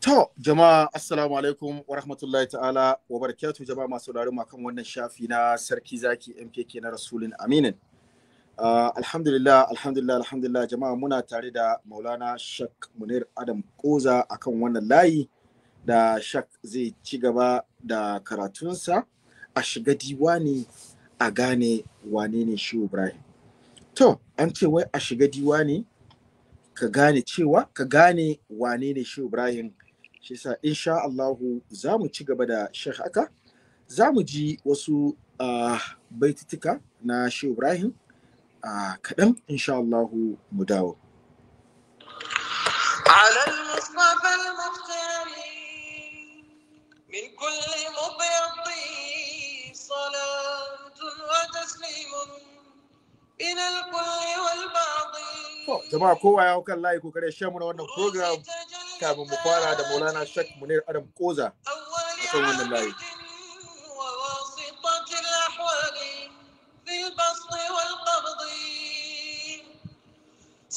To, jama'a assalamu alaikum wa rahmatullahi ta'ala wa barakatuhu jama'a masu laurin kan wannan shafi na sarki zaki MKK na Rasulun Aminin. Uh, alhamdulillah, alhamdulillah, alhamdulillah jama'a muna tare da Maulana Shak Munir Adam Koza kan wannan layi da Shak zai ci gaba da karatunsa a shiga diwani a gane wane ne shi Ibrahim. To, an ce wai a shiga diwani ka gane cewa ka gane wane ne shi Ibrahim shi yasa insha Allahu za mu ci gaba da Sheikh haka za mu ji wasu uh, na shi Ibrahim uh, kaɗan insha Allahu mu dawo. على المصطفى المختار من كل مبيض صلاة وتسليم إلى الكل والبعض. program kafin mu fara da maulana shek munir adam koza a kan wannan layi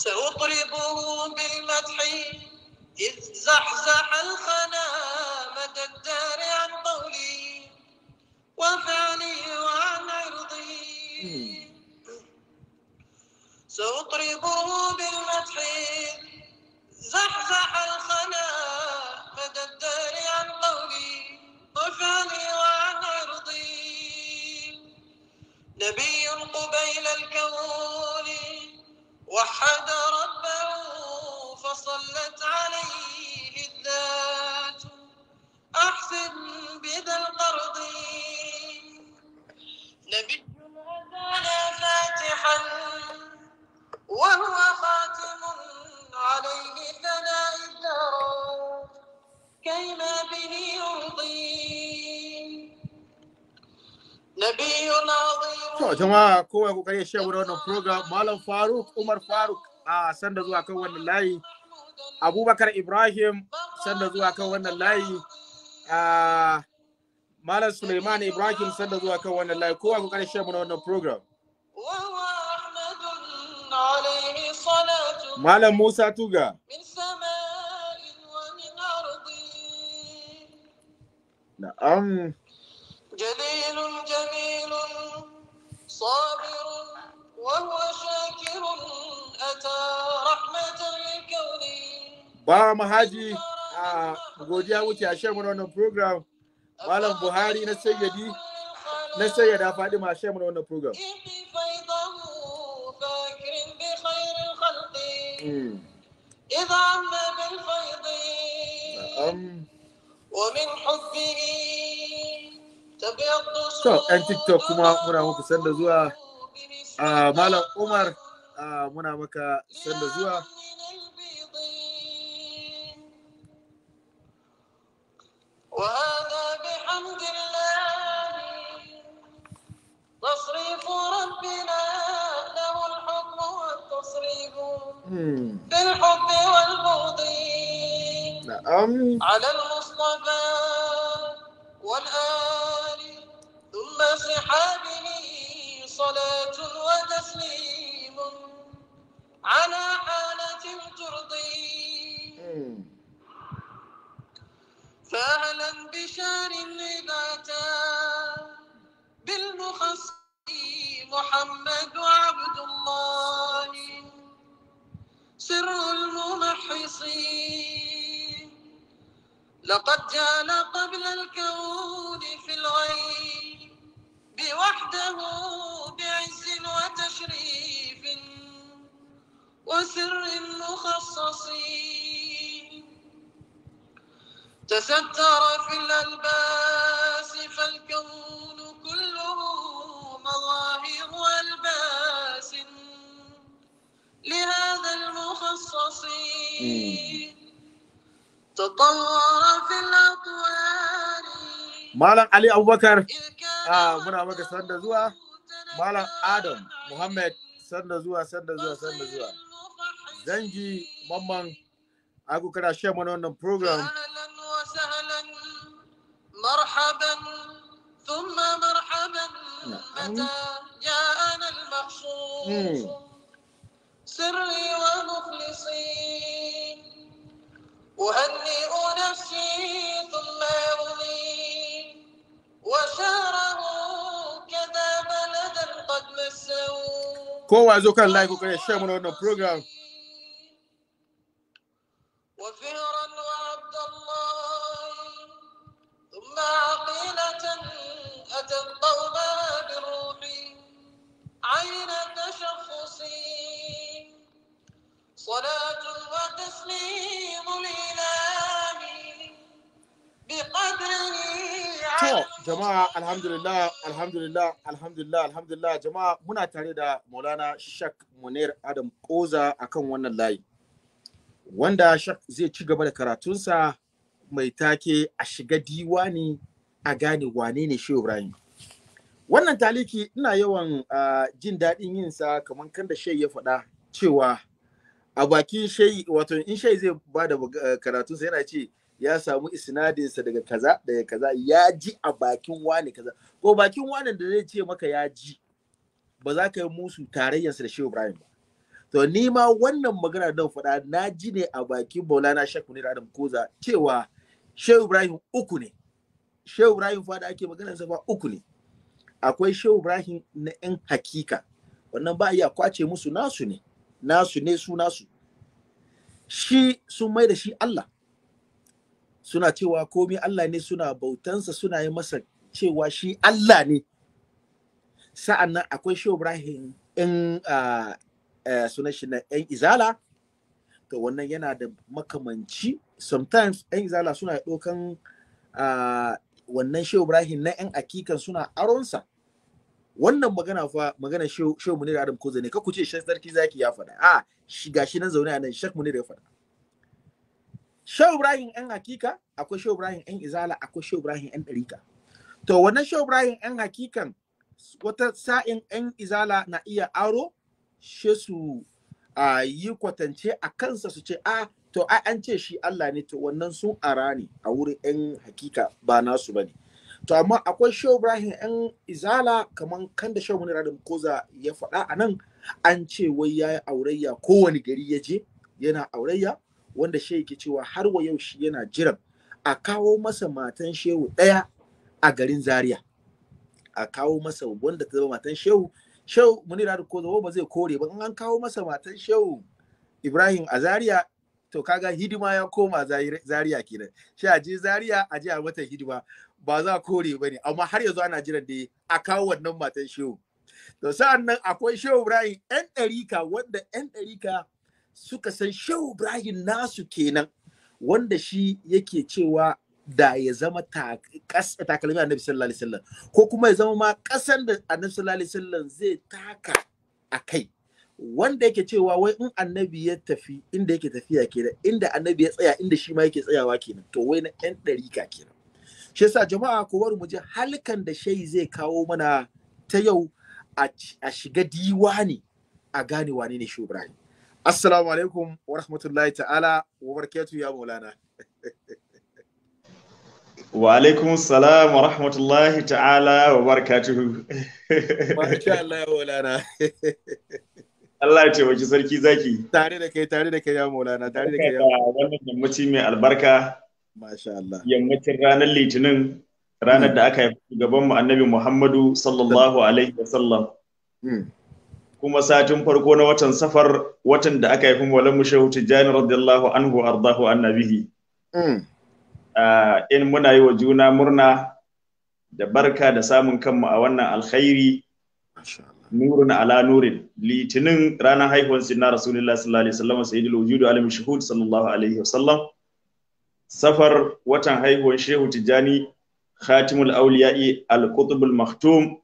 سأطربه بالمدح إذ زحزح الخنا مدى الدار عن قولي وفعلي وعن عرضي سأطربه بالمدح زحزح الخنا مدى الدار عن قولي وفعلي وعن عرضي نبي قبيل الكون وحد ربه فصلت عليه الذات أحسن بذا القرض نبي هدانا فاتحا وهو خاتم عليه ثناء الدهر كيما به يرضي to jama'a kowa ku kare shawara wannan program malam faruk umar faruk a sanda zuwa kan wannan layi abubakar ibrahim sanda zuwa kan wannan layi a malam suleiman ibrahim sanda zuwa kan wannan layi kowa wannan program Malam Musa Tuga. Na'am. Jalilun jamilun sabirun wa huwa shakirun ata rahmatan lilkauni. Ba mu haji a godiya wuce a shan wannan program. Malam Buhari na sayyadi na sayyada Fadima a shan wannan program. إذ عم tiktok kuma muna muku sanda zuwa malam umar muna maka sanda zuwa بالحب والبغض نعم على المصطفى والآل ثم صحابه صلاة وتسليم على حالة ترضي فأهلا بشار إذا بالمخصي محمد عبد سر الممحصين لقد جال قبل الكون في الغيب بوحده بعز وتشريف وسر مخصصين تستر في الألباس فالكون كله مظاهر ألباس لهذا المخصص تطور في الأطوار مالك علي أبو بكر آه من أبو بكر سند زوا مالك آدم محمد سند زوا سند زوا سند زوا زنجي ممان أكو كنا شيء من هذا البرنامج أهلا وسهلا مرحبا ثم مرحبا نعم. متى جاءنا المحصول سري ومخلصين أهنئ نفسي ثم أغني وشاره كذا بلدا قد مسوا kowa zo kan layi kokarin share mana wannan وفهرا وعبد الله ثم عقيلة أتنطأ قومها بالروح عين صلاة وتسليم الإله بقدره To, jama'a alhamdulillah, alhamdulillah, alhamdulillah, alhamdulillah, jama'a muna tare da Maulana Shak Munir Adam Koza kan wannan layi. Wanda Shak zai ci gaba da karatunsa mai take a shiga diwani a gane wane ne Shehu Ibrahim. Wannan taliki ina yawan jin daɗin yinsa kamar kan da Shehu ya faɗa cewa a bakin shayi wato in shayi zai ba da eh, karatunsa yana ce ya samu sa daga kaza daga kaza ya ji a bakin wani kaza ko bakin wani da zai ce maka ya ji ba za ka yi musu tarayyarsa da shehu ibrahim ba to ni ma wannan magana dan faɗa na ji ne a bakin maulana Shehu ne adam koza cewa shehu ibrahim uku ne shehu ibrahim fa da ake maganarsa fa uku ne akwai shehu ibrahim na yan hakika wannan ba ya kwace musu nasu ne nasu ne su nasu shi sun mai da shi Allah suna cewa komi Allah ne suna bautansa suna yi masa cewa shi Allah ne sa'an nan akwai shi Ibrahim in suna shi na ‘yan izala to wannan yana da makamanci sometimes ‘yan izala suna ɗaukan wannan shi Ibrahim na ‘yan akikan suna aronsa wannan magana fa magana shehu munir adam koza ne ku ce shek sarki zaki ya faɗa a shi gashi nan zaune a nan shek munir ya faɗa shehu ibrahim yan hakika akwai shehu ibrahim yan izala akwai shehu ibrahim yan ɗarika to wannan shehu ibrahim yan hakikan wata sa'in yan izala na iya aro she su yi kwatance a kansa su ce a to ai an ce shi Allah ne to wannan sun ara ne a wurin yan hakika ba nasu ne. to amma akwai shehu ibrahim yan izala kamar kan da shehu munira koza ya faɗa anan. nan an ce wai ya yi aurayya kowane gari ya je yana aurayya wanda shehu yake cewa har wa yau shi yana jiran a kawo masa matan shehu ɗaya a garin zaria a kawo masa wanda ta zama matan shehu shehu munira koza ba zai kore ba an kawo masa matan shehu ibrahim a zaria to kaga hidima ya koma zaria kenan shi a je zaria a je a mata hidima ba za a kore ba ne amma har yanzu ana jiran da a kawo wannan matan shehu to sa'an nan akwai shehu ibrahim yan ɗarika wanda yan ɗarika suka san shehu ibrahim nasu kenan wanda shi yake cewa da ya zama takalmi annabi sallallahu alaihi wasallam ko kuma ya zama ma kasan da annabi sallallahu alaihi wasallam zai taka a kai wanda yake cewa wai in annabi ya tafi inda yake tafiya kenan inda annabi ya tsaya inda shi ma yake tsayawa kenan to wai na yan ɗarika kenan shi yasa jama'a ko bari mu ji halkan da shai zai kawo mana ta yau a shiga diwani a gane wane ne shi Ibrahim assalamu alaikum wa rahmatullahi ta'ala wa barakatu ya maulana wa alaikum salam wa rahmatullahi ta'ala wa barakatuhu masha Allah ya maulana Allah ya taimaki sarki zaki tare da kai tare da kai ya maulana tare da kai wannan yammaci mai albarka Yammacin ranar Litinin ranar da aka yi gaban mu annabi Muhammadu sallallahu alaihi wasallam. Hmm. Kuma satin farko na watan safar watan da aka haifi Maulan Mushehu Tijjani radiyallahu anhu ardahu annabihi. Hmm. Ah, in muna yi wa juna murna da barka da samun kanmu a wannan alkhairi. nurun ala nurin litinin ranar haihuwar sinna rasulullah sallallahu alaihi wasallam sayyidul wujudu alim shuhud sallallahu alaihi wasallam safar watan haihuwar shehu tijjani khatimul auliya'i al-qutubul maktum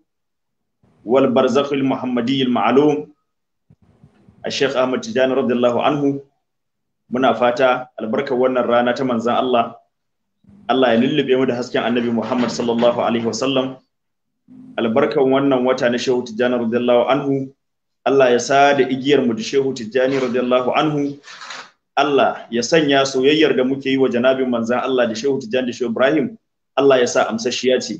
wal barzakhul muhammadiyyil ma'lum الشيخ أحمد Ahmad رضي radiyallahu anhu muna fata albarkar wannan rana ta manzan Allah Allah ya lullube mu da hasken annabi Muhammad sallallahu alaihi sallam albarkar wannan wata na Shehu Tijjani radiyallahu anhu Allah ya sa da igiyar mu da Shehu Tijjani radiyallahu anhu Allah ya sanya soyayyar da muke yi wa janabin manzan Allah da Shehu Tijjani da Shehu Ibrahim Allah ya sa amsashiya ce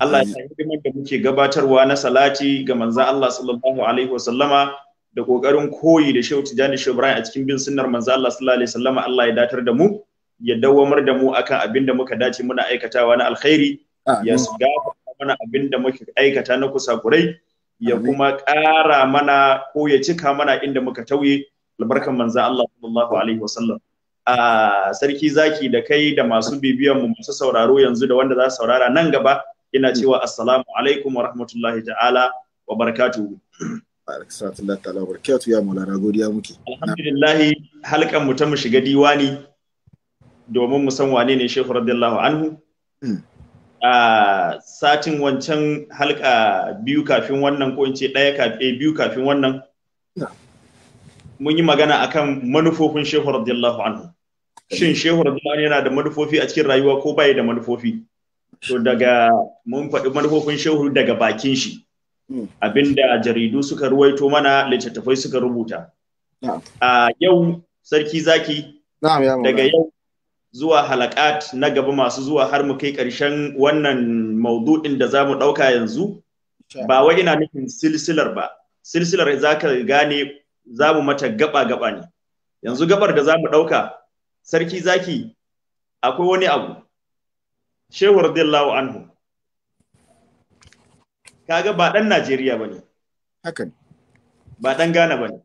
Allah ya sa hidimar da muke gabatarwa na salati ga manzan Allah sallallahu alaihi wasallama da kokarin koyi da Shehu Tijjani da Shehu Ibrahim a cikin bin sunnar manzan Allah sallallahu alaihi wasallama Allah ya datar da mu ya dawwamar da mu akan abin da muka dace muna aikatawa na alkhairi ya gafarta mana abin da muka aikata na kusa kusakurai ya kuma ƙara mana ko ya cika mana inda muka tauye albarkan manzo Allah sallallahu alaihi wasallam a sarki zaki da kai da masu bibiyan mu masu sauraro yanzu da wanda za su saurara nan gaba ina cewa assalamu alaikum wa rahmatullahi ta'ala wa barakatuhu alaikum ta'ala wa barakatuhu ya godiya muke alhamdulillah halkan mu ta mu shiga diwani domin mu san wane ne shehu radiyallahu anhu hmm. a satin wancan halka biyu kafin wannan ko in ce ɗaya biyu kafin wannan mun yi magana akan manufofin shehu radiyallahu anhu shin shehu radiyallahu yana da manufofi a cikin rayuwa ko baya da manufofi to daga mun faɗi manufofin shehu daga bakin shi hmm. abinda jaridu suka ruwaito mana littattafai suka rubuta a yau sarki zaki daga yau zuwa halakat na gaba masu zuwa har mu kai ƙarshen wannan maudu'in da za mu ɗauka yanzu ba wai ina nufin silsilar ba silsilar za ka gane za mu mata gaba-gaba ne yanzu gabar da za mu ɗauka sarki zaki akwai wani abu shehu radiyallahu anhu kaga ba ɗan najeriya ba ne hakan ba ɗan ghana ba ne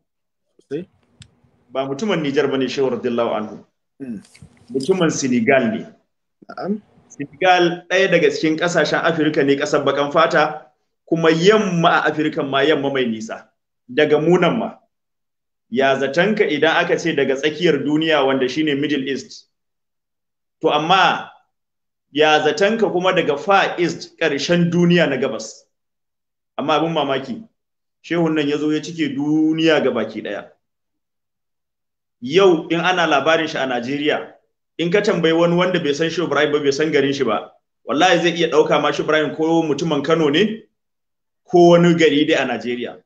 ba mutumin nijar ba ne shehu radiyallahu anhu hmm. mutumin senegal ne senegal ɗaya daga cikin ƙasashen afirka ne ƙasar bakan fata kuma yamma a afirka ma yamma mai nisa daga munan ma ya zatanka idan aka ce daga tsakiyar duniya wanda shine middle east to amma ya zatanka kuma daga far east ƙarshen duniya na gabas amma abin mamaki shehun nan ya zo ya cike duniya ga baki ɗaya yau in ana labarin shi a najeriya in ka tambayi wani wanda bai san shi ibrahim ba bai san garin shi ba wallahi zai iya ɗauka ma shi ibrahim ko mutumin kano ne ko wani gari dai a najeriya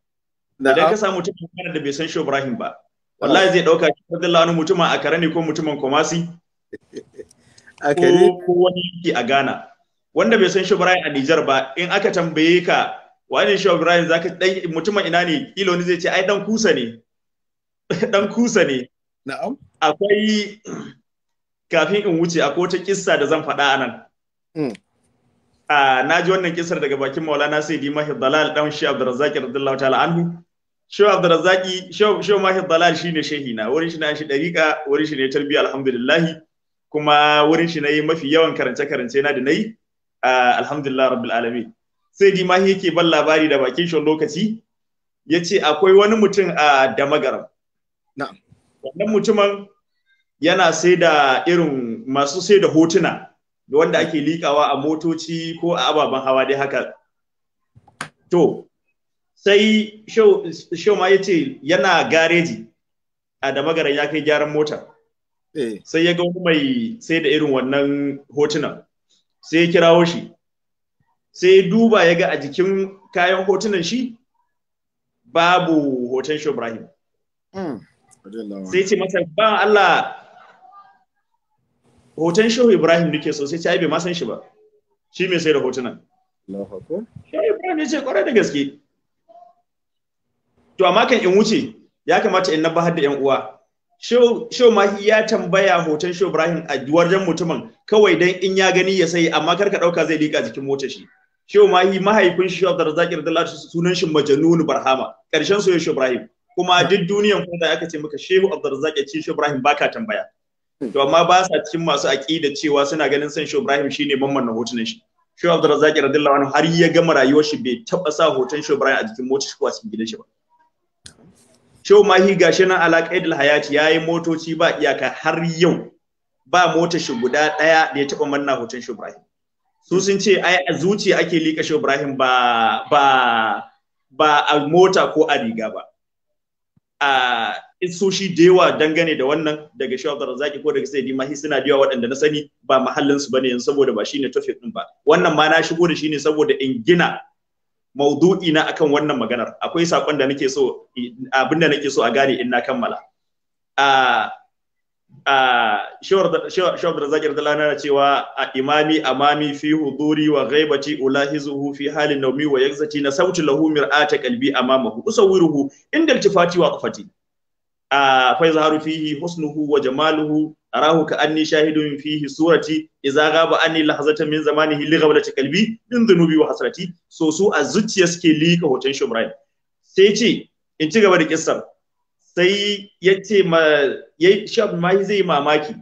idan ka samu mutum da bai san shi Ibrahim ba wallahi zai dauka shi radiyallahu anhu mutuma a karani ko mutumin akari ko wani yake a Ghana wanda bai san shi Ibrahim a Niger ba in aka tambaye ka wani shi Ibrahim zaka dan mutumin ina ne kilo ne zai ce ai dan kusa ne dan kusa ne na'am akwai kafin in wuce akwai wata kissa da zan faɗa anan mm. ah, na ji wannan kisar daga bakin maulana sai di mahi dalal dan shi abdurrazzaq radiyallahu ta'ala anhu Shehu Abdulrazaki, Shehu Mahir Dalal shi ne wurin shi na shi ɗariƙa, wurin shi ne tarbiyya alhamdulillahi, kuma wurin shi na yi mafi yawan karance-karance na da na yi, alhamdulillah rabbil alamin. Sai di mahi yake ban labari da bakin shi lokaci, ya ce akwai wani mutum a Damagaram. Wannan mutumin yana sai da irin masu sai da hotuna wanda ake likawa a motoci ko a ababen hawa dai haka. To, sai show ma ya ce yana gareji a da magaran ya kai gyaran mota eh. sai ya ga mai sai da irin wannan hotunan sai ya kirawo shi sai duba ya ga a jikin kayan hotunan shi babu hoton show ibrahim hmm. sai ce masa ba Allah hoton show ibrahim duke so sai ce ai bai masan shi ba shi mai sai da hotunan shehu ibrahim ya ce kwarai da gaske to amma kan in wuce ya kamata in nabahar da yan uwa Shehu ma ya tambaya hoton Shehu Ibrahim a wajen mutumin kawai dan in ya gani ya sai amma karka ɗauka zai lika jikin mota shi. Shehu mahaifin Shehu Abdurrazzaq radiyallahu sunan shi Majanunu Barhama ƙarshen soyayya Shehu Ibrahim kuma duk duniyan kuma aka ce maka Shehu Abdurrazzaq ya ce Shehu Ibrahim baka tambaya. To amma ba sa cikin masu aƙida cewa suna ganin son Shehu Ibrahim shine mamman na hotunan shi. Shehu Abdurrazzaq radiyallahu har ya gama rayuwar shi bai taba sa hoton Shehu Ibrahim a jikin mota shi ko a cikin gidan shi ba. Shehu Mahi gashi nan alaƙaidul hayati ya yi motoci ba iyaka har yau ba mota shi guda ɗaya da ya taɓa manna hoton Shehu Ibrahim. Su sun ce ai a zuciya ake liƙa Shehu Ibrahim ba ba ba a mota ko a riga ba. A isoshi da yawa dangane da wannan daga Shehu zaki ko daga Sayyidi Mahi suna da yawa waɗanda na sani ba mahallin su bane yanzu saboda ba shine topic ɗin ba. Wannan ma na shigo da shi ne saboda in gina maudu'i na akan wannan maganar akwai sakon da nake so abinda nake so a gane in na kammala a a shawar da zakir da lana cewa a imami amami fi huduri wa ghaibati ulahizuhu fi halin naumi wa yakzati na sauti lahu mir'ata qalbi amamahu usawiruhu inda iltifati wa qafati fa yazharu fihi husnuhu wa jamaluhu arahu ka anni shahidun fihi surati idza ghaba anni lahzatan min zamanihi li ghablati qalbi min dhunubi wa hasrati so su a zuciya suke lika hoton Shumrayn sai ce in ci gaba da kissar sai yace ma yayi shab mai zai mamaki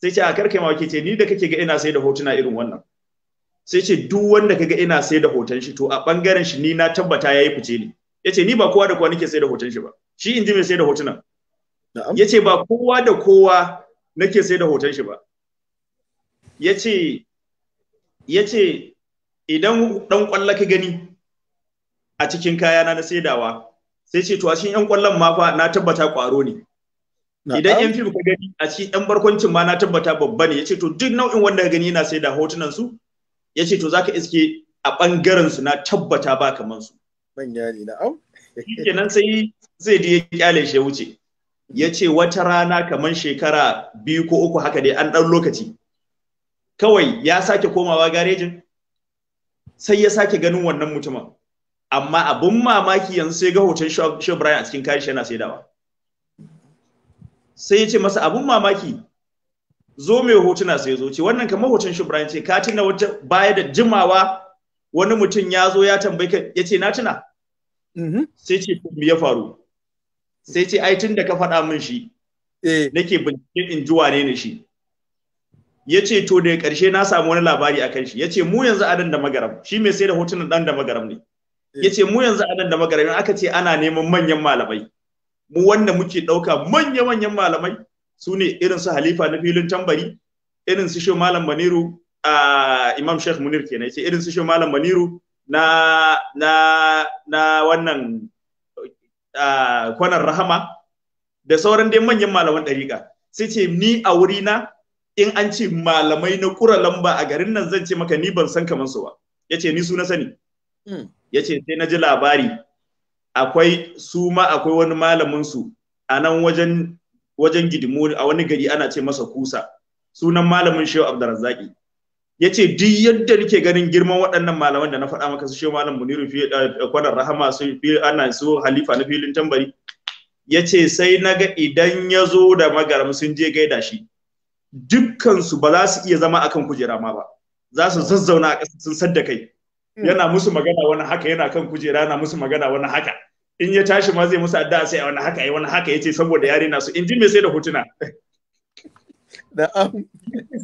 sai ce a karkai mamaki ce ni da kake ga ina sai da hotuna irin wannan sai ce duk wanda kaga ina sai da hoton shi to a bangaren shi ni na tabbata yayi fice ne yace ni ba kowa da kowa nake sai da hoton shi ba shi inji mai sai da hotunan ya ce ba kowa da kowa nake sai da hoton shi ba ya ce idan ɗan ƙwallo ka gani a cikin kaya na saidawa sai ce to a cikin 'yan ƙwallon ma fa na tabbata ƙwaro ne idan 'yan fim ka gani a cikin 'yan barkwancin ma na tabbata babba ne ya ce to duk nau'in wanda ka gani yana saida hotunan su ya ce to zaka iske a ɓangaren su na tabbata ba kaman su manya ne na'am shikenan sai zai je ya kyale shi ya wuce ya ce wata rana kamar shekara biyu ko uku haka dai an ɗan lokaci kawai ya sake komawa garejin sai ya sake ganin wannan mutumin amma abin mamaki yanzu sai ga hoton Shaw a cikin kayan yana saidawa sai ya ce masa abin mamaki zo mai hotuna sai zo ce wannan kamar hoton Shaw ce ka tuna wata baya da jimawa wani mutum ya zo ya tambaye ka ya ce na tuna mm-hmm. sai ce me ya faru sai ce ai tun da ka faɗa min shi eh. nake bincike in ji wane ne shi ya ce to da ƙarshe na samu wani labari a kan shi ya ce mu yanzu adan da magaram shi mai sai da hotunan dan da magaram ne eh. ya ce mu yanzu adan da magaram aka ce ana neman manyan malamai mu wanda muke ɗauka manya-manyan malamai su ne irin su halifa na filin tambari irin su shi malam baniru a imam sheikh munir kenan ya ce irin su shi malam baniru na na na wannan kwanar rahama da sauran dai manyan malaman ɗariƙa sai ce ni a wuri na, in an ce malamai na kura lamba a garin nan zan ce maka ni ban san kamar su ba ya ce ni su na sani hmm. ya ce sai na ji labari akwai su ma akwai wani malamin su a nan wajen wajen gidimo a wani gari ana ce masa kusa sunan malamin shehu abdurrazzaki ya ce duk yadda nake ganin girman waɗannan malaman da na faɗa maka su shi malam muniru fi da eh, kwanar rahama su fi ana su halifa na filin tambari ya ce sai na ga idan ya zo da magaram sun je gaida shi dukkansu ba za su iya zama akan kujera ma ba za su zazzauna a ƙasa sun sadda kai hmm. yana musu magana wani haka yana kan kujera yana musu magana wani haka in ya tashi ma zai musu addu'a sai wani haka yi wani haka yace saboda yare na su in ji me sai da hotuna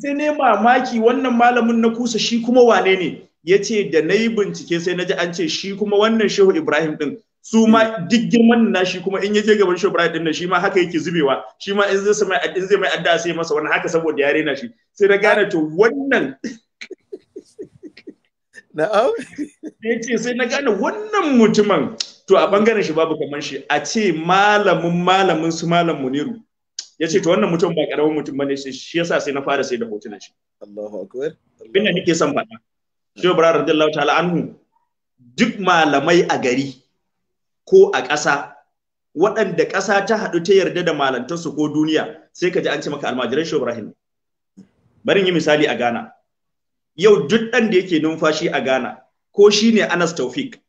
sai ne mamaki wannan malamin na kusa shi kuma wane ne ya ce da na yi bincike sai na ji an ce shi kuma wannan shehu ibrahim din su ma hmm. duk girman na shi kuma in ya je gaban shehu ibrahim din shi ma haka yake zubewa shi ma in zai mai adda sai masa wani haka saboda yare na shi sai na gane to wannan na'am ya ce sai na gane wannan mutumin to a bangaren shi babu kamar shi a ce malamin malamin su malam muniru ya ce to wannan mutum ba karamin mutum bane shi yasa sai na fara sai da hotuna shi Allahu akbar bin da nake son faɗa shi bara radiyallahu ta'ala anhu duk malamai a gari ko a ƙasa waɗanda ƙasa ta haɗu ta yarda da malantarsu ko duniya sai ka ji an ce maka almajiran shi Ibrahim bari yi misali a Ghana yau duk ɗan da yake numfashi a Ghana ko shi ne Anas Taufik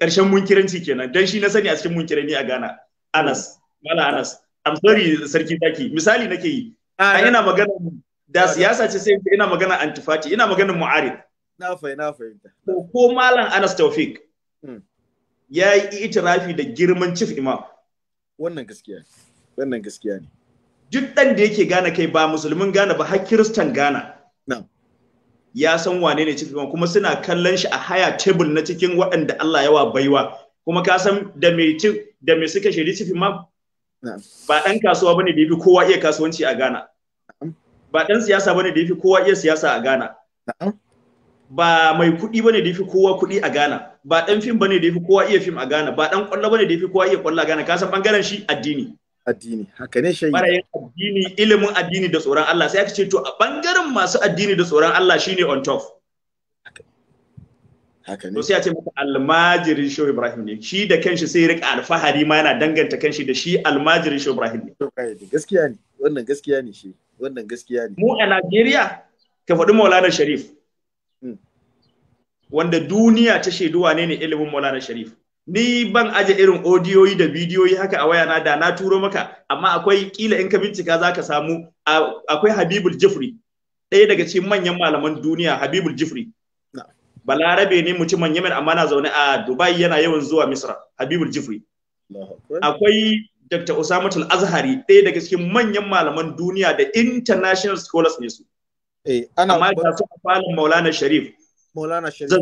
ƙarshen munkiranci kenan dan shi na sani a cikin munkirani a Ghana Anas Mala Anas I'm sorry sarki zaki misali nake yi ah, a ina magana da siyasa ce sai ina magana antifati ina magana mu'arid na fahimta fahimta ko malam Anas Tawfik hmm. ya yi itirafi da girman chief imam wannan gaskiya ne wannan gaskiya ne duk dan da yake gane kai ba musulmin gane ba har kiristan gana ya san wane ne imam kuma suna kallon shi a haya tebul na cikin waɗanda Allah yawa baiwa kuma ka san da me da me suka shiri cikin imam ba ɗan kasuwa bane da yafi kowa iya kasuwanci a Ghana ba ɗan siyasa bane da yafi kowa iya siyasa a Ghana ba mai kuɗi bane da yafi kowa kuɗi a Ghana ba ɗan fim bane da yafi kowa iya fim a Ghana ba ɗan ƙwallo bane da yafi kowa iya ƙwallo a Ghana ka san bangaren shi addini addini haka ne shi barayin addini ilimin addini da tsoron Allah sai aka ce to a bangaren masu addini da tsoron Allah shine on top haka ne sai a ce maka almajirin shehu ibrahim ne shi da kanshi sai rika alfahari ma yana danganta kanshi da shi almajirin shehu ibrahim ne gaskiya ne wannan gaskiya ne shi wannan gaskiya ne mu a najeriya ka faɗi maulana sharif hmm. wanda duniya ta shaidu wane ne ilimin maulana sharif ni ban aje irin odiyoyi da bidiyoyi haka a wayana da na turo maka amma akwai kila in ka bincika za ka samu akwai habibul jifri ɗaya daga cikin manyan malaman duniya habibul jifri balarabe ne mutumin yemen amma na zaune a dubai yana yawan zuwa misra habibul jifri akwai dr usamatul azhari ɗaya daga cikin manyan malaman duniya da international scholars ne su eh, amma ga su a falon maulana sharif maulana sharif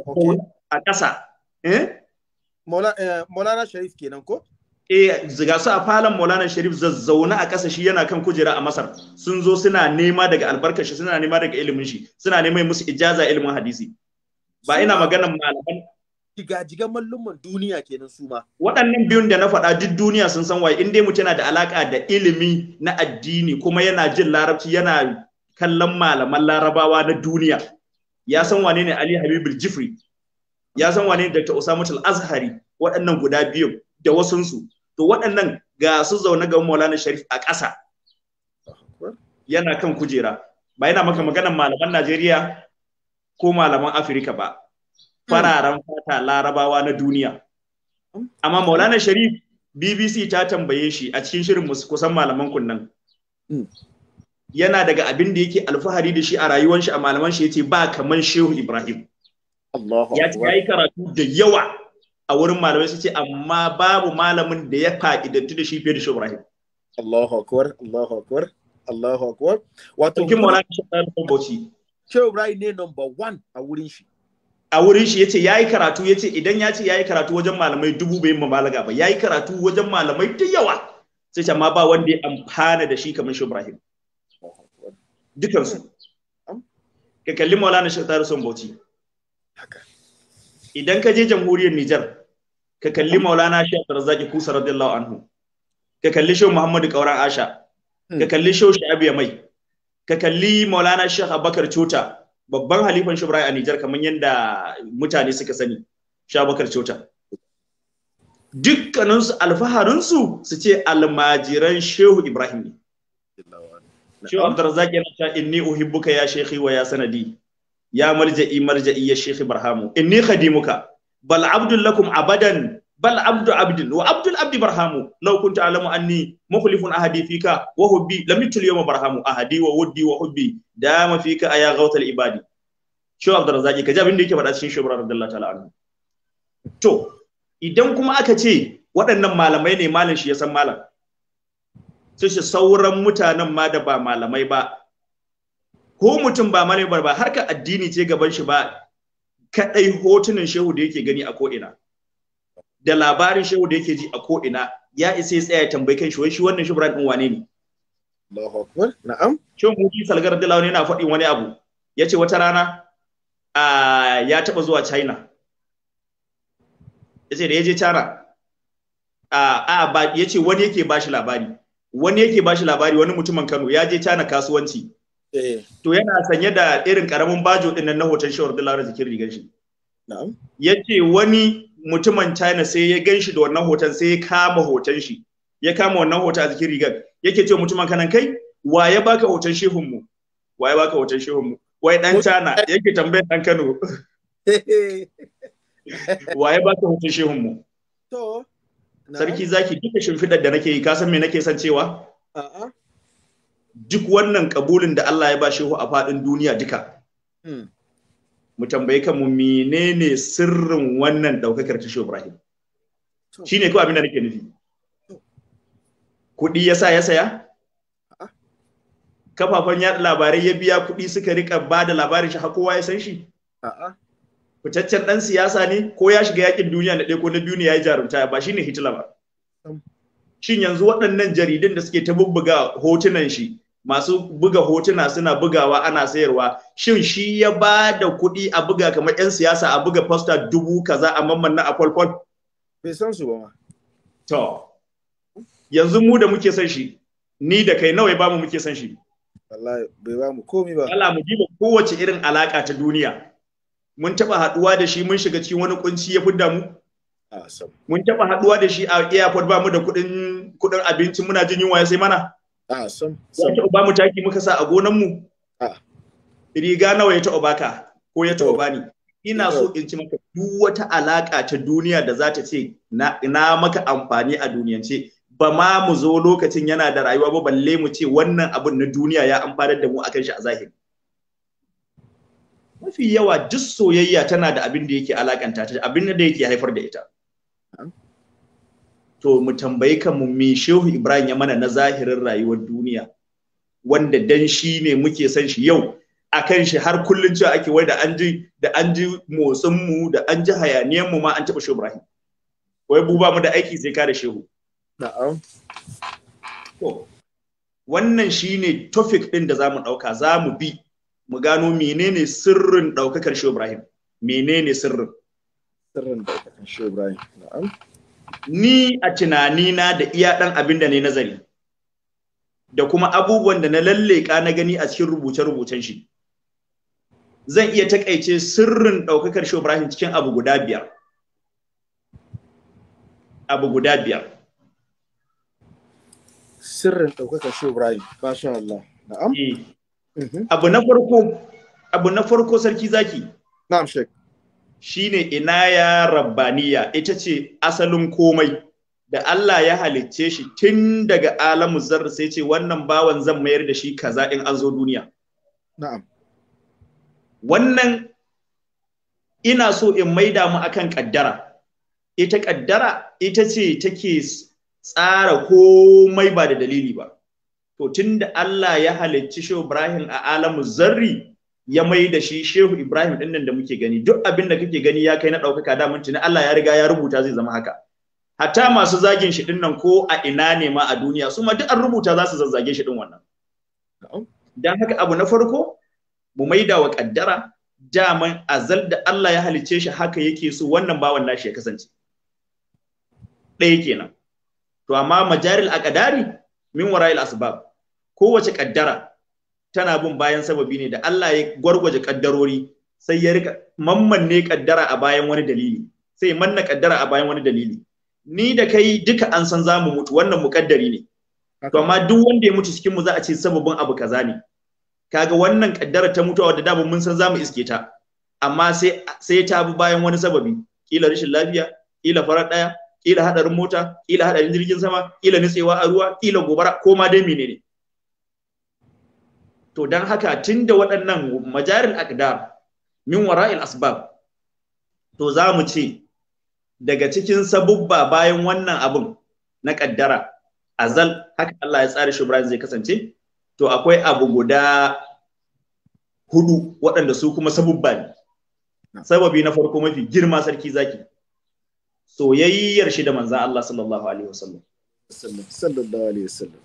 a ƙasa eh? Eh, maulana sharif kenan ko eh su a falon Maulana Sharif zazzauna a ƙasa shi yana kan kujera a Masar sun zo suna nema daga albarkar shi suna nema daga ilimin shi suna neman musu ijaza ilimin hadisi ba ina maganan malaman jigajigan mallumman duniya kenan su ma waɗannan biyun da na faɗa duk duniya sun san waye in dai mutum yana da alaka da ilimi na addini kuma yana jin larabci yana kallon malaman larabawa na duniya ya san wane ne Ali Habibul Jifri ya san wane ne Dr. Usamatul Azhari waɗannan guda biyu da wasunsu to waɗannan ga su zaune ga Maulana Sharif a ƙasa yana kan kujera ba yana maka maganar malaman Najeriya ko malaman Afirka ba fararen fata larabawa na duniya amma Maulana Sharif BBC ta tambaye shi a cikin shirin musu kusan malaman kunnan mm. yana daga abin da yake alfahari da shi a rayuwar shi a malaman shi yace ba kaman Shehu Ibrahim ya ce ya yi karatu da yawa a wurin malamai su ce amma babu malamin da ya fa'idantu da shi fiye da Shehu Ibrahim Allahu akbar Allahu akbar Allahu akbar wato kin Maulana Sharif cewa Ibrahim ne number one a wurin shi. A wurin shi ya ce ya yi karatu Ya ce idan ya ce yi karatu wajen malamai dubu bai mabalaga ba Ya yi karatu wajen malamai da yawa sai ce ma ba wanda ya amfana da shi kamar shi Ibrahim. Dukansu. Ka kalli Maulana Shehu son Bauchi. Idan ka je jamhuriyar Nijar ka kalli Maulana a Tarzaki Kusa radiyallahu anhu. Ka kalli shi Muhammadu Kauran Asha. Ka hmm. kalli shi Shabi Mai. ka kalli maulana sheikh Bakar cota babban halifan shubrai a nijar kamar yadda mutane suka sani sheikh abubakar cota dukkaninsu alfaharinsu su ce almajiran shehu ibrahim ne Shehu Abdurrazzaq yana cewa inni uhibbuka ya shekhi wa ya sanadi ya marja'i marja'i ya shekhi barhamu inni khadimuka bal Abdullakum abadan bal abdu عبد wa العبد abdi barhamu كنت kunta alamu مخلف mukhlifun ahadi fika لم يتل يوم برهامو yawma barhamu ahadi wa wuddi wa hubbi dama fika عبد الرزاق ibadi shi Abdul Razzaq ka ji رضي الله yake عنه cikin to idan kuma aka ce waɗannan malamai ne malam shi ya san malam sai shi sauran mutanen ma da ba malamai ba ko mutum ba malamai ba harkar addini ce gaban shi ba kadai hotunan shehu da yake gani a ko'ina da labarin shehu da yake ji a ko ina ya isa ya tsaya tambayi kan shi wai shi wannan shubran din wane ne Allahu akbar na'am shin ji salgar dalawa yana faɗin wani abu yace wata rana a ya taba zuwa China yace da yaje China a a ba yace wani yake shi labari wani yake shi labari wani mutumin Kano ya je China kasuwanci eh. to yana sanye da irin karamin bajo din nan na hoton shehu Abdullahi Zikirin rigar shi na'am yace wani mutumin China sai ya gan shi da wannan hoton sai ya kama hoton shi ya kama wannan hoton a jikin rigar yake ce mutumin kanan kai wa ya baka hoton shehun mu wa ya baka hoton shehun mu wai dan China yake tambayar dan Kano wa ya baka hoton shehun mu to sarki zaki duka shimfidar da nake yi ka san me nake san cewa a'a duk wannan kabulin da Allah ya ba shehu a faɗin duniya duka hmm. mu tambayi kanmu menene sirrin wannan daukakar ta Shehu Ibrahim shine kawai abin da nake nufi kuɗi yasa ya saya Kafafan ya labarai ya biya kuɗi suka rika ba da labarin shi har kowa ya san shi fitaccen ɗan siyasa ne ko ya shiga yakin duniya na ɗaya ko na biyu ne ya yi jarumta ba shine Hitler ba shin yanzu waɗannan jaridun da suke ta bubbuga hotunan shi masu buga hotuna suna bugawa ana sayarwa shin shi ya ba da kuɗi a buga kamar 'yan siyasa a buga fasta dubu kaza a mamman na a kwalkwal? Bai san su ba ma. To, yanzu mu da muke san shi, ni da kai nawa ya bamu muke san shi. Wallahi bai mu komi ba. Allah mu diba kowace irin alaka ta duniya. Mun taɓa haɗuwa da shi mun shiga cikin wani kunci ya fudda mu? Mun taɓa haɗuwa da shi a airport ba mu da kuɗin abinci muna jin yunwa ya sai mana? a sam ya ta uba mu taki muka sa a gonan mu riga nawa ya ta uba ka ko ya ta uba ni ina so in ci maka duk wata alaka ta duniya da za ta ce na maka amfani a duniyance ba ma mu zo lokacin yana da rayuwa ba balle mu ce wannan abin na duniya ya amfanar da mu akan shi a zahiri mafi yawa duk soyayya tana da abin da yake alakanta ta abin da yake haifar da ita to mu tambayi kanmu me shehu ibrahim ya mana na zahirin rayuwar duniya wanda dan shi ne muke san shi yau a kan shi har kullun cewa ake wai da an ji da an ji motsin mu da an ji hayaniyan mu ma an taba shehu ibrahim wai buba mu da aiki sai ka da shehu na'am to wannan shine topic din da zamu dauka zamu bi mu gano menene sirrin daukakar shehu ibrahim menene sirrin sirrin daukakar shehu ibrahim na'am ni a tunanina da iya ɗan abin da ne nazari da kuma abubuwan da na lalleka na gani a cikin rubuce-rubucen shi zan iya takaice sirrin ɗaukakar shi Ibrahim cikin abu guda biyar abu guda biyar sirrin ɗaukakar shi Ibrahim masha Allah na'am eh. mhm. abu na farko abu na farko sarki zaki na'am Sheikh. shine inaya rabbaniya ita ce asalin komai da Allah ya halicce shi tun daga alamu zar sai ce wannan bawan zan mayar da shi kaza in an zo duniya wannan ina so in maida mu akan kaddara ita kaddara ita ce take tsara komai ba da dalili ba to da Allah ya halicci shi Ibrahim a alamu zarri ya mai da shi shehu ibrahim din nan da muke gani duk abin da kake gani ya kai na ɗaukaka da mun allah ya riga ya rubuta zai zama haka hatta masu zagin shi din ko a ina ne ma a duniya su ma duk an rubuta za su zazzage shi din wannan dan haka abu na farko mu maida wa kaddara daman azal da Allah ya halice shi haka yake so wannan bawan nashi ya kasance ɗaya kenan to amma majaril aqdari min wara'il asbab kowace kaddara tana bin bayan sababi ne da Allah ya gwargwaje kaddarori sai ya rika mammanne kaddara a bayan wani dalili sai manna kaddara a bayan wani dalili ni da kai duka an san za mu mutu wannan mukaddari ne to amma duk wanda ya mutu cikin mu za a ce sababin abu kaza ne kaga wannan kaddara ta mutuwa da dama mun san za mu iske ta amma sai sai ta bi bayan wani sababi kila rashin lafiya kila farar daya kila hadarin mota kila hadarin jirgin sama kila nitsewa a ruwa kila gobara ko ma dai menene to dan haka da waɗannan majarin aqdar min wara'il asbab to za mu ce daga cikin sabubba bayan wannan abun na kaddara azal haka Allah ya tsara shi Ibrahim zai kasance to akwai abu guda hudu waɗanda su kuma sabubba ne sababi na farko mafi girma sarki zaki soyayyar shi da manzan Allah sallallahu alaihi wasallam sallallahu alaihi wasallam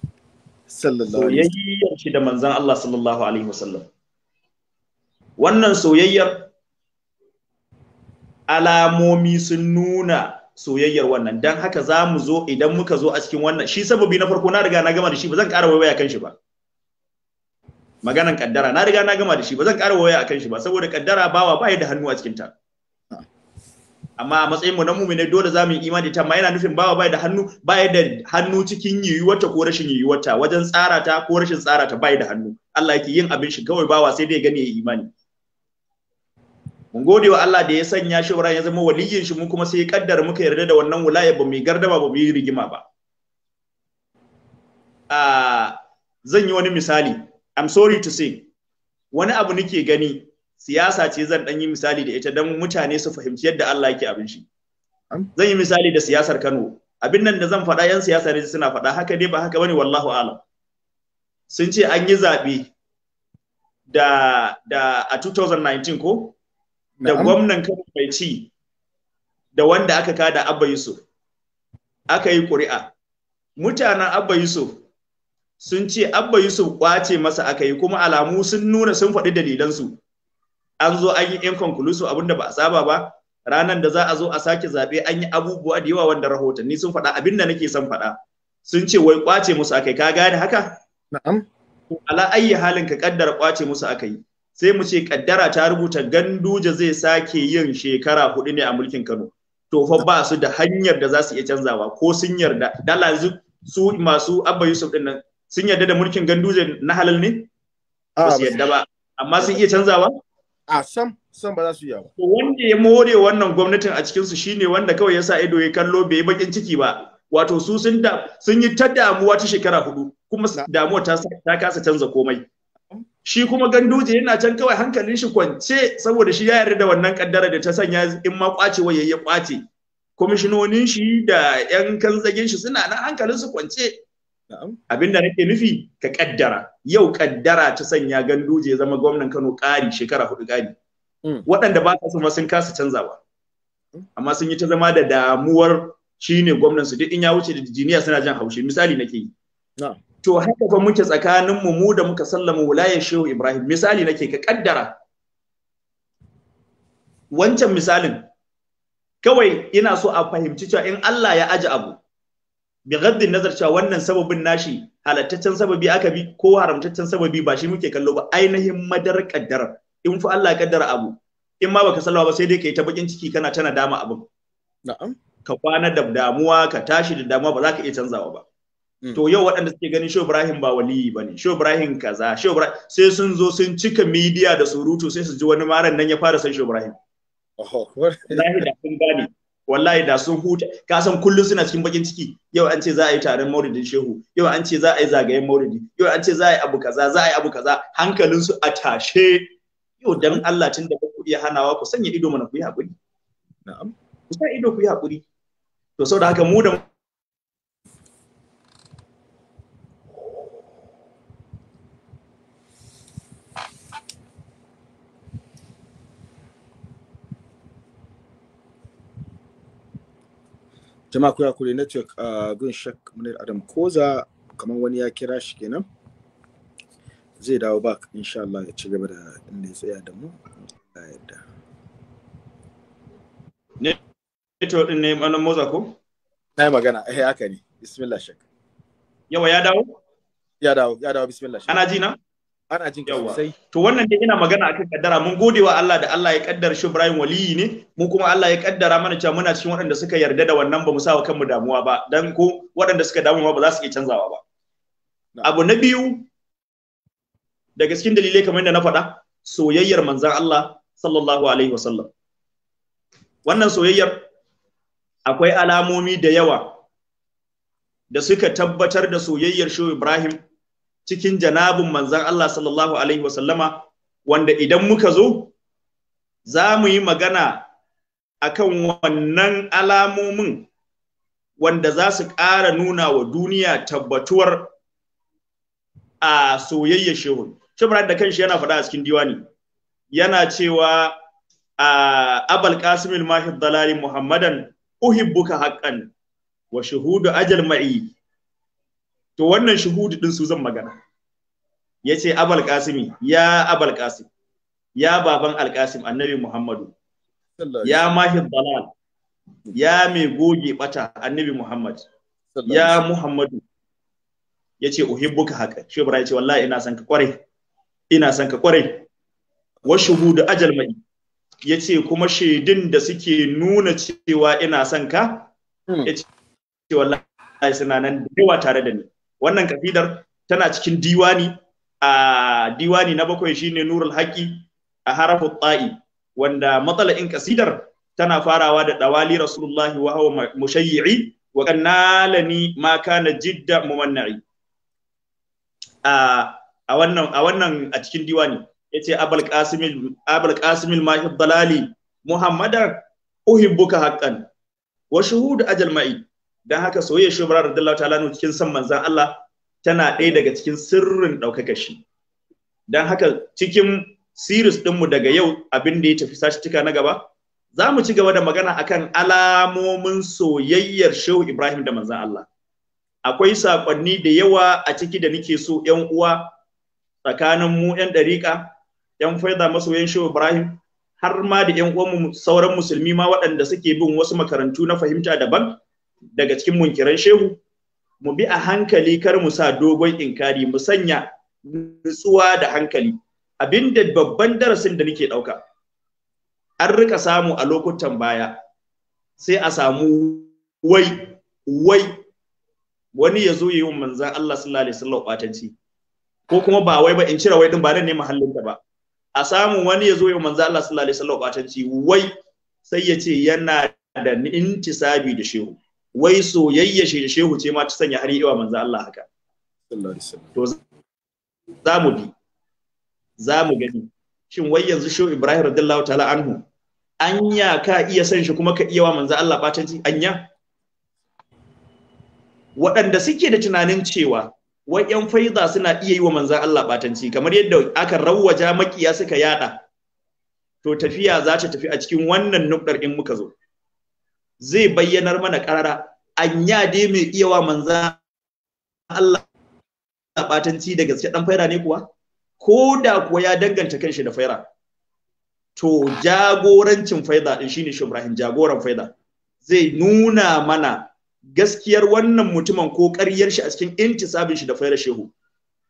soyayyar shi da manzan Allah sallallahu alaihi wasallam wannan soyayyar alamomi sun nuna soyayyar wannan dan haka za mu zo idan muka zo a cikin wannan shi sababi na farko na riga na gama da shi ba zan ƙara waya kan shi ba maganan kaddara na riga na gama da shi ba zan ƙara waya kan shi ba saboda kaddara bawa ba da hannu a cikin ta amma a matsayin mu na ne dole za mu yi imani ta amma yana nufin ba bai da hannu bai da hannu cikin yiwuwarta ko rashin yiwuwarta wajen tsara ta ko rashin tsara ta bai da hannu Allah yake yin abin shi kawai bawa sai dai gani ya imani mun gode wa Allah da ya sanya shi ya zama waliyin shi mu kuma sai ya kaddara muka yarda da wannan wulaya ba mu gardama ba mu yi rigima ba Ah, zan yi wani misali i'm sorry to say wani abu nake gani siyasa ce zan dan yi misali da ita dan mutane su fahimci yadda Allah yake abin shi zan yi misali da siyasar Kano abin nan da zan faɗa yan siyasa ne suna faɗa haka dai ba haka bane wallahu alam sun ce an yi zaɓe da da a 2019 ko da gwamnan Kano mai ci da wanda aka kada Abba Yusuf aka yi ƙuri'a mutanen Abba Yusuf sun ce Abba Yusuf kwace masa aka yi kuma alamu sun nuna sun faɗi dalilansu an zo an yi abin abinda ba a saba ba Ranar da za a zo a sake zaɓe an yi abubuwa da yawa wanda rahotanni sun faɗa abin da nake son faɗa sun ce wai kwace musu akai ka gane haka na'am ala ayi halin ka kaddara kwace musu akai sai mu ce kaddara ta rubuta ganduje zai sake yin shekara hudu ne a mulkin Kano to fa ba su da hanyar da za su iya canzawa ko sun yarda dala su masu abba Yusuf din nan sun yarda da mulkin ganduje na halal ne ba su yarda ba amma sun iya canzawa a sam sam ba za su yawa. wanda ya more wannan gwamnatin a cikin su shine wanda kawai ya sa ido ya kallo bai bakin ciki ba wato su sun da sun yi ta damuwa ta shekara hudu kuma damuwa ta ta kasa canza komai mm. shi kuma ganduje yana can kawai hankalin shi kwance saboda shi ya yarda da wannan kaddara da ta sanya in ma kwace waye ya kwace kwamishinonin shi da yan kanzagin shi suna nan hankalin su kwance Abin da nake nufi ka kaddara. Yau kaddara ta sanya ganduje ya zama gwamnan Kano ƙari shekara hudu ƙari. Mm. Waɗanda ba su ma sun kasa canzawa. Mm. Amma sun yi ta zama da damuwar shine gwamnan su duk in ya wuce da jiniya suna jan haushi misali nake yi. To haka fa muke tsakanin mu mu da muka sallama wilayar Shehu Ibrahim misali nake ka kaddara. Wancan misalin kawai ina so a fahimci cewa in Allah ya aji abu bi gaddin nazar cewa wannan sababin nashi halattaccen sababi aka bi ko haramtaccen sababi ba shi muke kallo ba ainihin madar kaddara in fa Allah kaddara abu in ma baka sallawa ba sai dai kai ta bakin ciki kana tana dama abin na'am ka kwana da damuwa ka tashi da damuwa ba za ka iya canzawa ba mm. to yau waɗanda suke ganin Shehu Ibrahim ba wali bane Shehu Ibrahim kaza Shehu Ibrahim sai sun zo sun cika media da surutu sai su ji wani maran nan ya fara san Shehu Ibrahim oho wallahi da kun gane wallahi da sun huta ka san kullum suna cikin bakin ciki yau an ce za a yi taron mauridin shehu yau an ce za a yi zagayen mauridi yau an ce za a yi abu kaza za a yi abu kaza hankalin su a tashe yau dan Allah tun da ku iya hanawa ku sanya ido mana ku yi hakuri na'am ku sanya ido ku yi hakuri to saboda haka mu da jama'a kuya Kure network a uh, gun shak munir adam koza kamar wani ya kira shi kenan zai dawo back insha Allah ya ci gaba da inda ya tsaya da mu a yadda ne network din ne malam moza ko na magana eh haka ne bismillah shak yawa ya dawo ya dawo ya dawo bismillah shak ana ji na ana jin sosai to wannan dai ina magana akan kaddara mun gode wa Allah da Allah ya kaddara shi Ibrahim waliyi ne mu kuma Allah ya kaddara mana cewa muna cikin waɗanda suka yarda da wannan ba mu sa wa kanmu damuwa ba dan ko waɗanda suka damu ba za su iya canzawa ba abu na biyu daga cikin dalilai kamar yadda na faɗa soyayyar manzon Allah sallallahu alaihi wasallam wannan soyayyar akwai alamomi da yawa da suka tabbatar da soyayyar shi Ibrahim cikin janabin manzan Allah sallallahu alaihi wasallama wanda idan muka zo za mu yi magana a kan wannan alamomin wanda za su ƙara nuna wa duniya tabbatuwar a soyayya shehun shubran da kanshi yana faɗa a cikin diwani yana cewa a abal qasim mahid dalali muhammadan uhibbuka haƙan wa shahudu ajal ma'i to wannan shuhudi din su zan magana yace abal qasimi ya abal qasim ya baban alqasim annabi muhammadu ya mahid dalal ya mai goge bata annabi muhammad ya muhammadu yace uhibbuka haka shi ibrahim yace wallahi ina son ka kware ina son ka kware wa shuhudu ajal mai yace kuma shaidun da suke nuna cewa ina son ka hmm. yace wallahi suna nan da yawa tare da ni wannan kasidar tana cikin diwani a diwani na bakwai shine nurul haƙƙi a harafu ta'i wanda matsala'in kasidar tana farawa da dawali rasulullahi wa hawa mushayyi'i wa kannalani ma kana jidda mumanna'i a wannan a wannan a cikin diwani yace abul qasim abul qasim dalali muhammadan uhibbuka haqqan wa shuhud ajal ma'i dan haka soyayya shi bara radiyallahu ta'ala cikin san manzan Allah tana ɗaya daga cikin sirrin ɗaukaka shi dan haka cikin series ɗinmu daga yau abin da ya tafi sashitika na gaba za mu ci gaba da magana akan alamomin soyayyar shehu Ibrahim da manzan Allah akwai saƙonni da yawa a ciki da nake so 'yan uwa tsakanin mu yan ɗariƙa ƴan faida masoyan shehu Ibrahim har ma da ƴan uwanmu sauran musulmi ma waɗanda suke bin wasu makarantu na fahimta daban daga cikin munkiran shehu mu bi a hankali kar mu sa dogon inkari mu sanya nutsuwa da hankali abinda babban darasin da nake ɗauka an rika samu a lokutan baya sai a samu wai wai wani ya zo yi manzan Allah sallallahu alaihi wasallam kwatanci ko kuma ba wai ba in cire wai din ba ne mahallin ba a samu wani ya zo yi manzan Allah sallallahu alaihi wasallam kwatanci wai sai ya ce yana da intisabi da shehu wai soyayya shehu ce ma ta sanya har yawa manzo Allah haka to za mu bi za mu gani shin wai yanzu shehu Ibrahim radiyallahu ta'ala anhu anya ka iya san shi kuma ka iya wa manzo Allah batanci anya waɗanda suke da tunanin cewa wai yan faida suna iya yi wa manzo Allah batanci kamar yadda aka rawwaja makiya suka yada to tafiya za ta tafi a cikin wannan nukdar in muka zo zai bayyanar mana karara An dai mai iya wa manza Allah batanci da gaske dan faira ne kuwa ko da kuwa ya danganta kanshi da faira to jagorancin faida din shine shi Ibrahim jagoran faida zai nuna mana gaskiyar wannan mutumin ko ƙaryar shi a cikin intisabin shi da faira shehu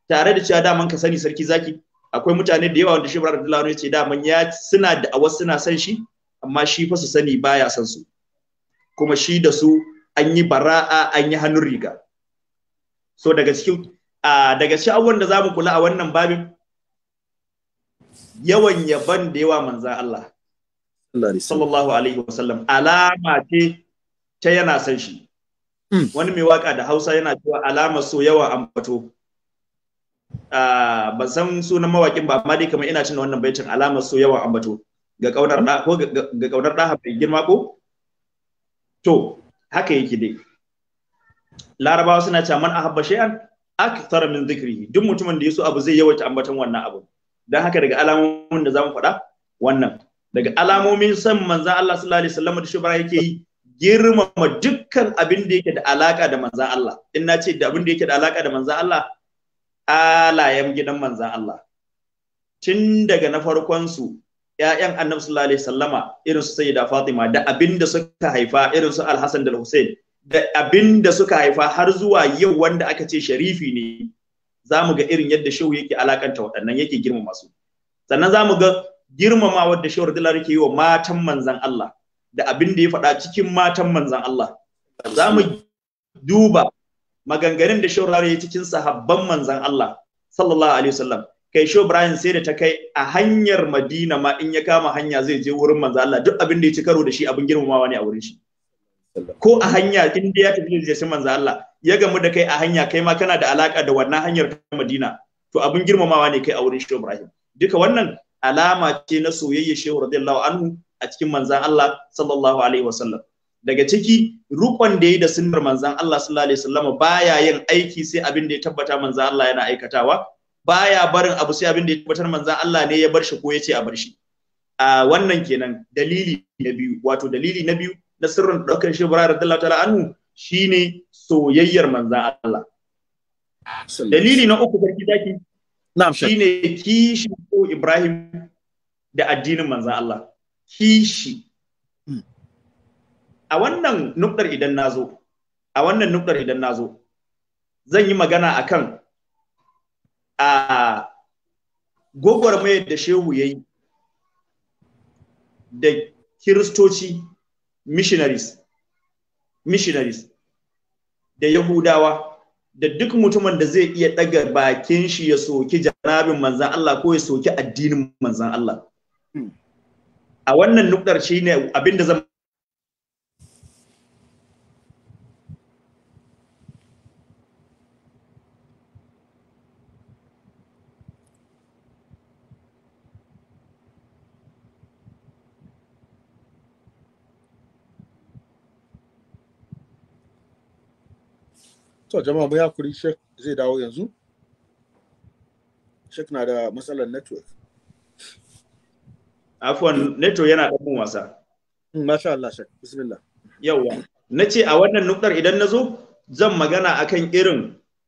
tare da cewa daman ka sani sarki zaki akwai mutane da yawa wanda shi Ibrahim Abdullahi ya ce daman ya suna da awas suna son shi amma shi fa su sani baya son su kuma shi da su an yi bara'a an yi hannun riga so daga cikin daga cikin da za mu kula a wannan babin yawan yaban da yawa manzan Allah sallallahu alaihi wasallam alama ce ta yana san shi hmm. wani mai waka da Hausa yana cewa alama so yawa ambato ban san sunan mawakin ba amma dai kamar ina cin wannan baitin alama so yawa ambato ga kaunar da ko ga kaunar da mai girma ko to haka yake dai larabawa suna cewa man ahabba shay'an akthar min dhikrihi duk mutumin da yaso abu zai yawaita ambaton wannan abu dan haka daga alamomin da zamu faɗa wannan daga alamomin san manzo Allah sallallahu alaihi wasallam da shubara yake yi girmama dukkan abin da yake da alaka da manzo Allah in na ce da abin da yake da alaka da manzo Allah alayen gidan manzo Allah tun daga na farkon su ‘ya'yan annabi sallallahu alaihi sallama irin su sayyida fatima da abin suka haifa irin su alhassan da hussein da abinda suka haifa har zuwa yau wanda aka ce sharifi ne za mu ga irin yadda shehu yake alakanta waɗannan yake girmama su sannan za mu ga girmamawar da shehu radiyallahu yake yi wa matan manzan Allah da abinda ya faɗa cikin matan manzan Allah za mu duba maganganun da shehu radiyallahu cikin sahabban manzan Allah sallallahu alaihi wasallam kai sho Brian sai da ta kai a hanyar Madina ma in ya kama hanya zai je wurin manzo Allah duk abin da ya ci karo da shi abin girmamawa ne a wurin shi ko a hanya in da ya tafi da shi manzo Allah ya gamu da kai a hanya kai ma kana da alaka da wannan hanyar ta Madina to abin girmamawa ne kai a wurin Shehu Ibrahim duka wannan alama ce na soyayya Shehu radiyallahu anhu a cikin manzan Allah sallallahu alaihi wasallam daga ciki rukon da yi da sunnar manzan Allah sallallahu alaihi wasallam baya yin aiki sai abin da ya tabbata manzan Allah yana aikatawa baya barin abu sai abin da ya tabbatar manzan Allah ne ya bar shi ko ya ce a bar shi a wannan kenan dalili na biyu wato dalili na biyu na sirrin ɗaukar shi bara radiyallahu ta'ala anhu shine soyayyar manzan Allah dalili na uku sarki zaki ne kishi ko Ibrahim da addinin manzan Allah kishi hmm. a wannan nukdar idan nazo a wannan nukdar idan nazo zan yi magana akan a mai da shehu ya yi da kiristoci missionaries missionaries da yahudawa da duk mutumin da zai iya ɗaga bakin shi ya soki janabin manzan Allah ko ya soki addinin manzan Allah hmm. a wannan nukdar shi ne abinda zan to jama'a mu hakuri shek zai dawo yanzu shek na da matsalar network afwan network yana da mun wasa hmm, masha Allah shek bismillah yawa nace a wannan nuktar idan nazo zan magana akan irin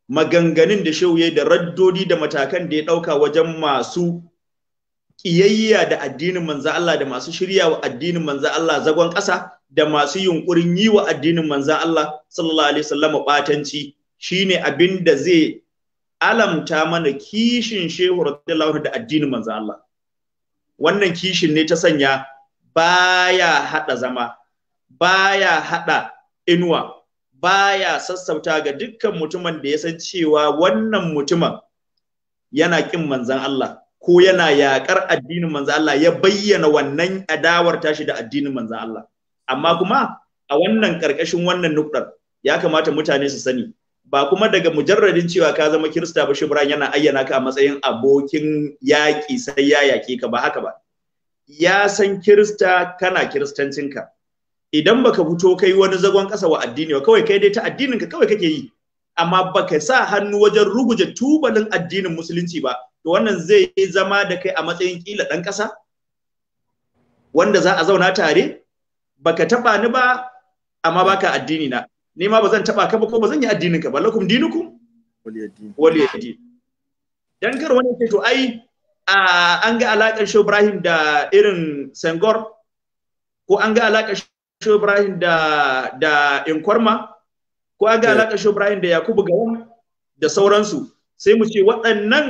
maganganun da shauye da raddodi da matakan da ya dauka wajen masu kiyayya da addinin manzo Allah da masu shirya wa addinin manzo Allah zagon ƙasa da masu yunkurin yi wa addinin manzo Allah sallallahu alaihi wasallam batanci shine abin da zai alamta mana kishin shehu radiyallahu da addinin manzo Allah wannan kishin ne ta sanya baya hada zama baya hada inuwa baya sassauta ga dukkan mutumin da ya san cewa wannan mutumin yana kin manzan Allah ko yana yakar addinin manzan Allah ya bayyana wannan adawar tashi da addinin manzan Allah amma kuma a wannan karkashin wannan nukdar ya kamata mutane su sani ba kuma daga mujarradin cewa ka zama kirista ba shibran yana ayyana ka a matsayin abokin yaƙi sai ya yaƙe ka ba haka ba ya san kirista kana ka. idan baka fito kai wani zagon ƙasa wa addini ba kawai kai dai ta addinin ka kawai kake yi amma baka sa hannu wajen ruguje tubalin addinin musulunci ba to wannan zai zama da kai a matsayin kila ɗan ƙasa wanda za a zauna tare baka taɓa ni ba amma baka addini na ni ma ba zan taba ka ba ko ba zan yi addinin ka ba lakum dinukum waliyaddi dan kar wani ce to ai an ga alakar shi Ibrahim da irin Sengor ko an ga alakar shi Ibrahim da da Inkorma ko an ga eh. alakar shi Ibrahim da Yakubu wani, da sauransu sai mu ce waɗannan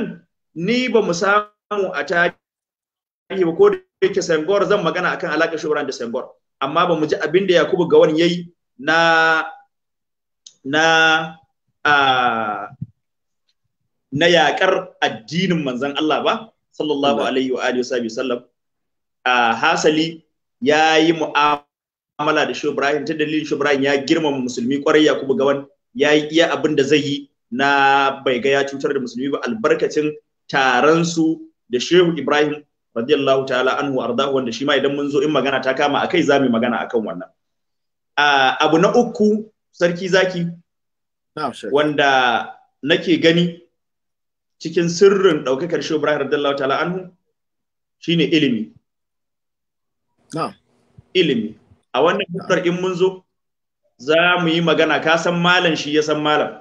ni ba mu samu a tarihi ba ko da yake Sengor zan magana akan alakar shi Ibrahim da Sengor amma ba mu ji abin da Yakubu Gawan yayi na na na yakar addinin manzon Allah ba sallallahu alaihi wa alihi wa a hasali ya yi mu'amala da Shu Ibrahim ta dalilin Shu Ibrahim ya girmama musulmi kwarai ya kuma gawan ya yi iya abin da zai yi na bai ga ya cutar da musulmi ba albarkacin taron su da Shehu Ibrahim radiyallahu ta'ala anhu arda wanda shi ma idan mun zo in magana ta kama akai zamu mu magana akan wannan abu na uku sarki zaki wanda nake gani cikin sirrin ɗaukakar shi Ibrahim radallahu ta'ala anhu shine ilimi ilimi a wannan hudar in mun zo za mu yi magana ka san malam shi ya san malam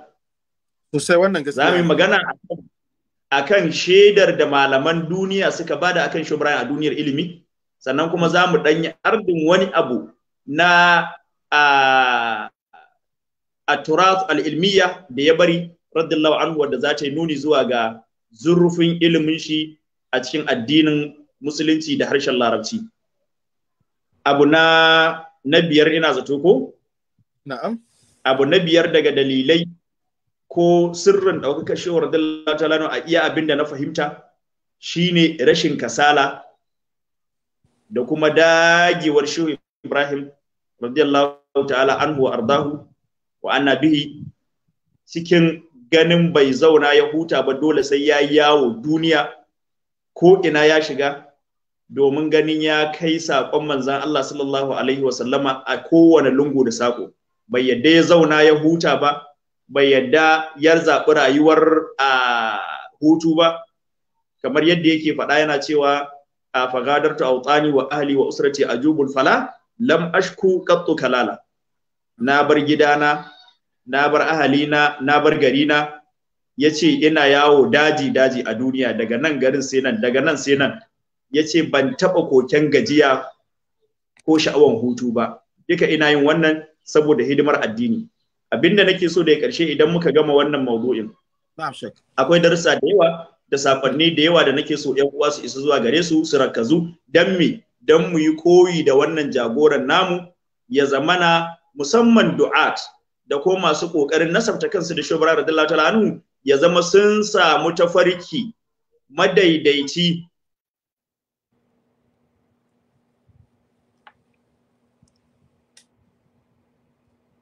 sosai wannan gaskiya za mu yi magana akan shaidar da malaman duniya suka bada akan shi Ibrahim a duniyar ilimi sannan kuma za mu ɗanyi ardin wani abu na a A turath al da ya bari radiyallahu anhu wadda za ta yi nuni zuwa ga zurfin ilimin shi a cikin addinin musulunci da harshen larabci abu na biyar ina zato ko na'am abu na biyar daga dalilai ko sirrin ɗaukakar shewar radiyallahu Lano a iya abin da na fahimta shine rashin kasala da kuma dagewar shehu ibrahim radiyallahu ta'ala anhu wa ardahu wa anna bihi cikin ganin bai zauna ya huta ba dole sai ya yawo duniya ko ina ya shiga domin ganin ya kai saƙon manzan Allah sallallahu alaihi wa sallama a kowane lungu da sako bai yadda ya zauna ya huta ba bai yadda ya zaɓi rayuwar a hutu ba kamar yadda yake faɗa yana cewa a fagadar ta autani wa ahli wa usrati ajubul fala lam ashku qattu kalala na bar gidana na bar ahalina na bar garina ya ce ina yawo daji daji a duniya daga nan garin sai nan daga nan sai nan ya ce ban taɓa koken gajiya ko sha'awan hutu ba duka ina yin wannan saboda hidimar addini abinda nake so da ya karshe idan muka gama wannan maudu'in akwai darussa da yawa da sakonni da yawa da nake so yan uwa su isa zuwa gare su su rakazu dan me dan mu yi koyi da wannan jagoran namu ya zamana musamman du'at da ko masu kokarin nasabta kansu da shubra radiyallahu ta'ala anhu ya zama sun samu tafarki madaidaici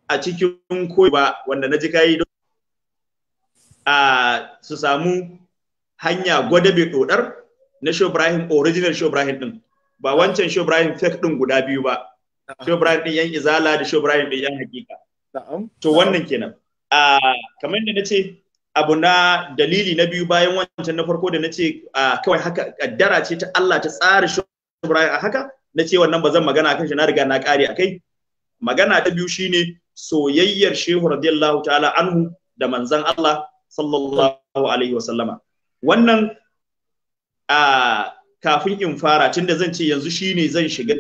a cikin koyi ba wanda na ji kayi a su samu hanya gwada bai dodar na Show original Show ɗin, din ba wancan Show fake din guda biyu ba Shehu din yan izala da Shehu Ibrahim ɗin yan hakika. To wannan kenan. Ah, kamar da na ce abu na dalili na biyu bayan wancan na farko da na ce ah, kawai haka kaddara ce ta Allah ta tsara Shehu a haka na ce wannan ba zan magana kan shi na riga na kare a kai. Magana ta biyu shine soyayyar Shehu radiyallahu ta'ala anhu da manzan Allah sallallahu alaihi wa sallama. Wannan ah, kafin in fara tunda zan ce yanzu shine zan shiga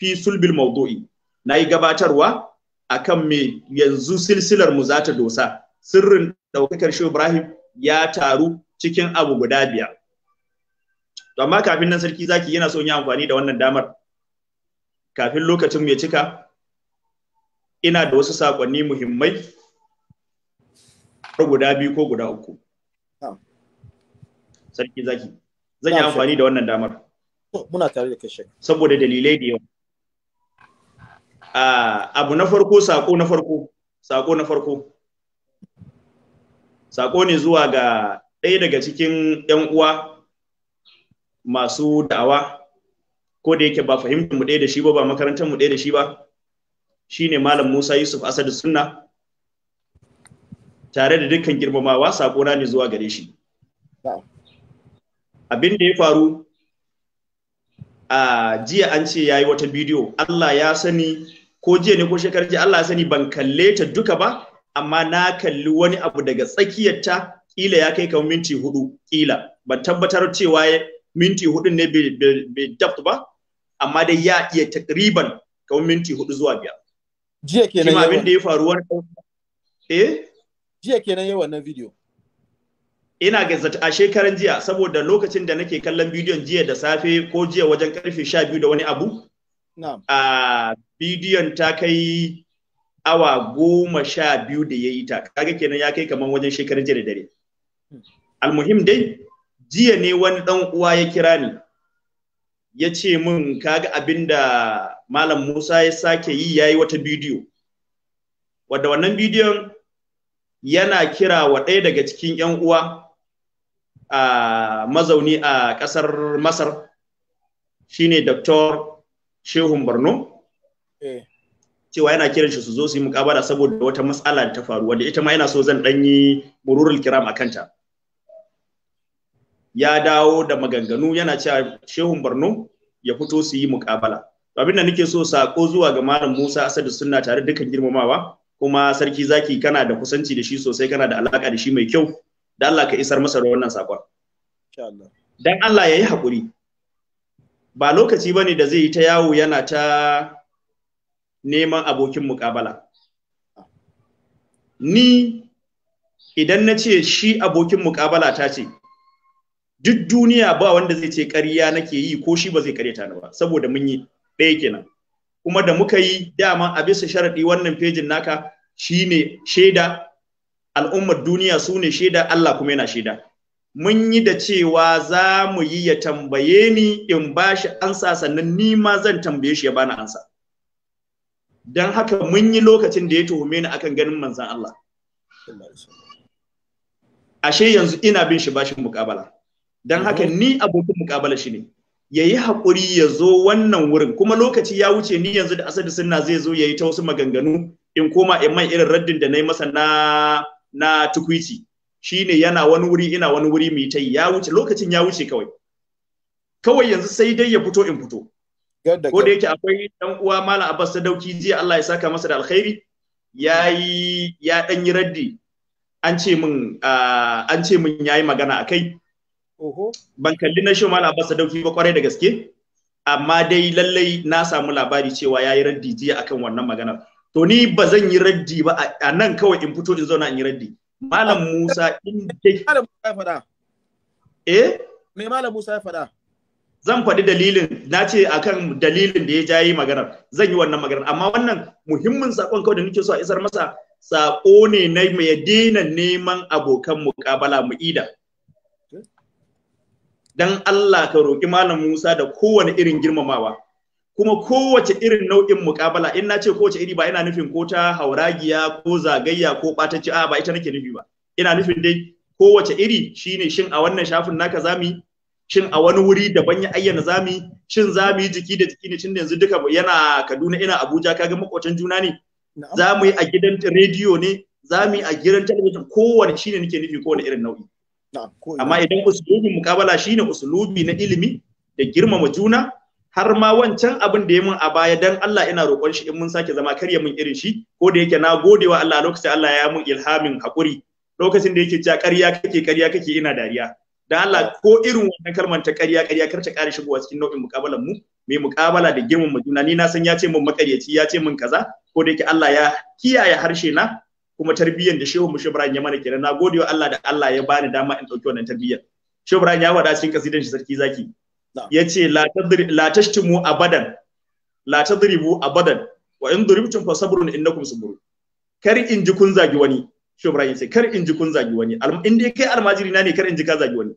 fi sulbil mawdu'i nayi gabatarwa akan me yanzu silsilar mu za ta dosa sirrin daukakar shi Ibrahim ya taru cikin abu guda biya. to amma kafin nan sarki zaki yana son yi amfani da wannan damar kafin lokacin mai cika ina da wasu sakonni muhimmai guda biyu ko guda uku sarki zaki zan yi amfani da wannan damar muna tare da kai saboda dalilai da yawa abu na farko sako na farko sako na farko sako ne zuwa ga ɗaya daga cikin 'yan uwa masu da'awa ko da yake ba fahimtar mu ɗaya da shi ba ba makarantar mu ɗaya da shi ba shine malam Musa Yusuf Asadu Sunna tare da dukkan girmamawa sako na ne zuwa gare shi abin da ya faru a jiya an ce yayi wata bidiyo Allah ya sani ko jiya ne ko shekar jiya Allah sani ban kalle ta duka ba amma na kalli wani abu daga tsakiyarta kila ya kai kamar minti hudu kila ba tabbatar cewa minti hudun ne bai daft ba amma dai ya iya takriban kamar minti hudu zuwa biyar jiya kenan yawa abin da ya faru wani eh jiya kenan yawan na video ina ga a shekaran jiya saboda lokacin da nake kallon bidiyon jiya da safe ko jiya wajen karfe 12 da wani abu a bidiyon ta kai awa goma sha biyu da ya yi ta kaga kenan ya kai kamar wajen shekarar jiya da dare hmm. almuhim dai jiya ne wani dan uwa ya kira ni ya ce min kaga abin da malam musa ya sake yi ya yi wata bidiyo wadda wannan bidiyon yana kira wa ɗaya daga cikin 'yan uwa a mazauni a ƙasar masar shine Dr. shehun Borno eh. cewa yana kiran shi su zo su yi mukabala saboda wata matsala da ta faru wanda ita ma yana so zan dan yi mururul kiram a kanta ya dawo da maganganu yana cewa shehun Barno ya fito su yi mukabala abin da nake so sako zuwa ga malam Musa Asadu Sunna tare dukan girmamawa kuma sarki zaki kana da kusanci da shi sosai kana da alaka da shi mai kyau da Allah ka isar masa da wannan sakon dan Allah ya yi haƙuri ba lokaci ba ne da zai yi ta yawo yana ta neman abokin mukabala ni idan na ce shi abokin mukabala ta ce duk duniya ba wanda zai ce ƙarya nake yi ko shi ba zai ƙaryata ni ba saboda mun yi ɗaya kenan kuma da muka yi dama a bisa sharaɗi wannan fejin naka shi ne shaida al'ummar duniya su ne shaida Allah kuma yana shaida mun yi da cewa za mu yi ya tambaye ni in ba shi ansa sannan ni ma zan tambaye shi ya bani ansa don haka mun yi lokacin da ya tuhume ni akan ganin manzan Allah ashe yanzu ina bin shi bashin mukabala don haka ni abokin mukabala shi ne ya yi haƙuri ya zo wannan wurin kuma lokaci ya wuce ni yanzu da asadi sunna zai zo ya yi ta wasu maganganu in koma in mai irin raddin da na yi masa na na shine yana wani wuri ina wani wuri mu ta ya wuce lokacin ya wuce kawai kawai yanzu sai dai ya fito in fito ko da yake akwai dan uwa malam abbas sadauki jiya Allah ya saka masa da alkhairi yayi ya dan yi raddi an ce min an ce min yayi magana akai ban kalli na shi malam abbas sadauki ba kwarai da gaske amma dai lallai na samu labari cewa yayi raddi jiya akan wannan magana to ni ba zan yi raddi ba a nan kawai in fito in zauna in yi raddi Malam Musa in dai Malam Musa ya faɗa. Eh? Me Malam Musa ya faɗa? Zan faɗi dalilin, na ce akan dalilin da ya jayi yi maganar, zan yi wannan maganar. Amma wannan muhimmin saƙon kawai da nake so a isar masa saƙo ne na mai daina neman abokan muƙabala mu ida. Dan Allah ka roƙi Malam Musa da kowane irin girmamawa. kuma kowace irin nau'in mukabala in na ce kowace iri ba ina nufin ko ta hauragiya ko zagayya ko ɓatacci a ba ita nake nufi ba ina nufin dai kowace iri shine shin a wannan shafin naka zami shin a wani wuri daban ya ayyana zami shin zami jiki da jiki ne tun yanzu duka yana Kaduna ina Abuja kaga makocin juna ne za mu yi a gidan rediyo ne za mu yi a gidan talabijin kowane shine nake nufi kowane irin nau'i amma idan usulubin mukabala shine usulubi na ilimi da girmama juna har ma wancan abin da ya mun a baya dan Allah ina roƙon shi in mun sake zama kar ya mun irin shi ko da yake na gode wa Allah lokacin Allah ya mun ilhamin hakuri lokacin da yake ja ƙarya kake ƙarya kake ina dariya dan Allah ko irin wannan kalmar ta ƙarya ƙarya kar ta ƙara shigowa cikin nau'in muƙabalan mu mai muƙabala da girmama juna ni na san ya ce mun makaryaci ya ce mun kaza ko da yake Allah ya kiyaye harshe na kuma tarbiyyar da Shehu Mushe Ibrahim ya mana kenan na gode wa Allah da Allah ya bani dama in ɗauki wannan tarbiyyar Shehu Ibrahim ya wada cikin kasidan shi sarki zaki ya ce la tashtimu abadan la tadribu abadan wa in duribtum sabrun innakum sabrun kar in ji kun zagi wani shi Ibrahim sai kar in ji kun zagi wani in dai kai almajiri na ne kar in ji ka zagi wani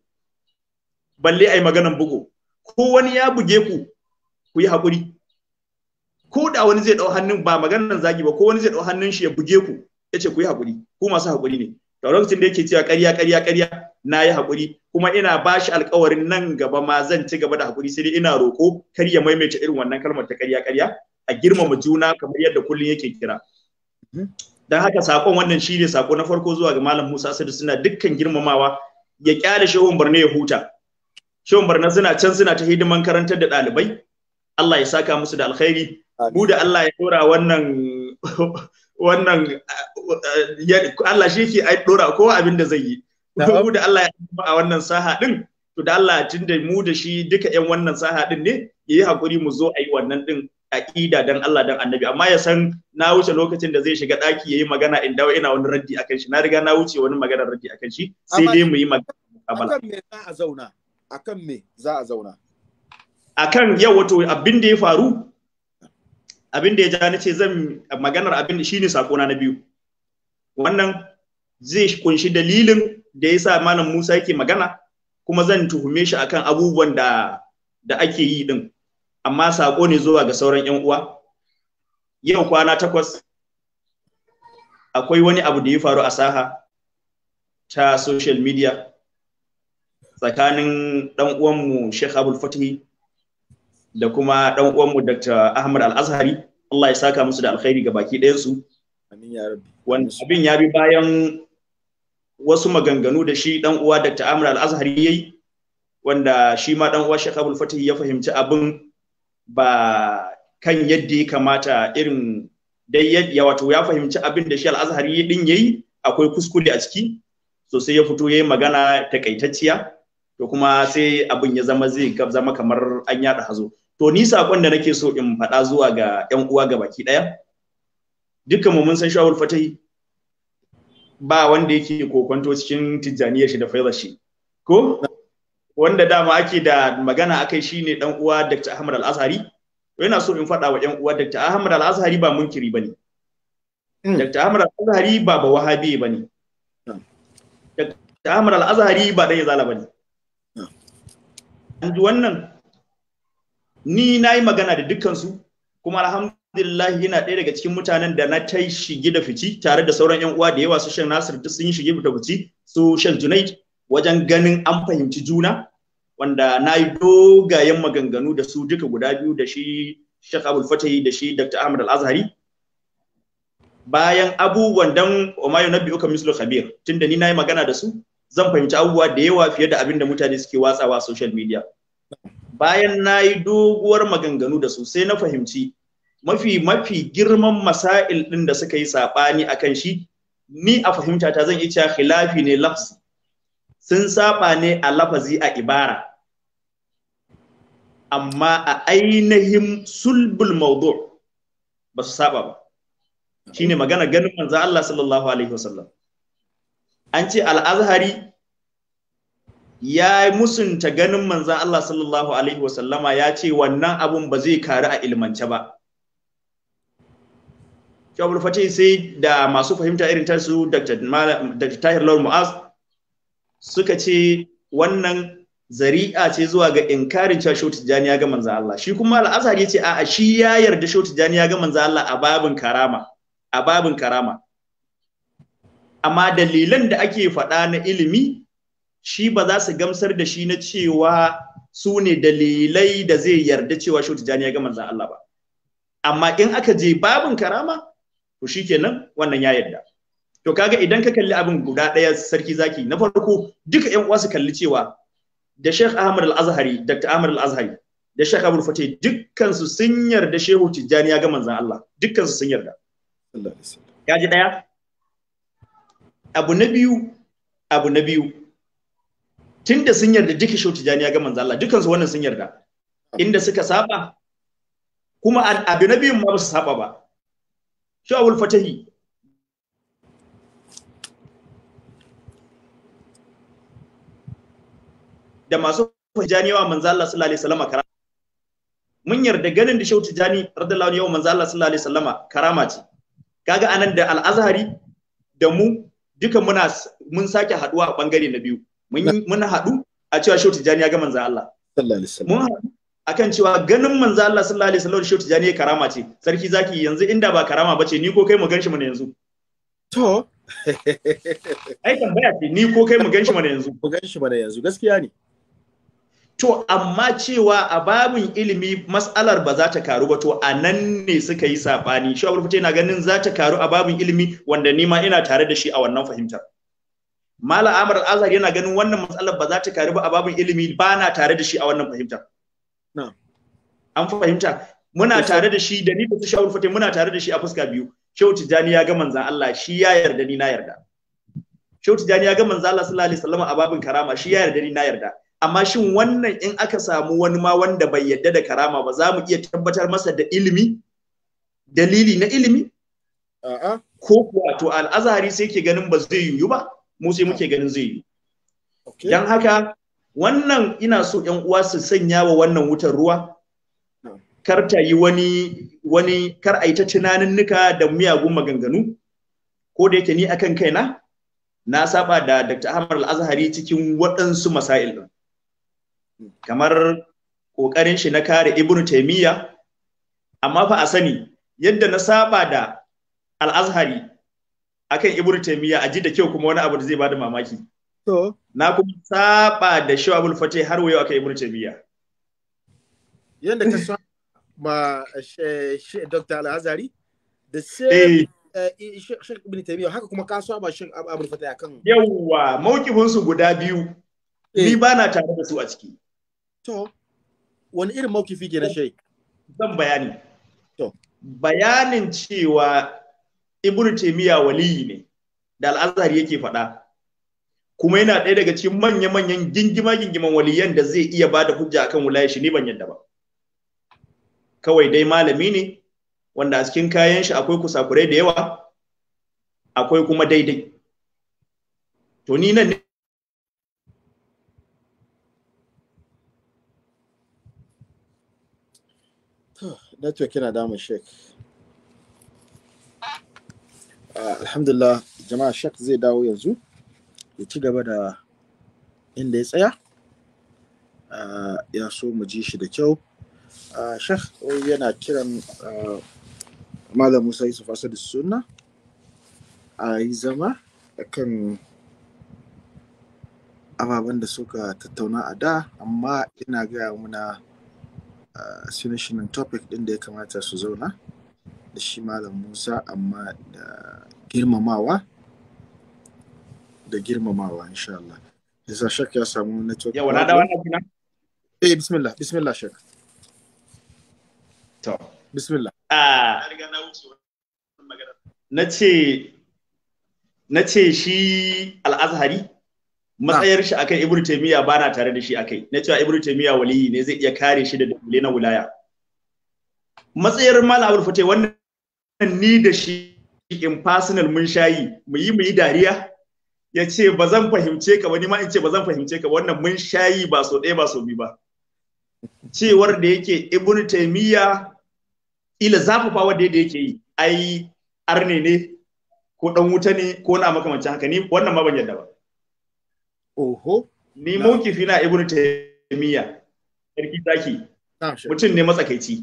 balle ai maganan bugu ko wani ya buge ku ku yi hakuri. ko da wani zai dau hannun ba maganan zagi ba ko wani zai dau hannun shi ya buge ku yace ku yi hakuri. ku masu hakuri ne to lokacin da yake cewa ƙarya ƙarya ƙarya na yi hakuri, kuma ina ba shi alƙawarin nan gaba ma zan ci gaba da hakuri, sai dai ina roƙo kar ya maimaita irin wannan kalmar ta ƙarya ƙarya a girmama juna kamar yadda kullun yake kira mhm. don haka sakon wannan shi sako na farko zuwa ga malam Musa Sadu suna dukkan girmamawa ya kyale shehun Barna ya huta shehun Barna suna can suna ta hidiman karantar da ɗalibai Allah ya saka musu da alkhairi mu da Allah ya dora wannan wannan eh, Allah shi ke dora kowa abin da zai yi mu da Allah ya a wannan saha din to da Allah tun da mu da shi duka yan wannan saha din ne yayi hakuri mu zo ayi wannan din aqida dan Allah dan Annabi amma ya san na wuce lokacin da zai shiga daki yayi magana in dawo ina wani raddi akan shi na riga na wuce wani magana raddi akan shi sai dai mu yi magana akan me za a zauna akan me za a zauna akan yau wato abin da ya faru abin da ya ja nace zan maganar abin shine sakona na biyu wannan zai kunshi dalilin da ya sa malam Musa yake magana kuma zan tuhume shi akan abubuwan da da ake yi din amma sako ne zuwa ga sauran yan uwa yau kwana takwas akwai wani abu da ya faru a saha ta social media tsakanin dan uwanmu Sheikh Abdul Fatih da kuma dan uwanmu Dr. Ahmad Al-Azhari Allah ya saka musu da alkhairi ga baki ɗayan amin ya rabbi abin ya bi bayan wasu maganganu da shi dan uwa Dr. Amr al azhar yayi wanda shi ma dan uwa Sheikh Abdul Fatih ya fahimci abin ba kan yadda ya kamata irin dai ya wato ya fahimci abin da shi Al-Azhari din yayi akwai kuskure a ciki so sai ya fito yayi magana takaitacciya to kuma sai abin ya zama zai zama kamar an yada hazo to ni sakon da nake so in faɗa zuwa ga yan uwa ga baki daya dukkan mu mun san Shawul Fatih ba wanda yake kokonto cikin tijjaniyar shi da faidar shi ko wanda dama ake da magana akai shine dan uwa Dr. Ahmad Al-Azhari yana so in fada wa ƴan uwa Dr. Ahmad Al-Azhari ba munkiri bane hmm. Dr. Ahmad Al-Azhari ba ba wahabi bane hmm. Dr. Ahmad Al-Azhari ba dai zala bane hmm. an ji wannan ni nayi magana da dukkan su kuma alhamdulillah alhamdulillah yana ɗaya daga cikin mutanen da na ta shige da fici tare da sauran 'yan uwa da yawa su shan Nasir duk sun yi shige da fici su shan Junaid wajen ganin an fahimci juna wanda na yi dogayen maganganu da su duka guda biyu da shi Sheikh Abdul Fatahi da shi Dr. Ahmad Al-Azhari bayan abubuwan dan Umayyu Nabi uka mislu khabir tunda ni nayi magana da su zan fahimci abubuwa da yawa fiye da abin da mutane suke watsawa social media bayan na yi doguwar maganganu da su sai na fahimci mafi mafi girman masail din da suka yi sabani akan shi ni a fahimta ta zan iya khilafi ne lafzi sun saba ne a lafazi a ibara amma a ainihin sulbul mawdu ba su saba ba shine magana ganin manzo Allah sallallahu alaihi wasallam an ce al-azhari ya musunta ganin manzo Allah sallallahu Alaihi wasallama ya ce wannan abun ba zai karu a ilmance ba. shawabul fatih sai da masu fahimta irin tasu dr tahir lawal mu'az suka ce wannan zari'a ce zuwa ga inkarin cewa shehu tijjani ya ga Allah shi kuma al'azhar ya ce a shi ya yarda shehu tijjani ya ga Allah a babin karama a babin karama amma dalilan da ake faɗa na ilimi shi ba za su gamsar da shi na cewa su ne dalilai da zai yarda cewa shehu tijjani ya ga Allah ba amma in aka je babin karama to shikenan wannan ya yadda. to kaga idan ka kalli abin guda ɗaya sarki zaki na farko duka yan uwa su kalli cewa da Sheikh Ahmad Al-Azhari Dr. Ahmad Al-Azhari da Sheikh Abdul Fatih dukkan su sun yarda Shehu Tijjani ya ga manzon Allah dukkan su sun yarda ya ji ɗaya abu na biyu abu na biyu tunda sun yarda duka Shehu Tijjani ya ga manzon Allah dukkan su wannan sun yarda inda suka saba kuma abu na biyun ma ba su saba ba shi abul fatahi da masu tijani wa manzo Allah sallallahu alaihi wasallam karama mun yarda ganin da shehu tijani radallahu anhu manzo Allah sallallahu alaihi wasallam karama ce kaga anan da al-azhari da mu duka muna mun sake haduwa a bangare na biyu mun mun hadu a cewa shehu tijani ya ga manzo Allah sallallahu alaihi wasallam akan cewa ganin manzo Allah sallallahu alaihi wasallam shi tijani karama ce sarki zaki yanzu inda ba karama bace ni ko kai mu ganshi mana yanzu to ai tambaya ce ni ko kai mu ganshi mana yanzu mu ganshi mana yanzu gaskiya ne to amma cewa a babin ilimi mas'alar ba za ta karu ba to a nan ne suka yi sabani shi abu yana ganin za ta karu a babin ilimi wanda ni ma ina tare da shi a wannan fahimtar mala amar azhar yana ganin wannan matsalar ba za ta karu ba a babin ilimi ba na tare da shi a wannan fahimtar an fahimta muna tare da shi da ni da su fate muna tare da shi a fuska biyu shehu tijani ya ga manzan Allah shi ya yarda ni na yarda shehu tijani ya ga manzan Allah sallallahu alaihi wasallam a babin karama shi ya yarda ni na yarda amma shin wannan in aka samu wani ma wanda bai yarda da karama ba za mu iya tabbatar masa da ilimi dalili na ilimi a'a ko kuwa to al sai ke ganin ba zai yiwu ba mu sai muke ganin zai yiwu dan haka wannan ina so yan uwa su sanya wa wannan wutar ruwa kar ta yi wani wani kar a yi ta tunaninnika da miyagun maganganu ko da yake ni akan kaina na saba da Dr. Ahmad Al-Azhari cikin waɗansu masail din mm. kamar ƙoƙarin shi na kare Ibn Taymiyya, amma fa a sani yadda na saba da Al-Azhari akan Ibn Taymiyya a ji da kyau kuma wani abu da zai bada mamaki To. Na kuma saba da Shawabul Fate har wayo aka yi Ibn Taymiya. Yanda ka so ma Dr. alhazari da sai Ibn Taymiya haka kuma ka saba shi Abul Fate akan. Yawwa, mauqifin su guda biyu. Ni eh. ba na tare da su a ciki. To. Wani irin mauqifi ke na shai? Zan bayani. To. Bayanin cewa Ibn Taymiya waliyi ne da al'azari yake faɗa. kuma yana ɗaya daga cikin manya-manyan gingima-gingiman waliyan da zai iya ba da hujja akan wulaya shi ni ban yadda ba kawai dai malami ne wanda a cikin kayan shi akwai kusakurai da yawa akwai kuma daidai to ni nan network yana damun shek ah, alhamdulillah jama'a shek zai dawo yanzu ya ci gaba da inda ya tsaya ya so mu ji shi da kyau shek yana kiran malam musa yusuf asadu sunna a yi zama a kan ababen da suka tattauna a da amma ina gaya muna sinishinin topic din da ya kamata su zauna da shi malam musa amma da girmamawa da girmamawa insha Allah Isa shak ya samu network yawa na da wannan gina? eh bismillah bismillah shak to bismillah ah na ce na ce shi al'azhari matsayar shi akan ibnu Taimiyya ba na tare da shi akai na cewa ibnu Taimiyya waliyi ne zai iya kare shi da dalilai na wilaya matsayar malam abul fatai wannan ni da shi in personal mun shayi mu yi mu yi dariya ya ce ba zan fahimce ka ba ni ma in ce ba zan fahimce ka wannan mun shayi ba so ɗaya ba so biyu ba cewar da yake ibn taymiya ila zafafa wanda da yake yi ai arne ne ko dan wuta ne ko na makamancin haka ni wannan ma ban yadda ba oho ni mawkifi na ibn taymiya sarki zaki mutum ne matsakaici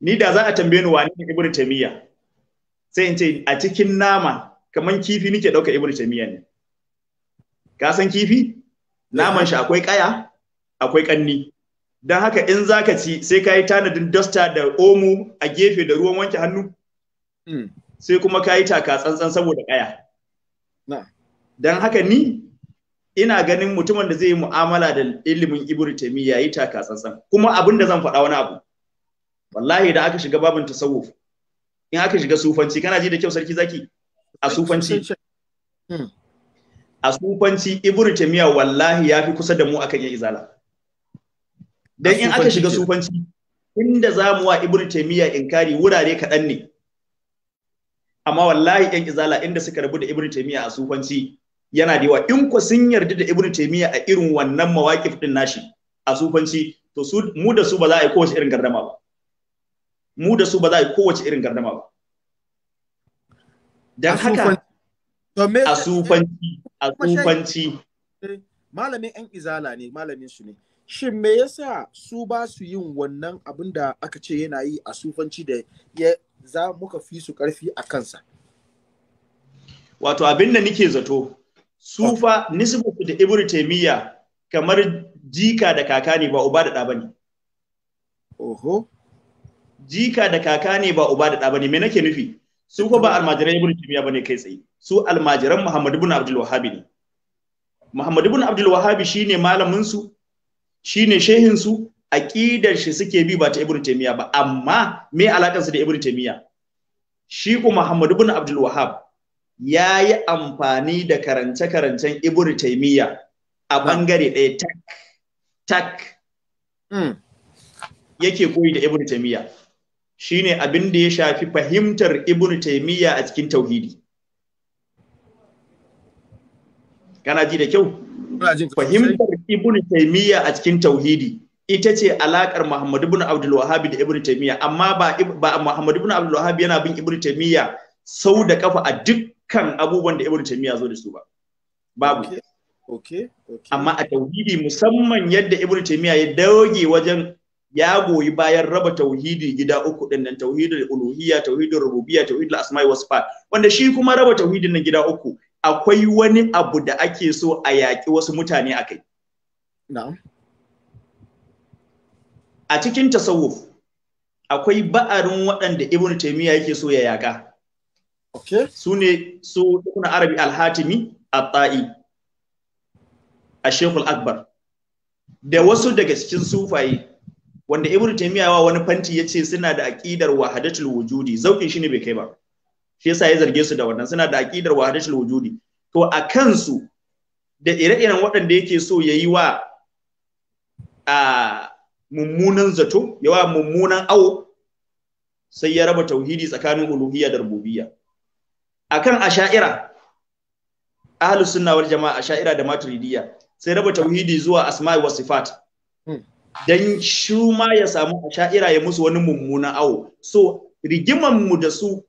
ni da za a tambaye ni wani ibn taymiya sai in ce a cikin nama kaman kifi nike dauka ibn taymiya ne ka san kifi naman shi akwai kaya akwai kanni don haka in zaka ci sai ka yi tanadin dosta da omo a gefe da ruwan wanke hannu hmm. sai kuma ka yi taka tsantsan saboda kaya don haka ni ina ganin mutumin da zai yi mu'amala da ilimin ibn taymiya yi taka tsantsan kuma abin da zan faɗa wani abu wallahi da aka shiga babin tasawuf in aka shiga sufanci kana ji da kyau sarki zaki a sufanci hmm. a sufanci ibnu taymiya wallahi ya fi kusa da mu akan ya izala dan in aka shiga sufanci inda za mu wa ibnu in inkari wurare kaɗan ne amma wallahi yan izala inda suka rabu da ibnu taymiya a sufanci yana da yawa in ku sun yarda da ibnu taymiya a irin wannan mawaƙif din nashi a sufanci to su mu da su ba za a yi kowace irin gardama ba mu da su ba za a yi kowace irin gardama ba dan haka a sufanci a sufanci eh, malamin yan izala ne malamin su ne shin me yasa su ba su yin wannan abin da aka ce yana yi a sufanci da ya za muka fi su karfi a kansa wato abin da nike zato sufa nisbatu da ibnu taymiya kamar jika da kaka ne ba uba da ɗa bane oho jika da kaka ne ba uba da ɗa bane me nake nufi su ko ba almajiran ibn timiya bane kai tsaye su almajiran muhammad ibn abdul wahabi ne muhammad ibn abdul wahabi shine malamin su shine shehin su aqidar shi suke bi ba ta ibn timiya ba amma me alakan su da ibn timiya shi ko muhammad ibn abdul wahab yayi amfani da karance karancen ibn timiya a bangare ɗaya tak tak hmm. yake koyi da ibn timiya shine abin da ya shafi fahimtar ibn taimiyya a cikin tauhidi kana ji da kyau fahimtar ibn taimiyya a cikin tauhidi ita ce alakar Muhammad ibn Abdul Wahhab da Ibn taimiyya amma ba ba Muhammad ibn Abdul Wahhab yana bin Ibn taimiyya sau da kafa a dukkan abubuwan da Ibn taimiyya zo da su ba babu okay okay, okay. amma a tauhidi musamman yadda Ibn taimiyya ya doge wajen ya goyi bayan raba tauhidi gida uku din nan tauhidul uluhiyya tauhidul rububiyya tauhidul asma'i was sifat wanda shi kuma raba tauhidin nan gida uku akwai wani abu da ake so a yaƙi wasu mutane akai na'am a cikin tasawuf akwai ba'arin waɗanda ibn taymiya yake so ya yaka. okay su ne su ibn arabi al-hatimi at-ta'i a al akbar da wasu daga cikin sufaye wanda ibn Taymiyyah wa wani fanti yace suna da aqidar wahadatul wujudi zaukin shine bai kai ba shi yasa ya zarge su da wannan suna da aqidar wahadatul wujudi to a kansu da ire-iren waɗanda yake so yayi wa a mummunan zato yawa mummunan awo sai ya raba tauhidi tsakanin uluhiyya da rububiyya akan asha'ira ahlus sunna wal jama'a asha'ira da maturidiyya sai raba tauhidi zuwa asma'i wa sifat hmm. dan shuma ma ya samu a sha'ira ya musu wani mummunan awo so rigiman mu da su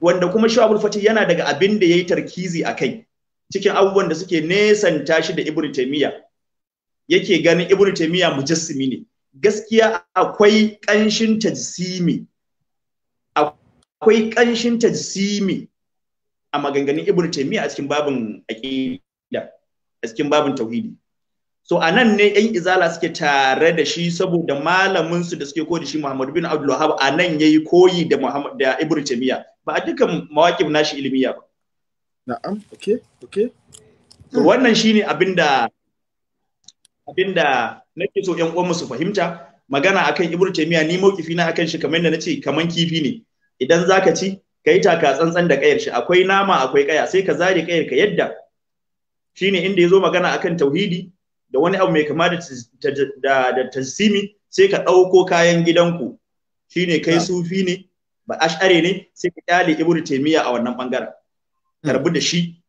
wanda kuma shu'abul fatih yana daga abin da ya yi tarkizi akai cikin abubuwan da suke nesanta shi da ibnu taymiya yake ganin ibnu taymiya mujassimi ne gaskiya akwai ƙanshin tajsimi akwai kanshin tajsimi a maganganun ibnu taymiya a cikin babin aqida a cikin babin tauhidi so a nan ne yan izala suke tare da shi saboda malamin su da suke koyi shi Muhammad bin Abdul Wahhab a nan yayi koyi da Muhammad da Ibn Taymiyyah ba a dukan mawaqib nashi ilmiya ba na'am okay okay so, wannan shine abinda abinda nake so yan uwan su fahimta magana akan Ibn Taymiyyah ni maukifi na akan shi kamar yadda nace kaman kifi ne idan zaka ci kai taka tsantsan da kayar shi akwai nama akwai kaya sai ka zare kayar ka yadda shine inda yazo magana akan tauhidi da wani abu mai kama da tasimi sai ka ɗauko kayan gidanku Shi ne kai sufi ne ba ash'are ne sai ka kyale ibnu taimiyya a wannan ɓangaren. karbi hmm. da shi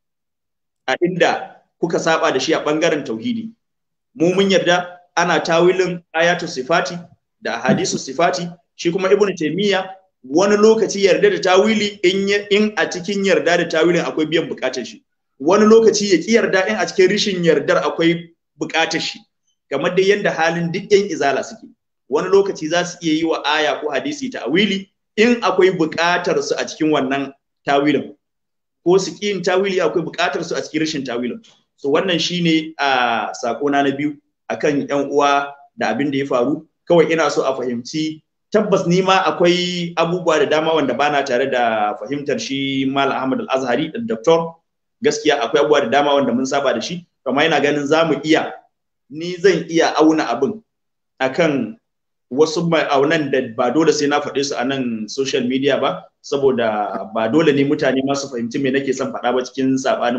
a inda kuka saba da shi a ɓangaren tauhidi mu mun yarda ana tawilin ayatu sifati da hadisu sifati shi kuma ibnu taimiyya wani lokaci yarda da tawili in a cikin yarda da tawilin akwai biyan bukatar shi wani lokaci ya ƙi yarda in a cikin rishin yardar akwai buƙatar shi kamar dai yadda halin duk yan izala suke wani lokaci za su iya yi wa aya ko hadisi ta awili? in akwai buƙatar su a cikin wannan tawilin ko su ƙin tawili akwai buƙatar su a cikin rashin tawilin so wannan shine a sakona na biyu akan yan uwa da abin da ya faru kawai ina so a fahimci tabbas ni ma akwai abubuwa da dama wanda bana tare da fahimtar shi Malam Ahmad Al-Azhari da Dr. gaskiya akwai abubuwa da dama wanda mun saba da shi kamar yana ganin za mu iya ni zan iya auna abin kan wasu ma'aunan da ba dole sai na faɗe su a nan social media ba saboda ba dole ne mutane masu fahimci me nake son faɗa ba cikin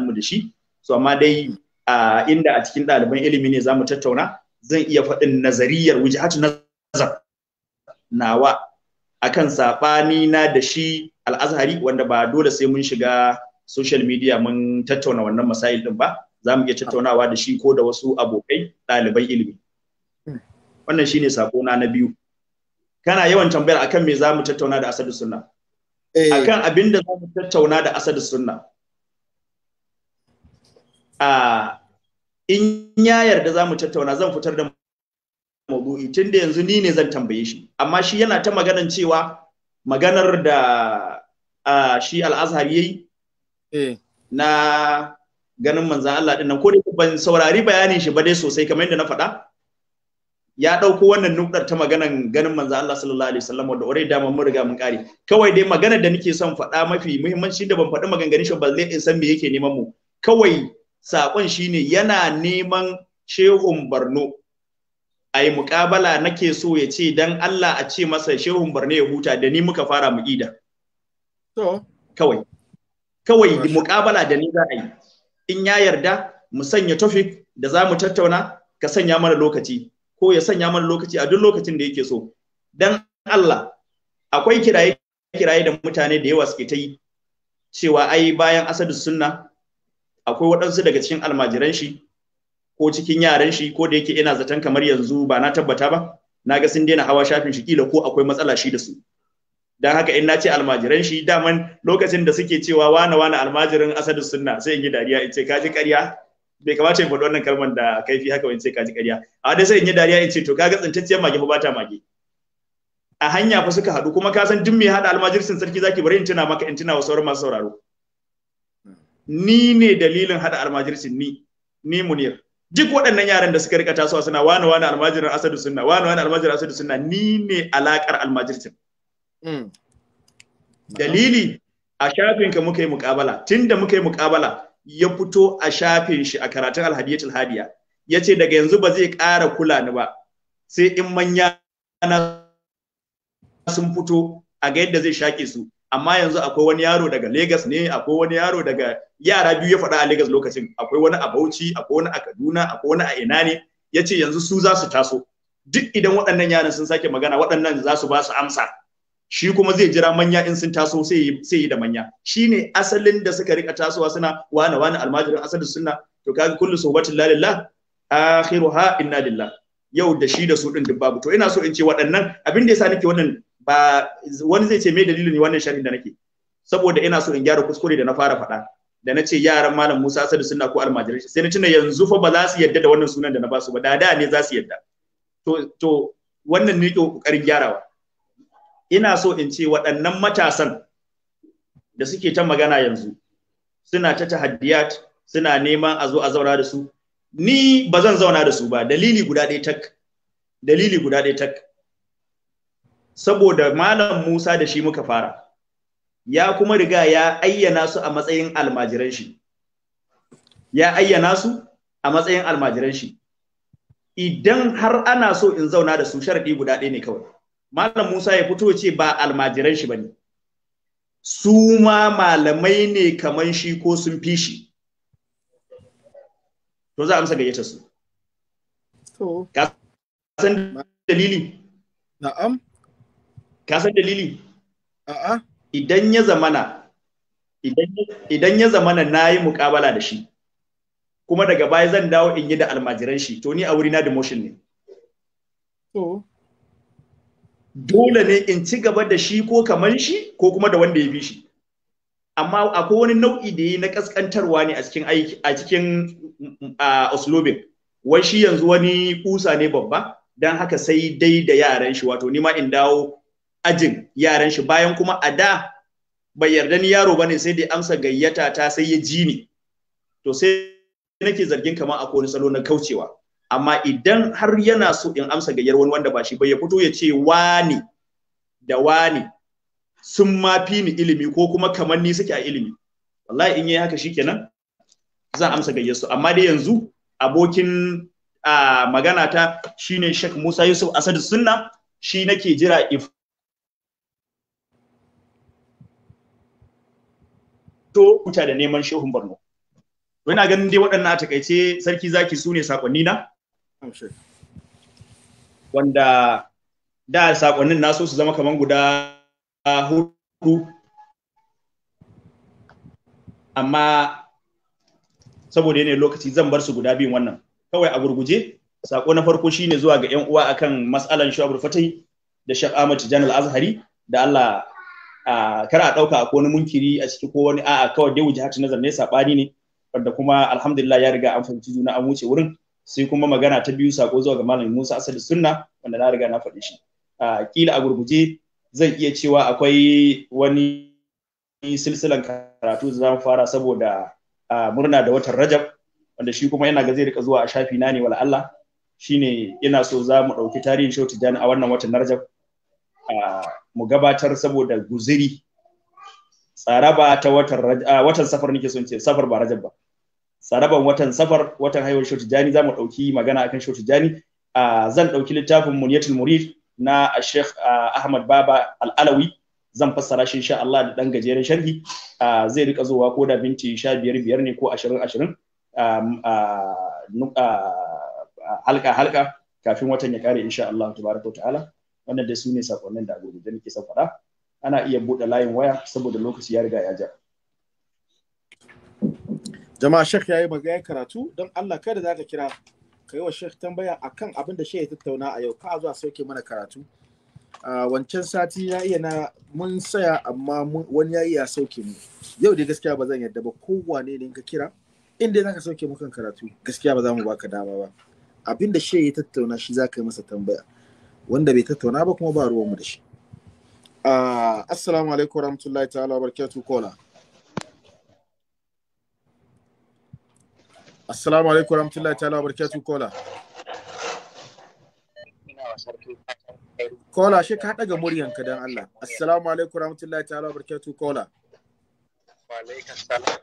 mu da shi so amma dai a inda a cikin ɗaliban ilimi ne za mu tattauna zan iya faɗin nazariyar wujahatu nazar nawa akan saɓani na da shi al'azhari wanda ba dole sai mun shiga social media mun tattauna wannan masail ɗin ba za mu iya tattaunawa da shi ko da wasu abokai ɗalibai, ilimi hmm. wannan shine sako na na biyu kana yawan tambayar akan me za mu tattauna da asadu sunna eh. akan abin da za mu tattauna da asadu sunna a in ya yarda za mu tattauna zan fitar da maudu'i tun da yanzu ni ne zan tambaye shi amma shi yana ta maganar cewa maganar da shi al'azhar yayi eh. na ganin manzan Allah din nan ko dai ban saurari bayanin shi ba dai sosai kamar yadda na faɗa ya ɗauko wannan nukdar ta maganan ganin manzan Allah sallallahu alaihi wasallam da ore dama mun riga mun kare kawai dai maganar da nake son faɗa mafi muhimmanci da ban faɗi maganganun shi ba zai in san me yake neman mu kawai sakon shine yana neman shehun Barno a muƙabala nake so ya ce dan Allah a ce masa shehun Barno ya huta da ni muka fara mu ida to kawai kawai muƙabala da ni za a yi in ya yarda mu sanya topic da za mu tattauna ka sanya mana lokaci ko ya sanya mana lokaci a duk lokacin da yake so dan Allah akwai kiraye kiraye da mutane da yawa suke ta yi cewa ai bayan asadu sunna akwai waɗansu daga cikin almajiran shi ko cikin yaran shi ko da yake ina zaton kamar yanzu ba na tabbata ba na ga sun daina hawa shafin shi kila ko akwai matsala shi da su dan haka in nace ce almajiran shi daman lokacin da suke cewa wane wane almajirin asadu sunna sai in yi dariya in ce kaji ƙarya bai kamata in faɗi wannan kalmar da kaifi haka in ce kaji ƙarya a dai sai in yi dariya in ce to kaga tsintacciyar mage ba ta mage a hanya fa suka haɗu kuma ka san duk mai haɗa almajirsin sarki zaki bari in tuna maka in tuna wa sauran masu sauraro ni ne dalilin haɗa almajirsin ni ni munir duk waɗannan yaran da suka rika tasowa suna wane wane almajirin asadu sunna wane wane almajirin asadu sunna ni ne alakar almajirsin Hmm. Dalili a shafinka muka yi muƙabala, da muka yi muƙabala ya fito a shafin shi a karatun alhadiyyar hadiya. Ya ce daga yanzu ba zai ƙara kula ni ba, sai in manya na sun fito a ga yadda zai shaƙe su. Amma yanzu akwai wani yaro daga Legas ne, akwai wani yaro daga yara biyu ya faɗa a Legas lokacin, akwai wani a Bauchi, akwai wani a Kaduna, akwai wani a ina ne. Ya ce yanzu su za su taso. Duk idan waɗannan yaran sun sake magana waɗannan za su ba su amsa. shi kuma zai jira manya in sun taso sai yi da manya shine asalin da suka rika tasowa suna wani wani almajirin asalin sunna to kaga kullu sohbatin lalillah akhiruha inna lillah yau da shi da su din duk to ina so in ce waɗannan abin da yasa nake wannan ba wani zai ce me dalilin wannan sharhin da nake saboda ina so in gyara kuskure da na fara faɗa da na ce yaran malam Musa Asadu sunna ko almajirai sai na tuna yanzu fa ba za su yadda da wannan sunan da na ba su ba da da ne za su yadda to to wannan ne ke kokarin gyarawa ina so in ce waɗannan matasan da suke ta magana yanzu suna ta tahaddiyat suna neman a zo a zauna da su ni ba zan zauna da su ba dalili guda ɗaya tak dalili guda ɗaya tak saboda malam Musa da shi muka fara ya kuma riga ya ayyana su a matsayin almajiran shi ya ayyana su a matsayin almajiran shi idan har ana so in zauna da su sharadi guda ɗaya ne kawai malam Musa ya fito ce ba almajiran shi bane su ma malamai ne kaman shi ko sun fi shi to za a amsa gayyata su to ka san dalili na'am ka san dalili a'a idan ya zamana idan ya zamana nayi muƙabala da shi kuma daga baya zan dawo in yi da almajiran shi to ni a wuri na demotion ne to dole ne in ci gaba da shi ko kamar shi ko kuma da wanda ya bi shi amma akwai wani nau'i da yi na kaskantarwa ne a cikin aiki a cikin oslobin wai shi yanzu wani kusa ne babba Don haka sai dai da yaran shi wato nima in dawo ajin yaran shi bayan kuma a da bai yarda ni yaro ba bane sai dai amsa gayyata ta sai ya ji ni to sai nake zargin kamar akwai wani salo na kaucewa amma idan har yana so in amsa gayyar wani wanda ba shi ba ya fito ya ce wani da wani sun ma fi ni ilimi ko kuma kamar ni suke a ilimi wallahi in yi haka shikenan zan amsa gayyar su amma dai yanzu abokin a magana ta shine Sheikh Musa Yusuf Asad Sunna shi nake jira if to kuta da neman shehun Borno ina ganin dai waɗannan a takaice sarki zaki su ne sakonni na Wanda da sakonnin naso su zama kaman guda hudu amma saboda yanayin lokaci zan bar su guda biyun wannan kawai a gurguje sako na farko shine zuwa ga yan uwa akan matsalan shu'abul fatahi da Sheikh Ahmad Tijani Al-Azhari da Allah a kar a dauka ko wani munkiri a ciki ko wani a'a kawai dai wuce hatu nazar ne sabani ne wanda kuma alhamdulillah ya riga an fahimci juna an wuce wurin sai kuma magana ta biyu sako zuwa ga malam Musa Asali Sunna wanda na riga na faɗi shi a kila a gurguje zan iya cewa akwai wani silsilan karatu da zamu fara saboda murna da watan Rajab wanda shi kuma yana ga zai rika zuwa a shafi na ne wala Allah shine ina so za mu ɗauki tarihin shautu dan a wannan watan Rajab mu gabatar saboda guziri ba ta watan watan safar nake son ce safar ba Rajab ba tsaraban watan safar watan haihuwar shautu jani za mu ɗauki magana akan shautu jani zan ɗauki littafin muniyatul murid na sheikh ahmad baba al'alawi zan fassara shi insha Allah da ɗan gajeren sharhi zai rika zuwa ko da binti sha biyar biyar ne ko ashirin ashirin halka halka kafin watan ya kare insha Allah tabaraka wa ta'ala wannan dai su ne sakonnin da gobe da nake son ana iya buɗe layin waya saboda lokaci ya riga ya ja jama'a shek yayi magana karatu don Allah kada za ka kira ka yi wa shek tambaya akan abin da shek ya tattauna a yau ka zuwa sauke mana karatu a wancan sati ya iya na mun saya amma wani ya iya sauke mu yau dai gaskiya ba zan yadda ba kowane ne ka kira in dai zaka sauke mu kan karatu gaskiya ba za mu baka dama ba abin da shek ya tattauna shi za ka yi masa tambaya wanda bai tattauna ba kuma ba mu da shi assalamu alaikum warahmatullahi ta'ala wa barakatuh kola Assalamu alaikum warahmatullahi ta'ala barkatu kola. Kola shi ka daga ka dan Allah. Assalamu alaikum warahmatullahi ta'ala wabarakatuh kola. Wa alaikum salam.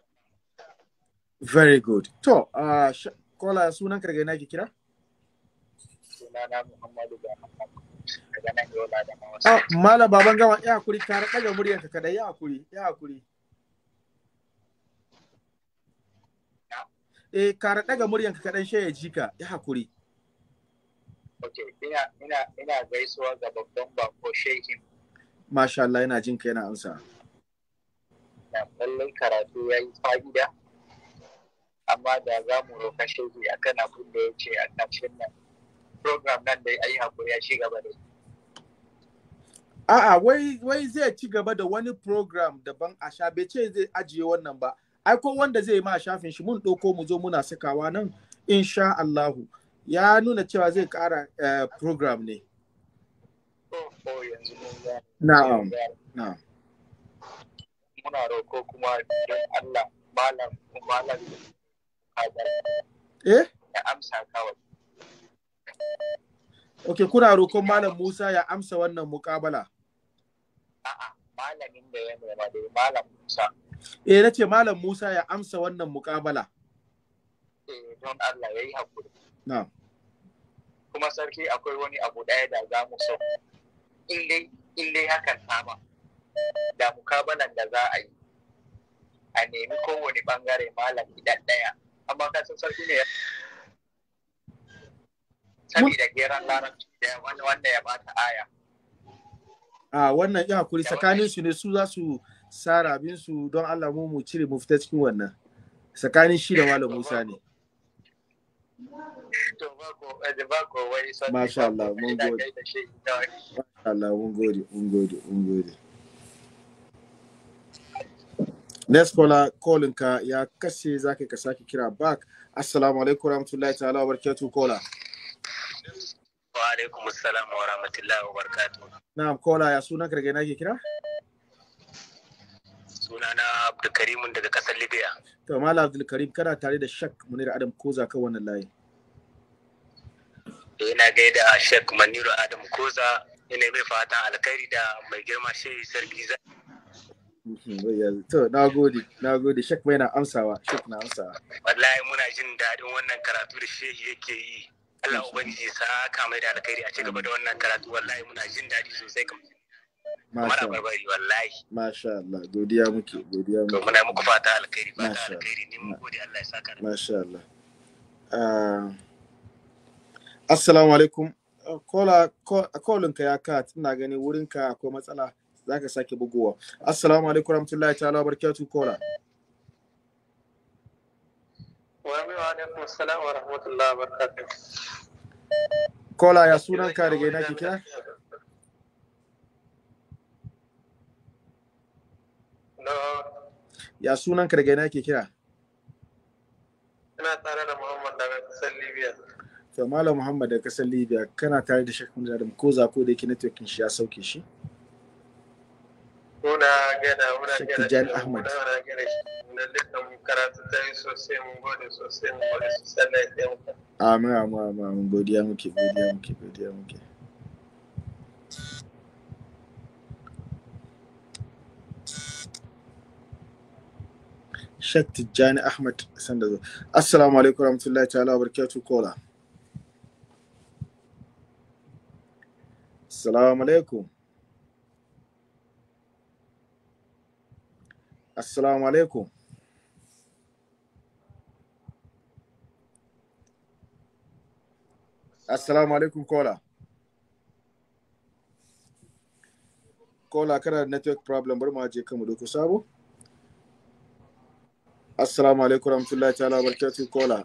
Very good. To, uh, kola sunan karga na kira? Sunana Muhammadu Gama. Ah, Mala baban gama ya hakuri ka daga ka kada ya hakuri, ya hakuri. eh kara daga muryan ka kadan shaya jika ya hakuri okay ina ina ina gaisuwa ga babban bako shehin masha Allah yana jin ka yana amsa na kallon karatu yayi fa'ida amma da za mu roka shehi akan abin da yace a ƙarshen nan program nan da ayi hakuri ya ci gaba da A'a, wai, wai zai ci gaba da wani program daban a sha bai ce zai ajiye wannan ba, ai ko wanda zai ma shafin shi mun ɗauko mu zo muna sakawa nan insha Allahu ya nuna cewa zai ƙara eh, program ne na'am na'am muna roƙo kuma don Allah malam malam eh ya amsa kawai Ok, kuna roƙon Malam Musa ya amsa wannan muƙabala? A'a, malamin da ya nema da Malam Musa. eh na ce malam Musa ya amsa wannan mukabala. eh don Allah yayi hakuri na'am kuma sarki akwai wani abu ɗaya da za mu so in dai hakan sama da mukabalan da za a yi a nemi kowane bangare malam idan ɗaya amma kasan sarki ne saboda geran larabci da wanda ya bata aya a ah, wannan ya hakuri tsakanin su ne su za su sara abinsu don Allah mu mu cire mu fita cikin wannan tsakanin shi da malam Musa ne eh, Masha Allah, mun gode. Masha Allah, mun gode, mun gode, mun gode. Next caller, calling ka ya kashe zaka ka sake kira back. Assalamu alaikum rahmatullahi ta'ala wa barakatuh caller. Wa alaikum assalam wa rahmatullahi wa barakatuh. Na'am caller, ya sunan ka daga ke kira? sunana Abdulkarim daga kasar Libya. To Malam Abdulkarim kana tare da Shak Munir Adam Koza kan wannan layi. Ina eh, gaida Shak Munir Adam Koza ina mai fatan alkhairi da mai girma shehi sarki za. Mhm, to na gode, na gode Shak mai na amsawa, Shak na amsawa. Wallahi muna jin daɗin wannan karatu da shehi yake yi. Allah Ubangiji sa ka mai da alkhairi a ci gaba da wannan karatu wallahi muna jin daɗi sosai kamar muna barbari wallahi masha Allah godiya muke godiya muke to muna muku fata alkhairi fata alkhairi ne mu gode Allah ya saka da masha Allah ah, assalamu alaikum ah, kola kolinka ya kat ina gani wurinka akwai matsala za zaka sake bugowa assalamu alaikum rahmatullahi ta'ala barakatuh kola wa alaikum assalam wa rahmatullahi wa barakatuh kola ya sunan ka daga ina kike Ya sunan ka daga ina ke kira? Ina tare da Muhammad daga kasar Libya. To Malam Muhammad daga kasar Libya kana tare da Sheikh Muhammad Adam ko za ko da yake networkin shi ya sauke shi? Muna gada muna gada. Sheikh Jan Ahmad. Muna gada shi. Muna dukkan karatu ta yi sosai mun gode sosai mun gode sosai Allah ya taimaka. Amin amin amin godiya muke godiya muke godiya muke. Shat Tijjani Ahmad Sandazo. Assalamu alaikum warahmatullahi ta'ala barakatuh kola. Assalamu alaikum. Assalamu alaikum. Assalamu alaikum kola. Kola kana da network problem bari mu aje kanmu doko sabo. assalamu alaikum rahmatullahi ta'ala barkatu kola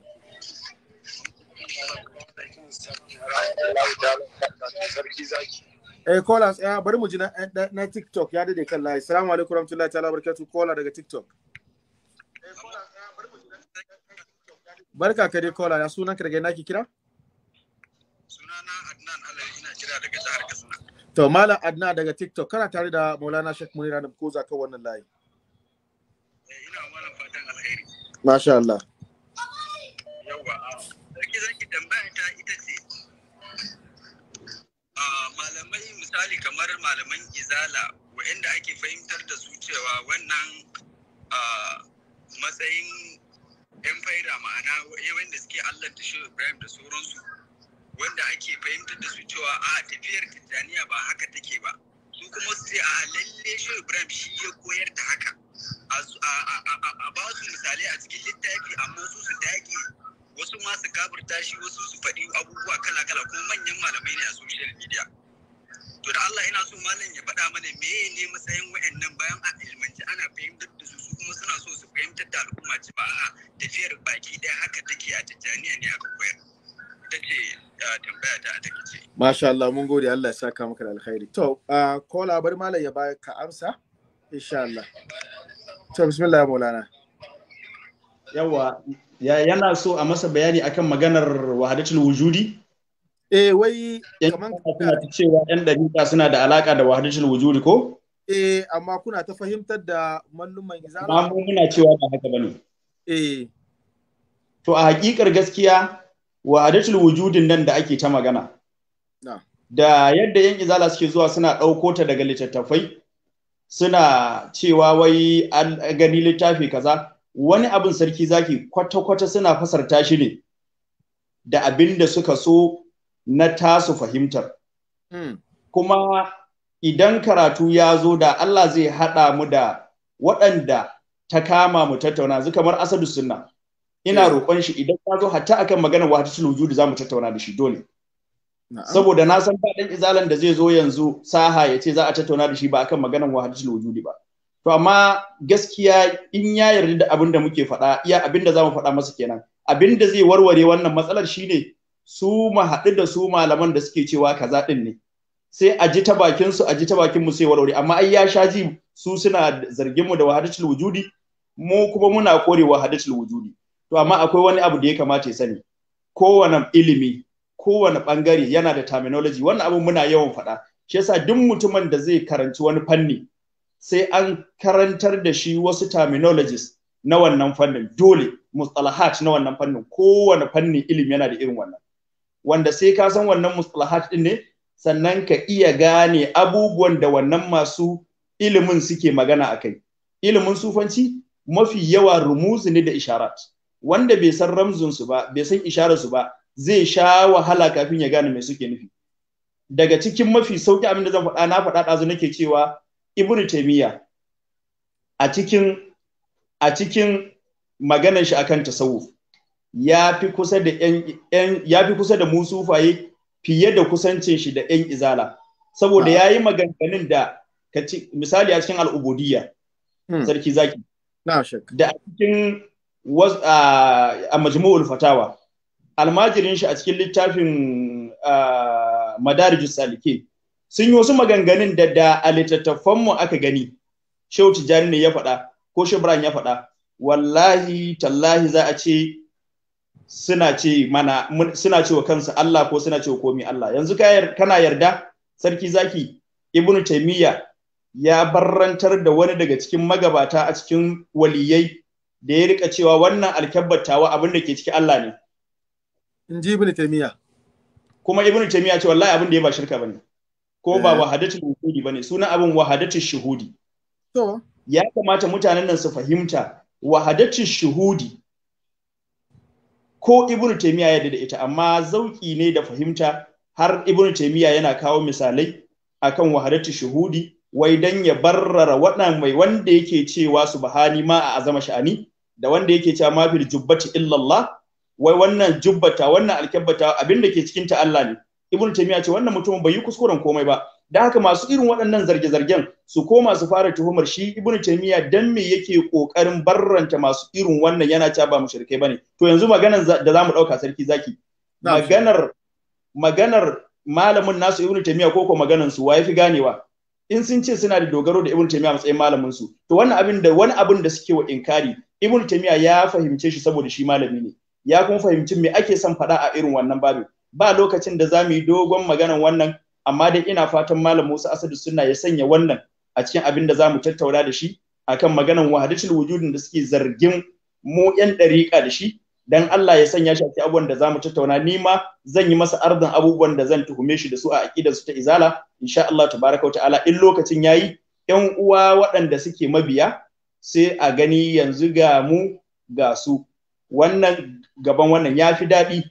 eh kola ya eh, bari mu ji eh, na, na, tiktok ya dade kan layi assalamu alaikum rahmatullahi ta'ala barkatu kola daga tiktok barka ka dai kola ya sunan ka daga ina ki kira sunana kira daga to malam Adna daga tiktok kana tare da maulana Sheikh munira da ko za ka wannan layi eh, ina malam Masha Allah. Yawwa, ah, sarki zaki tambaya ta ita ce, ah, malamai misali kamar malaman izala waɗanda ake fahimtar da su cewa wannan ah, matsayin ‘yan faida ma'ana wanda suke Allah ta shi Ibrahim da sauransu wanda ake fahimtar da su cewa a tafiyar Tijjaniya ba haka take ba. Su kuma su ce a lalle shi Ibrahim shi ya koyar da haka. a ba su misalai a cikin littafi amma su su dage wasu ma su kafirta shi wasu su faɗi abubuwa kala-kala kuma manyan malamai ne a social media to da Allah ina so malam ya faɗa mana me ne matsayin wayannan bayan a ilmanci ana fahimtar da su kuma suna so su fahimtar da al'umma ci ba a tafiyar baki ɗaya haka take a tijjaniya ne aka koyar ita ce tambaya ta take ce masha Allah mun gode Allah ya saka maka da alkhairi to ko malam ya baya ka amsa insha to bismillah ya maulana yawa yana so a masa bayani akan maganar wahadatul wujudi eh wai kaman kuna ta cewa yan dabi'a suna da alaka da wahadatul wujudi ko eh amma kuna ta fahimtar da malluman izara amma muna cewa ba haka bane eh to a hakikar gaskiya wahadatul wujudin nan da ake ta magana da yadda yan izala suke zuwa suna ɗauko ta daga littattafai suna cewa wai an gani littafi kaza wani abin sarki zaki kwata-kwata suna fasarta shi ne da abin da suka so na tasu fahimtar mm. kuma idan karatu ya zo da Allah zai haɗa mu da waɗanda ta kama mu tattauna zu kamar asadu sunna ina hmm. roƙon shi idan ya zo hatta akan maganar wahatul wujudu za mu tattauna da shi dole saboda na san faɗin izalan da zai zo yanzu saha ya ce za a tattauna da shi ba akan maganar wahadatul wujudi ba to amma gaskiya in ya yarda da abin da muke faɗa iya abin da zamu faɗa masa kenan abin da zai warware wannan matsalar shine su ma haɗu da su malaman da suke cewa kaza ɗin ne sai a ji ta bakin su a ji ta bakin mu sai warware amma ai ya sha ji su suna zargin mu da wahadatul wujudi mu kuma muna kore wahadatul wujudi to amma akwai wani abu da ya kamata ya sani kowane ilimi kowane bangare yana da terminology wannan abin muna yawan faɗa shi yasa duk mutumin da zai karanci wani fanni sai an karantar da shi wasu terminologies na wannan fannin dole mustalahat na wannan fannin kowane fannin ilimi yana da irin wannan wanda sai ka san wannan mustalahat din ne sannan ka iya gane abubuwan da wannan masu ilimin suke magana a kai ilimin sufanci mafi yawa rumuzi ne da isharat wanda bai san ramzun su ba bai san isharar su ba zai sha wahala kafin ya gane mai suke nufi daga cikin mafi sauki abin da zan faɗa na faɗa ɗazu nake cewa ibn taymiya a cikin a cikin maganar shi akan tasawuf ya fi kusa da yan ya fi kusa da musufaye fiye da kusancin shi da yan izala saboda ah. ya yi maganganun da misali a cikin al'ubudiyya hmm. sarki zaki da a cikin ah, a majmu'ul fatawa almajirin shi a cikin littafin ah, madarijus salike sun yi wasu maganganun da da a littattafanmu aka gani shehu tijjani ne ya faɗa ko shebran ya faɗa wallahi tallahi za a ce suna ce mana suna ce wa kansu Allah ko suna ce wa komi Allah yanzu kana yarda sarki zaki ibnu taymiya ya barrantar da wani daga cikin magabata a cikin waliyai da ya rika cewa wannan alkabbar abin da ke ciki Allah ne in ji ibn taymiya kuma ibn taymiya ce wallahi abin da ya ba shirka bane ko ba eh. wahadatul shuhudi bane sunan abin wahadatul shuhudi to ya kamata mutanen nan su fahimta wahadatul shuhudi ko ibn taymiya ya da ita amma zauki ne da fahimta har ibn taymiya yana kawo misalai akan wahadatul shuhudi wai dan ya barrara wadan mai wanda yake cewa subhani ma a azama sha'ani da wanda yake cewa ma fil jubbati illallah wai wannan jubbata wannan alkyabbata abin da ke cikin ta Allah ne ibnu taymiya ce wannan mutumin bai yi kuskuren komai ba da haka masu irin waɗannan zarge-zargen su koma su fara tuhumar shi ibnu taymiya dan me yake kokarin barranta masu irin wannan yana ca ba mushrikai bane to yanzu maganar da zamu dauka sarki zaki maganar maganar malamin nasu ibnu taymiya ko ko maganar su ya fi ganewa in sun ce suna da dogaro da ibnu taymiya matsayin malamin su to wannan abin da wani abin da suke wa inkari ibnu taymiya ya fahimce shi saboda shi malami ne ya kuma fahimci me ake son faɗa a irin wannan babu ba lokacin da za mu yi dogon maganan wannan amma dai ina fatan malam Musa Asadu Sunna ya sanya wannan a cikin abin da za mu tattauna da shi akan maganar wahadatul wujudin da suke zargin mu yan dariƙa da shi dan Allah ya sanya shi a abubuwan da za mu tattauna ni ma zan yi masa ardin abubuwan da zan tuhume shi da su a aqidar su ta izala insha Allah tabaraka ta'ala in lokacin yayi yan uwa waɗanda suke mabiya sai a gani yanzu ga mu ga su wannan gaban wannan ya fi daɗi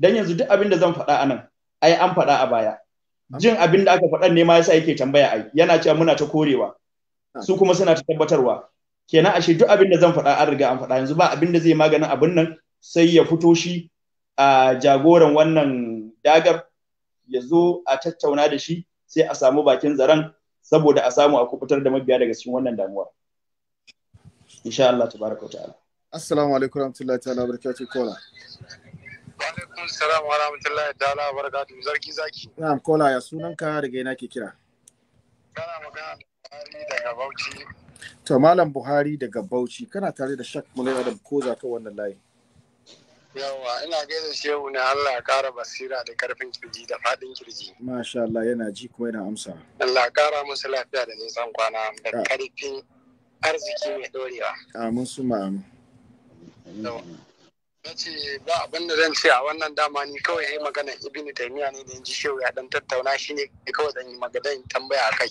Don yanzu duk abin da zan faɗa a nan ai an faɗa a baya jin abin da aka faɗan ne ma yasa yake tambaya ai yana cewa muna ta korewa su kuma suna ta tabbatarwa kenan ashe duk abin da zan faɗa an riga an faɗa yanzu ba abin da zai maganin abin nan sai ya fito shi a jagoran wannan dagar ya zo a tattauna da shi sai a samu bakin zaren saboda a samu a kubutar da mabiya daga cikin wannan damuwa insha Allah tabaraka ta'ala Assalamu alaikum warahmatullahi ta'ala barakatuh kola. Alaikum salam wa rahmatullahi ta'ala barakatuh zarki zaki. Na'am kola ya ka daga ina ke kira? Kana magana da Buhari daga Bauchi. To malam Buhari daga Bauchi kana tare da Shak Mulai Adam ko za ka wannan layi. Yawa ina gaida shehu ne Allah ya kara basira da karfin kirji da fadin kirji. Masha Allah yana ji kuma yana amsa. Allah ya kara musu lafiya da nisan kwana da ah. karfin arziki mai dorewa. Amin su ma'amu. na ce ba abin da zan ce a wannan dama ni kawai ya yi maganar ibn taimiya ne da ji shehu ya dan tattauna shi ne kawai zan yi magadan tambaya a kai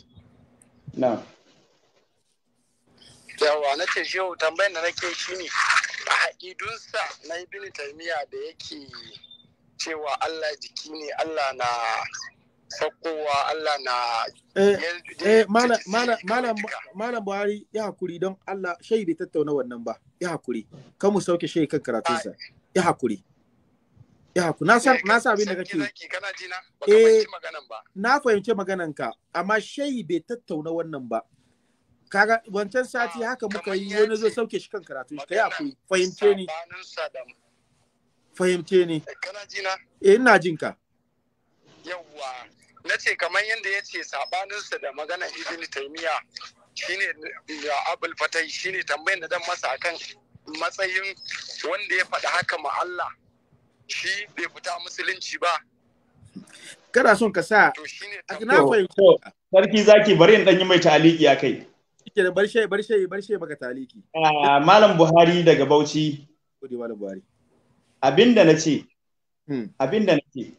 yawa na ce shehu tambayar da nake shi ne a haƙidunsa na ibn taimiya da yake cewa allah jiki ne allah na sakowa Allah na eh, eh malam Buhari ya hakuri don Allah shai bai tattauna wannan ba ya hakuri kan mu sauke shai kan karatunsa ya hakuri ya hakuri na sa eh, na sa abin da kake eh na fahimce maganan ka amma shai bai tattauna wannan ba kaga wancan sati ah, haka muka yi wani zo sauke shi kan karatu shi kai hakuri fahimce ni fahimce ni eh, kana jina eh ina jinka yawa na ce kamar yadda ya ce saɓaninsa da magana ibn taimiya shine ya abul fatai shine tambayin da zan masa akan matsayin wanda ya faɗi haka ma Allah shi bai fita musulunci ba kada son ka sa na fahimta sarki zaki bari in dan yi mai taliki a kai kike da barshe barshe barshe baka taliki ah, malam buhari daga bauchi gode malam buhari abinda nace hmm. abinda nace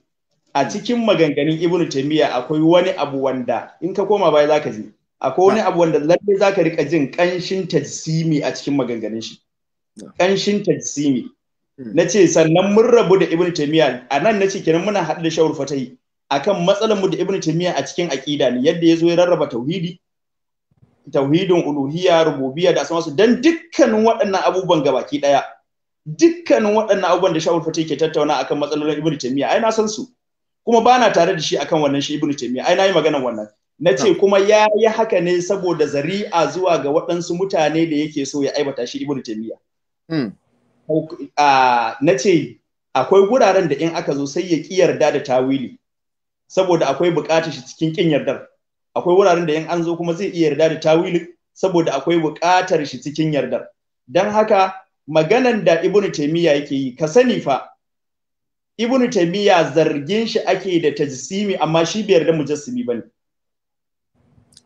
a cikin maganganun ibnu taimiyya akwai wani abu wanda in ka koma baya zaka ji akwai wani abu wanda lalle zaka rika jin kanshin tajsimi a cikin maganganun shi kanshin tajsimi hmm. ce sannan mun rabu da ibnu nan na ce kenan muna haɗu da shawul fatahi akan matsalar mu da ibnu taimiyya a cikin aqida ne yadda ya zo ya rarraba tauhidi tauhidin uluhiyya rububiyya da asma su dan dukkanin waɗannan abubuwan gabaki daya dukkanin waɗannan abubuwan da shawar fatahi ke tattauna akan matsalolin ibnu taimiyya ai na san su kuma bana tare da shi akan wannan shi ibnu taymiya ai nayi maganar wannan na ce kuma ya yi haka ne saboda zari'a zuwa ga waɗansu mutane da yake so ya aibata shi ibnu taymiya hmm. na ce akwai guraren da in aka zo sai ya ƙi yarda da tawili saboda akwai buƙatar shi cikin ƙin yardar akwai wuraren da in an zo kuma zai iya yarda da tawili. saboda akwai buƙatar shi cikin yardar don haka maganan da ibnu taymiya yake yi ka sani fa ibnu taymiya zargin shi ake da tajsimi amma shi bai yarda mujassimi bane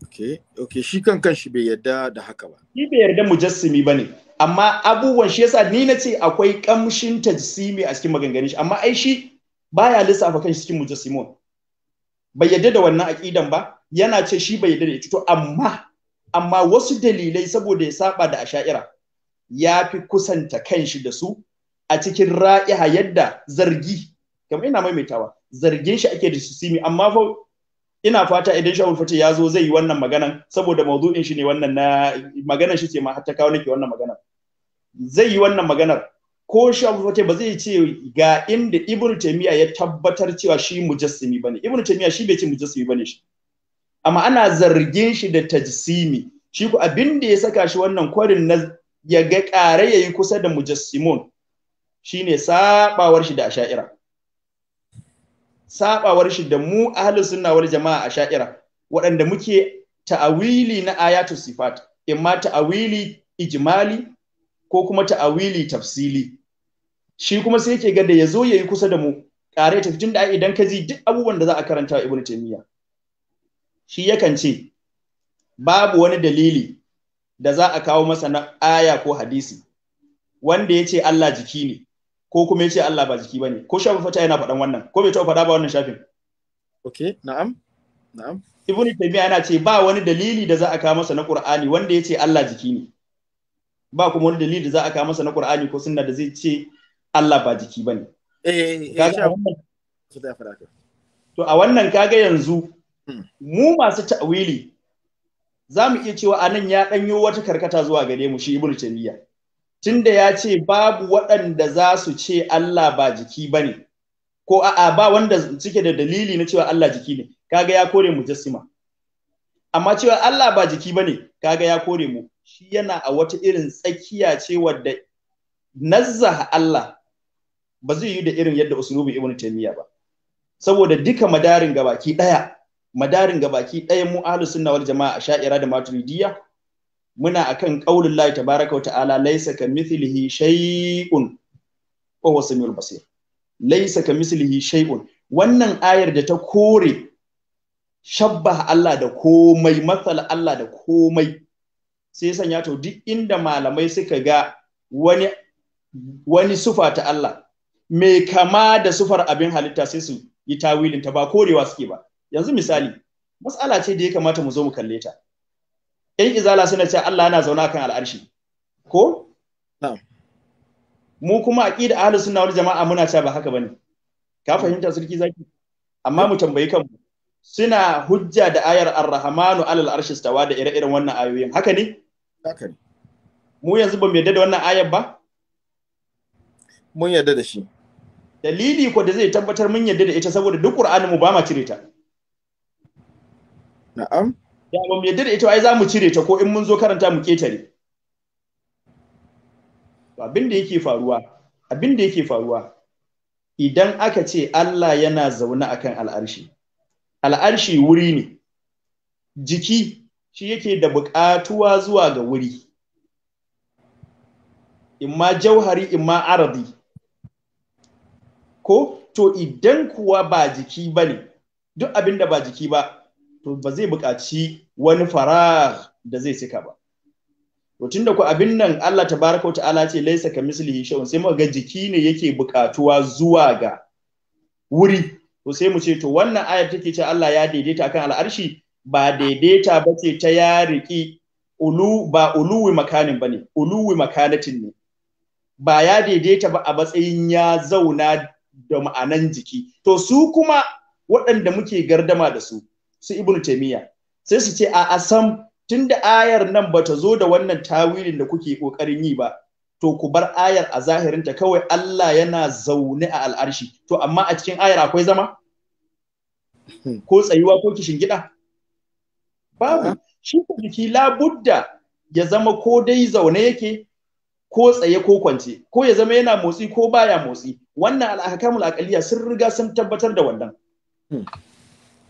okay okay shi kan shi bai yarda da haka ba shi bai yarda mujassimi bane amma abubuwan shi yasa ni na ce akwai kamshin tajsimi a cikin maganganun shi amma ai shi baya lissafa kan shi cikin mujassimun bai yarda da wannan aqidan ba yana ce shi bai yarda da ita amma amma wasu dalilai saboda ya saba da asha'ira ya fi kusanta kanshi da su a cikin ra'iha yadda zargi kamar ina maimaitawa zargin shi ake da simi amma fa ina fata idan shawul fati ya zo zai yi wannan maganan saboda mawdu'in shi ne wannan na maganar shi ce ma hatta kawo nake wannan maganar zai yi wannan maganar ko shawul fati ba zai ce ga inda ibn taymiya ya tabbatar cewa shi mujassimi bane ibn taymiya shi bai ce mujassimi bane shi amma ana zargin shi da tajsimi shi ko abin da ya saka shi wannan kwarin na ya ga ƙare yayi kusa da mujassimun shine sabawar shi da sha'ira sabawar shi da mu ahlus sunna wal jama'a a asha'ira waɗanda muke ta'awili na ayatu sifat imma ta'awili ijmali ko kuma ta'awili tafsili shi kuma sai yake ga da yazo yi kusa da mu kare tafitin da idan ka ji duk abubuwan da za a karanta ibn taymiya shi yakan ce babu wani dalili da za a kawo masa na aya ko hadisi wanda ya ce Allah jiki ne ko kuma yace Allah ba jiki bane ko shafin fata yana faɗan wannan ko bai taɓa faɗa ba wannan shafin okay na'am na'am ibnu taymiya yana ce ba wani dalili da za a kawo masa na qur'ani wanda yace Allah jiki ne ba kuma wani dalili da za a kawo masa na qur'ani ko sunna da zai ce Allah ba jiki bane eh eh, eh to a wannan kaga yanzu hmm. mu masu ta'wili za mu iya cewa anan ya ɗanyo wata karkata zuwa gare mu shi ibnu taymiya tunda ya ce babu waɗanda za su ce Allah ba jiki ba ne, ko a'a ba wanda suke da dalili na cewa Allah jiki ne, kaga ya kore mu jasima. Amma cewa Allah ba jiki ba ne, kaga ya kore mu, shi yana a wata irin tsakiya ce wadda nazza Allah ba zai yi da irin yadda usulubi ibn taymiya ba. Saboda duka madarin gabaki ɗaya, madarin gabaki ɗaya mu ahlus sunna wal jama'a sha'ira da maturidiyya muna akan qaulul lahi tabaraka wa ta'ala ka kamithlihi shay'un wa huwa samiul basir laisa ka kamithlihi shay'un wannan ayar da ta kore shabbaha Allah da komai matsala Allah da komai sai sanya to duk inda malamai suka ga wani wani sufa ta Allah mai kama da sufar abin halitta sai su yi tawilin ta ba korewa suke ba yanzu misali matsala ce da ya kamata mu zo mu kalle ta yan izala suna cewa Allah yana zaune kan al'arshi ko mu kuma aqida ahlus sunna wal jama'a muna cewa ba haka bane ka fahimta sarki zaki amma mu tambayi kanmu suna hujja da ayar ar-rahmanu alal arshi stawa da ire-iren wannan ayoyin haka ne haka ne mu yanzu ba mu yadda da wannan ayar ba mun yadda da shi dalili ko da zai tabbatar mun yadda da ita saboda duk qur'anin mu ba ma cire ta na'am da ba mu yadda ita wai za mu cire ta ko in mun zo karanta mu ketare abin da yake faruwa abin da yake faruwa idan aka ce Allah yana zaune akan al'arshi al'arshi wuri ne jiki shi yake da buƙatuwa zuwa ga wuri imma jauhari imma arabi. ko to idan kuwa ba jiki ba ne duk abinda ba jiki ba to ba zai buƙaci wani farah da zai sika ba to da ku abin nan Allah Ta tabaraka ta'ala ce laisa ka mislihi shay'un sai muka ga jiki ne yake buƙatuwa zuwa ga wuri to sai mu ce to wannan ayar take ce Allah ya daidaita kan al'arshi ba daidaita ba ce ta ya riƙi ulu ba uluwi makanin ne. uluwi makanatin ne ba ya daidaita ba a matsayin ya zauna da ma'anan jiki to su kuma waɗanda muke gardama da su su ibnu taimiyya, sai su ce a asam tunda ayar nan ba ta zo da wannan tawilin da kuke kokarin yi ba to ku bar ayar a zahirinta kawai Allah yana zaune a al'arshi to amma a cikin ayar akwai zama ko tsayuwa ko kishin gida babu shi jiki labudda ya zama ko dai zaune yake ko tsaye ko kwance ko ya zama yana motsi ko baya motsi wannan al'akamul aqaliya sun riga sun tabbatar da wannan hmm.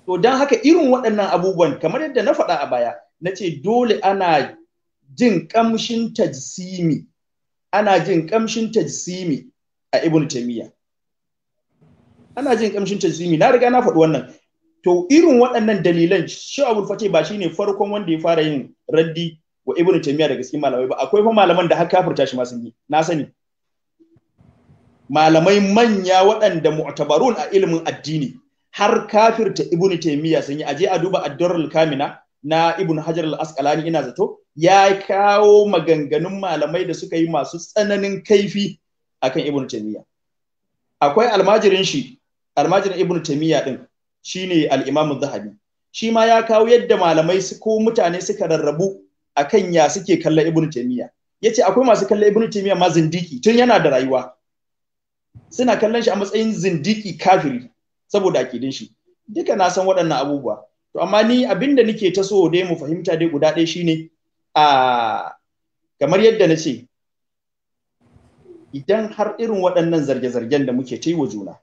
to don haka irin waɗannan abubuwan kamar yadda na faɗa a baya na ce dole ana jin ƙamshin tajsimi ana jin ƙamshin tajsimi a ibn taymiya ana jin ƙamshin tajsimi na riga na faɗi wannan to irin waɗannan dalilan shi abul fate ba shine farkon wanda ya fara yin raddi wa ibn taymiya daga cikin malamai ba akwai fa malaman da har kafirta shi ma sun yi na sani malamai manya waɗanda mu'tabarun a ilimin addini har kafirta ibn taymiya sun yi aje a duba ad-darrul kamina na ibn hajar al-asqalani ina zato ya kawo maganganun malamai da suka yi masu tsananin kaifi akan ibn taymiya akwai almajirin shi almajirin ibn taymiya din shine al-imam zahabi shi ma ya kawo yadda malamai ko mutane suka rarrabu akan ya suke kalla ibn taymiya yace akwai masu kalla ibn taymiya ma zindiki tun yana da rayuwa suna kallon shi a matsayin zindiki kafiri saboda akidin shi duka na san waɗannan abubuwa to amma ni abinda nake ta so dai mu fahimta dai guda ɗaya shine a kamar yadda na ce idan har irin waɗannan zarge-zargen da muke ta yi wa juna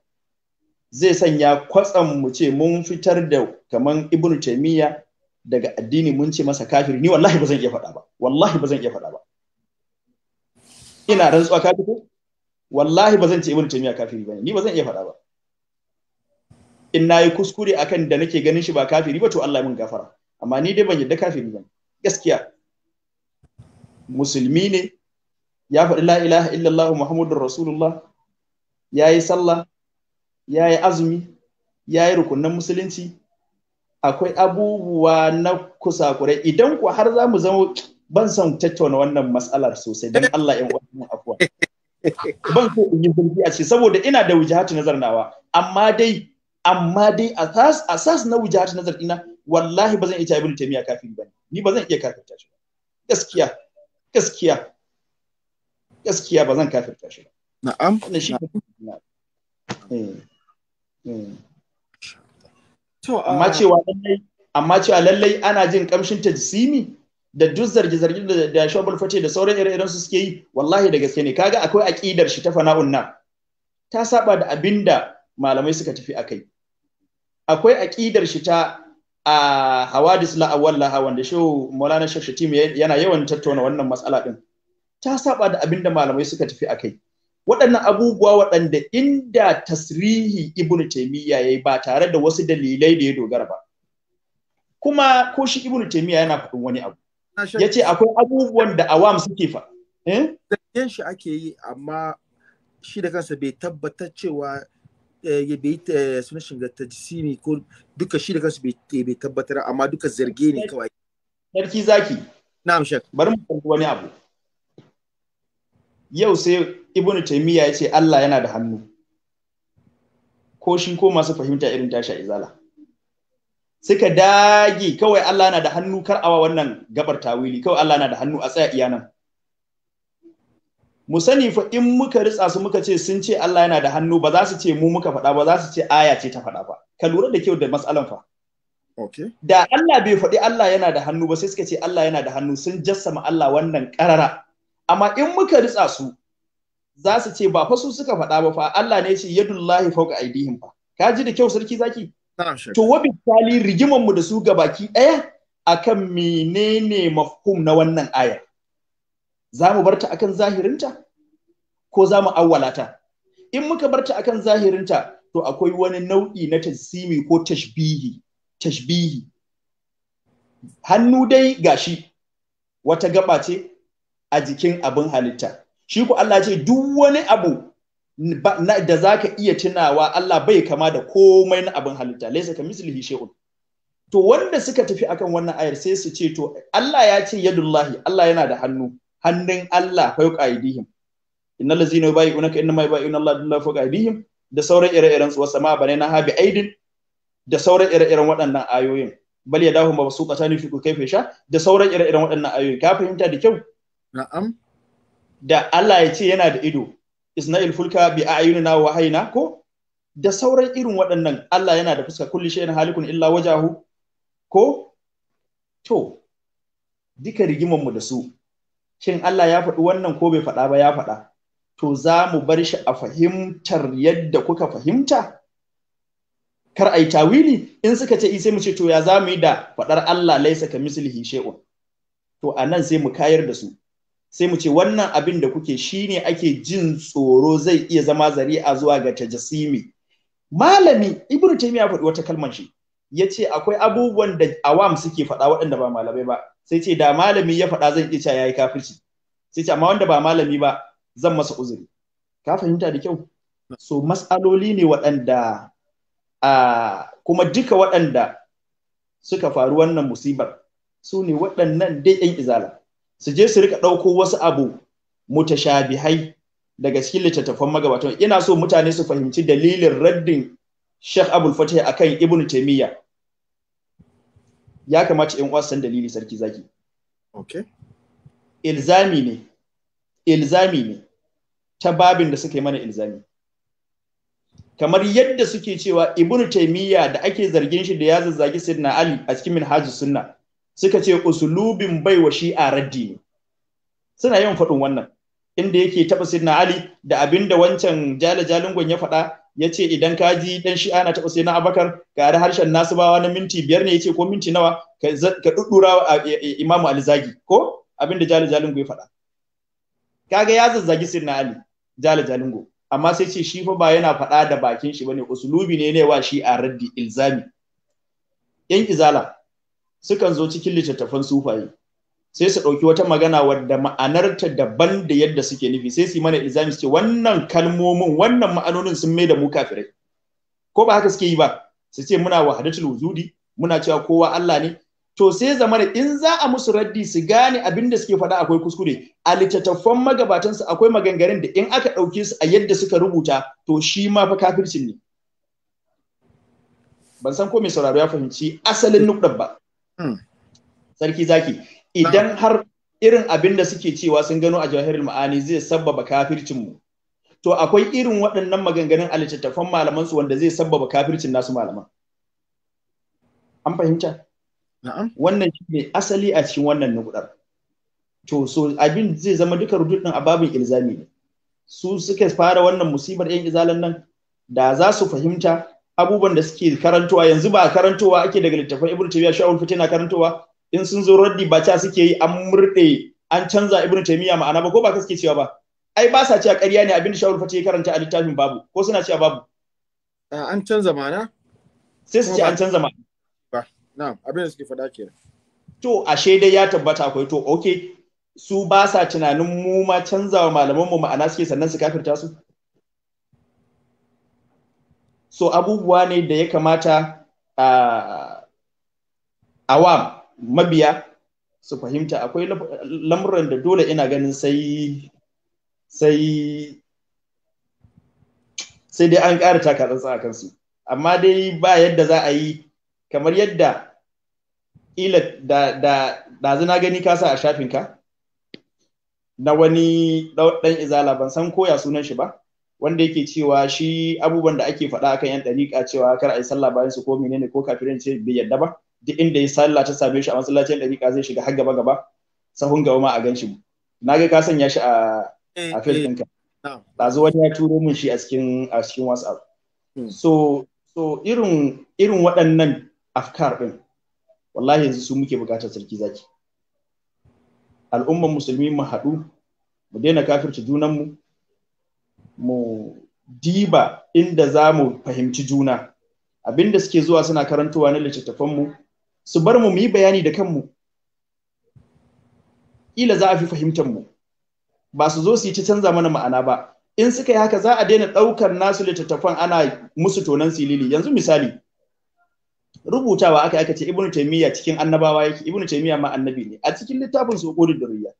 zai sanya kwatsam mu ce mun fitar da kaman ibnu taimiyya daga addini mun ce masa kafiri ni wallahi ba zan iya faɗa ba wallahi ba zan iya faɗa ba ina rantsuwa kafiri wallahi ba zan ce ibnu taymiya kafiri bane ni ba zan iya faɗa ba in yi kuskure akan da nake ganin shi ba kafiri ba to Allah min gafara amma ni dai ban yadda kafiri ba gaskiya musulmi ne ya faɗi la ilaha illallah muhammadur rasulullah ya yi sallah ya yi azumi ya yi rukunan musulunci akwai abubuwa na kusakurai idan ku har za mu zama ban son tattauna wannan matsalar sosai don Allah ya wani afuwa ban so in yi a ce saboda ina da wujahatu nazar nawa amma dai amma dai a sas na wujahatu nazar dina wallahi ba zan iya ta miya kafin bane ni ba zan iya kafirta shi ba gaskiya gaskiya gaskiya ba zan kafirta shi ba na'am shi eh, eh. to amma cewa lallai amma cewa lallai ana jin kamshin ta jisimi da duk zarge-zarge da da shobal fate da sauran ire-iren su suke yi wallahi da gaske ne kaga akwai aqidar shi ta fana'un nan ta saba da abinda malamai suka tafi akai akwai aƙidar shi ta a hawadis la'awwal laha wanda shi Maulana Sheikh yana yawan tattauna wannan matsala din ta saba da abinda malamai suka tafi akai waɗannan abubuwa waɗanda inda tasrihi Ibn Taymiyyah yayi ba tare da wasu dalilai da ya dogara ba kuma ko shi Ibn Taymiyyah yana faɗin wani abu yace akwai abubuwan da awam suke fa eh shi ake yi amma shi da kansa bai tabbatar cewa Eh, bai sunan shiga ta jisimi ko duka shi da kansu eh, bai tabbatar amma duka zarge ne kawai sarki zaki na'am shek bari mu kanku wani abu yau sai ibn taimiyya ya ce Allah yana da hannu ko shi ko masu fahimta irin tasha izala suka dage kawai Allah yana da hannu kar awa wannan gabar tawili kawai Allah yana da hannu a tsaya iya nan mu sani fa in muka ritsa su muka ce sun ce Allah yana da hannu ba za su ce mu muka faɗa ba za su ce aya ce ta faɗa ba ka lura da kyau da matsalan fa okay. da Allah bai faɗi Allah yana da hannu ba sai suka ce Allah yana da hannu sun jassama Allah wannan karara amma in muka ritsa su za su ce ba fa su suka faɗa ba fa Allah ne ce yadullahi fawqa aidihim fa ka ji da kyau sarki zaki to wa bitali rigimanmu da su baki ɗaya akan menene mafhum na wannan Aya? za mu barta akan zahirinta ko za mu ta in muka barta akan zahirinta to akwai wani nau'i na tasimi ko tashbihi tashbihi hannu dai gashi wata gaba ce a jikin abin halitta shi ku Allah ce duk wani abu da zaka iya tunawa Allah bai kama da komai na abin halitta laisa ka mislihi shay'un to wanda suka tafi akan wannan ayar sai su ce to Allah ya ce yadullahi Allah yana da hannu hannun Allah fa yuqa aidihim innal ladzina yubayyi'unaka innama yubayyi'una Allah billahi yi aidihim da sauran ire-iren su wasama bane na habi aidin da sauran ire-iren waɗannan ayoyin bal ya dahu mabsuqata ni fiku kaifa sha da sauran ire-iren waɗannan ayoyin ka fahimta da kyau na'am da Allah ya ce yana da ido isna'il fulka bi a'yunina wa hayna ko da sauran irin waɗannan Allah yana da fuska kulli shay'in halikun illa wajahu ko to duka rigimanmu da su shin Allah ya faɗi wannan ko bai faɗa ba ya faɗa to za mu bar shi a fahimtar yadda kuka fahimta kar a yi tawili in suka ce sai mu ce to ya za mu yi da faɗar Allah laisa ka mislihi shay'un to a nan sai mu kayar da su sai mu ce wannan abin da kuke shine ake jin tsoro zai iya zama zari'a zuwa ga tajasimi malami ibnu taymiya faɗi wata kalmar shi yace akwai abubuwan da awam suke faɗa waɗanda ba malamai ba sai ce da malami ya faɗa zan iya yayi kafirci sai ce amma wanda ba malami ba zan masa uzuri ka fahimta da kyau so mas'aloli ne waɗanda uh, kuma duka waɗanda suka faru wannan musibar su ne waɗannan dai yan izala su je su rika ɗauko wasu abu mutashabihai daga cikin littattafan magabatan ina so mutane su fahimci dalilin raddin Sheikh Abul Fatih akan Ibn Taymiyyah ya kamata yan wasan san dalili sarki zaki okay ilzami ne ilzami ne ta babin da suka yi mana ilzami kamar yadda suke cewa ibnu taymiya da ake zargin shi da ya zazzagi sidna ali a cikin minhajus sunna suka ce usulubin bai wa shi a raddi ne suna yin faɗin wannan inda yake taɓa sidna ali da abinda wancan jala jalingon ya faɗa ya ce idan ka ji dan shi'a ana taɓa sai na abakar ga da harshen nasibawa na minti biyar ne ya ce ko minti nawa ka ɗuɗɗura e, e, imamu alizagi ko abin da jali jalingo ya faɗa kaga ya zazzagi sirna ali jali jalingo amma sai ce shi fa ba yana faɗa da bakin shi bane usulubi ne ne wa shi a raddi ilzami yan izala sukan zo cikin littattafan sufaye sai su ɗauki wata magana wadda ma'anarta daban da yadda suke nufi sai su yi mana ilzami su ce wannan kalmomin wannan ma'anonin sun mai da mu kafirai ko ba haka suke yi ba su ce muna wahadatul wujudi muna cewa kowa Allah ne to sai zama da in za a musu raddi su gane abin da suke faɗa akwai kuskure a littattafan magabatansu akwai maganganun da in aka ɗauke su a yadda suka rubuta to shi ma fa kafircin ne ban san ko mai sauraro ya fahimci asalin nukɗar ba hmm. sarki zaki idan har irin abin da suke cewa sun gano a jawahirul ma'ani zai sabbaba kafircin mu to akwai irin waɗannan maganganun a littattafan malaman su wanda zai sabbaba kafircin nasu malaman an fahimta na'am wannan shine asali a cikin wannan nukudar to so abin zai zama duka rududin ababin ilzami ne su suka fara wannan musibar yan izalan nan da za su fahimta abubuwan da suke karantowa yanzu ba karantowa ake daga littafin ibn tabiya sha'ul fitina karantowa in sun zo raddi ba ta suke yi an murde an canza ibnu taymiya ma'ana ba ko ba ka suke cewa ba ai ba sa cewa ƙarya ne abin da shawul fati ya karanta a littafin babu ko suna cewa babu an canza ma'ana sai su ce an canza ma'ana ba na'am abin da suke faɗa ke to ashe dai ya tabbata akwai to okay su ba sa tunanin mu ma canza wa malaman mu ma'ana suke sannan su kafirta su so abubuwa ne da ya kamata a awam mabiya su fahimta akwai lamuran da dole ina ganin sai sai sai dai an ƙara taka tsantsa a kansu amma dai ba yadda za a yi kamar yadda ila da da zina gani ka sa a shafinka na wani ɗan izala ban san koya sunan shi ba wanda yake cewa shi abubuwan da ake faɗa akan yan ɗariƙa cewa kar a yi sallah bayan su ko menene ko kafirin ce bai yadda ba duk inda ya sallah ta same shi a masallacin dariƙa zai shiga har gaba gaba sahun gaba ma a gan shi na ga ka sanya shi a eh, a eh, ɗinka ɗazu wani ya turo min shi a cikin a cikin whatsapp hmm. so so irin irin waɗannan afkar ɗin wallahi yanzu su muke buƙatar sarki zaki al'umman musulmi mu haɗu mu daina kafirci junanmu mu diba inda zamu fahimci juna abinda suke zuwa suna karantowa na littattafanmu su bar mu yi bayani da kanmu ila za a fi fahimtar mu ba su zo su yi ta canza mana ma'ana ba in suka yi haka za a daina ɗaukar nasu littattafan ana musu tonan silili yanzu misali rubutawa aka aka ce ibnu taymiya cikin annabawa yake ibnu taymiya ma annabi ne a cikin littafin su ko durriya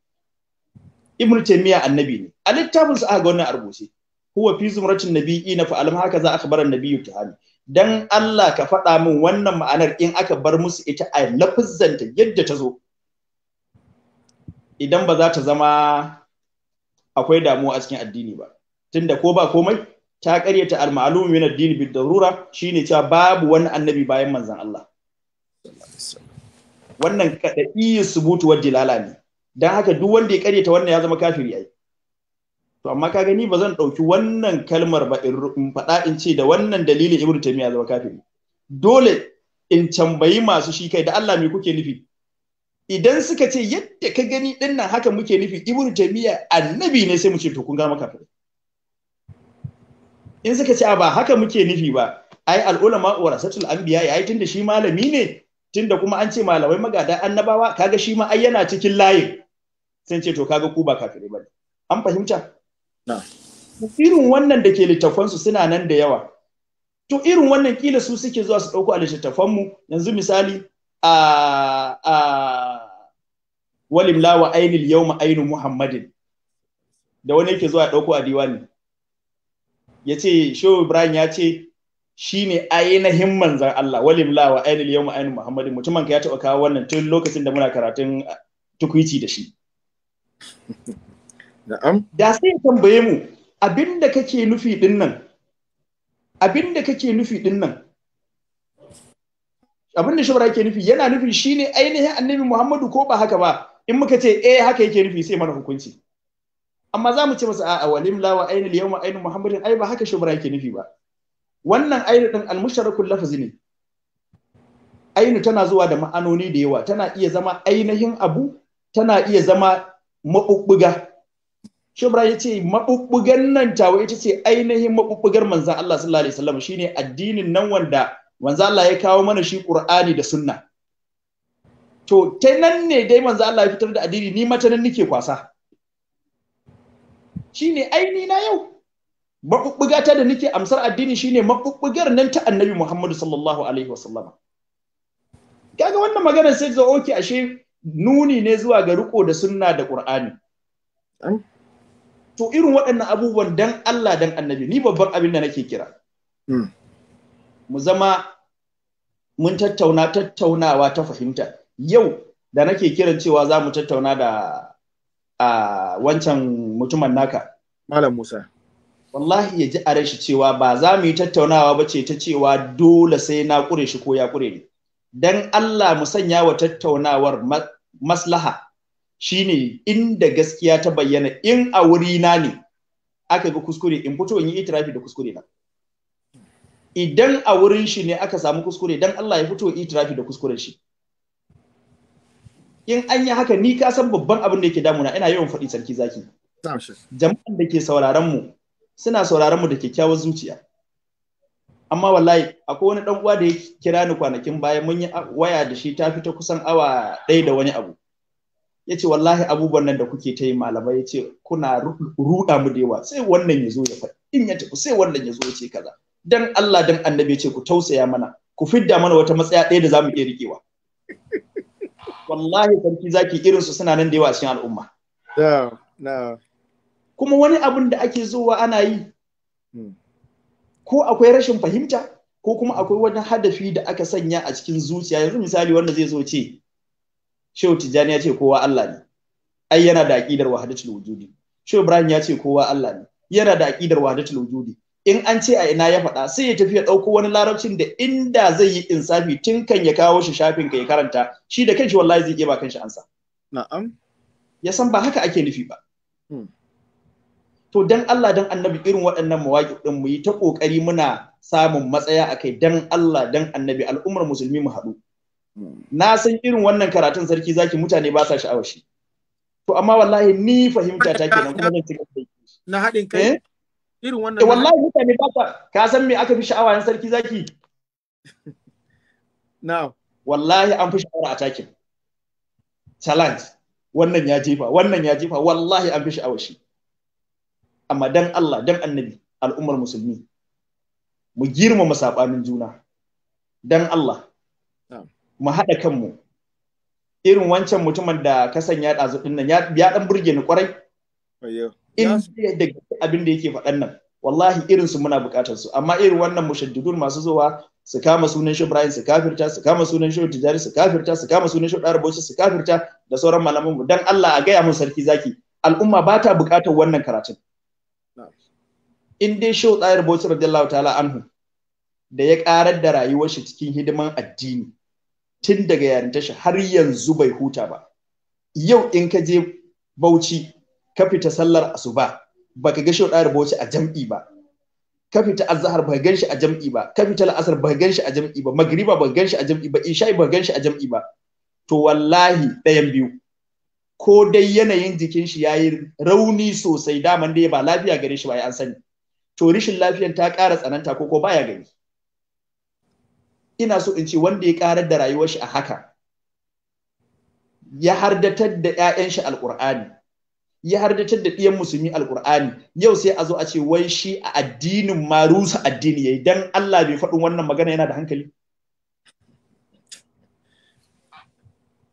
ibnu taymiya annabi ne a littafin su aka ga wannan arbuce rubuce huwa fi zumratin nabiyina fa alam haka za akhbara ta hali. dan Allah ka faɗa min wannan ma'anar in aka bar musu ita a lafizzanta yadda ta zo idan ba za ta zama akwai damuwa a cikin addini ba tunda ko ba komai ta karyata al-ma'lum min addini bid darura shine cewa babu wani annabi bayan manzon Allah wannan kadai subutu wa dilala ne dan haka duk wanda ya karyata wannan ya zama kafiri ai to amma ka gani ba zan ɗauki wannan kalmar ba in faɗa in ce da wannan dalilin ibnu taymiya zama kafiri dole in tambayi masu shi kai da Allah me kuke nufi idan suka ce yadda ka gani din nan haka muke nufi ibnu taymiya annabi ne sai mu ce to kun ga maka in suka ce ba haka muke nufi ba ai al ulama warasatul anbiya ai tunda shi malami ne tunda kuma an ce malamai magada annabawa kaga shi ma ai yana cikin layin sai ce to kaga ku ba kafiri bane an fahimta irin wannan da ke littafansu suna nan da yawa to irin wannan kila su suke zuwa su ɗauko a littattafanmu yanzu misali a a walim lawa ainil yau ainu muhammadin da wani yake zuwa ɗauko a diwani ya ce shehu ibrahim ya ce shi ne ainihin manzan Allah walim lawa ainil yau ainu muhammadin mutumanka ya taɓa kawo wannan tun lokacin da muna karatun tukwici da shi da sai ya tambaye mu abinda kake nufi din nan abinda kake nufi din nan abin da yake nufi yana nufi shine ainihin annabi Muhammadu ko ba haka ba in muka ce eh haka yake nufi sai mana hukunci amma za mu ce masa a'a walim la wa ainul yawma muhammadin ai ba haka shubra yake nufi ba wannan ainu din al-musharakul lafzi ne ainu tana zuwa da ma'anoni da yawa tana iya zama ainihin abu tana iya zama mabubbuga shubra ya ce maɓuɓɓugan nan tawa ita ce ainihin maɓuɓɓugar manzan Allah sallallahu alaihi wasallam shine addinin nan wanda manzan Allah ya kawo mana shi Qur'ani da Sunna to ta nan ne dai manzan Allah ya fitar da addini ni mata nan nake kwasa shine aini na yau maɓuɓɓuga ta da nake amsar addini shine maɓuɓɓugar nan ta Annabi Muhammadu sallallahu alaihi wasallam kaga wannan maganar sai zo oke ashe nuni ne zuwa ga riko da sunna da Qur'ani to irin waɗannan abubuwan dan Allah dan annabi ni babban abin da nake kira hmm. mu zama mun tattauna tattaunawa ta fahimta yau da nake kiran cewa za mu tattauna da a wancan mutumin naka malam musa wallahi ya ji a shi cewa ba za mu yi tattaunawa ba ce ta cewa dole sai na kure shi ko ya kure ni dan Allah mu sanya wa tattaunawar maslaha shine inda gaskiya ta bayyana in a wuri na ne aka yi kuskure in fito in yi itirafi da kuskure na idan a wurin shi ne aka samu kuskure dan Allah ya fito itirafi da kuskuren shi in an yi haka ni ka san babban abin da yake damuna ina yawan faɗi sarki zaki jama'an da ke sauraron mu suna sauraron mu da kyakkyawar zuciya amma wallahi akwai wani dan uwa da ya kira ni kwanakin baya mun yi waya da shi ta fita kusan awa ɗaya da wani abu ya ce wallahi abubuwan nan da kuke ta yi malamai ya ce kuna ruɗa mu da yawa sai wannan ya zo ya faɗi in ya tafi sai wannan ya zo ya ce kaza dan Allah dan annabi ya ce ku tausaya mana ku fidda mana wata matsaya ɗaya da za mu iya riƙewa wallahi sarki zaki irin su suna nan da yawa a cikin al'umma kuma wani abun da ake zuwa ana yi hmm. ko akwai rashin fahimta ko kuma akwai wani hadafi da aka sanya a cikin zuciya yanzu misali wanda zai zo ce shehu tijjani ya ce kowa Allah ne ai yana da aqidar wahdatul wujudi shehu ibrahim ya ce kowa Allah ne yana da aqidar wahdatul wujudi in an ce a ina ya faɗa sai ya tafi ya ɗauko wani larabcin da inda zai yi insafi tun kan ya kawo shi shafin ka ya karanta shi da kanshi wallahi zai iya ba kanshi ansa na'am ya san ba haka ake nufi ba hmm. to dan Allah dan annabi irin waɗannan mawaƙi din mu yi ta ƙoƙari muna samun matsaya akai dan Allah dan annabi al'ummar musulmi mu haɗu na san irin wannan karatun sarki zaki mutane ba sa sha'awar shi to amma wallahi ni fahimta ta kenan kuma zan cika da na haɗin kai eh? irin wannan wallahi mutane ba sa ka san me aka fi sha'awa yan sarki zaki now wallahi an fi sha'awar attacking challenge wannan ya jefa wannan ya jefa wallahi an fi sha'awar shi amma dan Allah dan annabi al'ummar musulmi mu girmama sabanin juna dan Allah mu haɗa kanmu irin wancan mutumin da ka sanya ɗazu ɗin nan ya ɗan burge ni kwarai in da abin da yake faɗan nan wallahi irin su muna buƙatar su amma irin wannan mushaddidun masu zuwa su kama sunan shi Ibrahim su kafirta su kama sunan shi Tijari su kafirta su kama sunan shi Darboshi su kafirta da sauran malaman mu dan Allah a gaya mun sarki zaki al'umma ba ta buƙatar wannan karatun in dai Tsayar Bocin radiyallahu ta'ala anhu da ya ƙarar da rayuwar shi cikin hidiman addini tun daga yarinta shi har yanzu bai huta ba yau in ka je bauchi ka fita sallar asuba baka ga shaudar bauchi a jam'i ba ka fita azhar ba gan shi a jam'i ba ka fita la'asar ba gan shi a jam'i ba magriba ba gan shi a jam'i ba isha'i ba gan shi a jam'i ba to wallahi ɗayan biyu ko dai yanayin jikin shi yayi rauni sosai daman da dai ba lafiya gare shi ba ya an sani to rishin lafiyan ta ƙara tsananta ko ko baya gani ina so in ce wanda ya karar da rayuwar shi a haka ya hardatar da 'ya'yan shi alqur'ani ya hardatar da ɗiyan musulmi alqur'ani yau sai a zo a ce wai shi a addinin ma addini yayi dan Allah bai faɗin wannan magana yana da hankali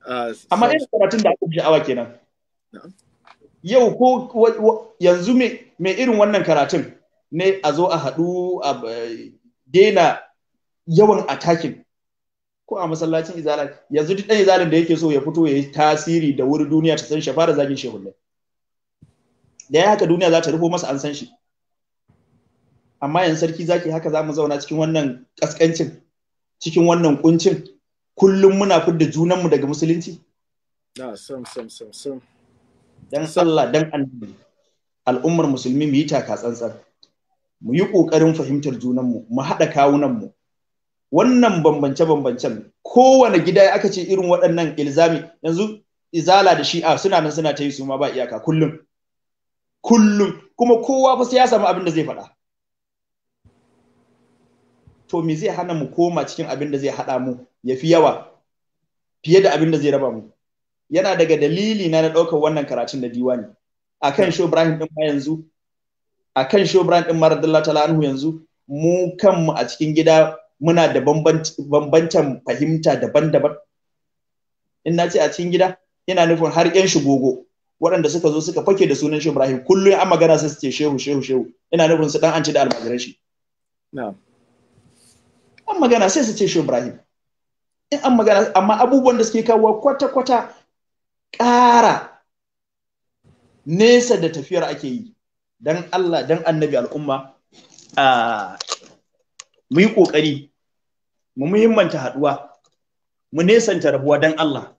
ah, amma irin karatun da aka sha'awa kenan yau ko yanzu mai irin wannan karatun ne a zo a haɗu a eh, daina yawan attacking ko a masallacin izala yanzu duk dan izalin da yake so ya fito ya yi tasiri da wuri duniya ta san shi fara zagin shehullai da haka duniya za ta rufo masa an san shi amma yanzu sarki zaki haka za mu zauna cikin wannan kaskancin cikin wannan kuncin kullum muna fidda junanmu daga musulunci da sam sam sam sam dan sallah dan annabi al'ummar musulmi mu yi taka tsantsan mu yi ƙoƙarin fahimtar junan mu mu haɗa mu wannan bambance-bambancen kowane gida ya aka ce irin waɗannan ilzami yanzu izala da shi'a suna nan suna ta yi su ma ba iyaka kullum kullum kuma kowa fa sai ya samu abin da zai faɗa to me zai hana mu koma cikin abin da zai haɗa mu ya fi yawa fiye da abin da zai raba mu yana daga dalili na na ɗaukar wannan karatun da diwani a kan sho Ibrahim ɗin ma yanzu a kan sho Ibrahim ɗin mara dalla yanzu mu kanmu a cikin gida muna da bambancin fahimta daban-daban in na ce a cikin gida yana nufin har yan shigogo waɗanda suka zo suka fake da sunan shi Ibrahim kullum an magana sai su ce shehu shehu shehu ina nufin su dan an ci da almajiran shi na'am an magana sai su ce shehu Ibrahim in an magana amma abubuwan da suke kawo kwata kwata ƙara nesa da tafiyar ake yi dan Allah dan annabi al'umma ah, mu yi ƙoƙari mu muhimmanta haɗuwa mu nesanta rabuwa don Allah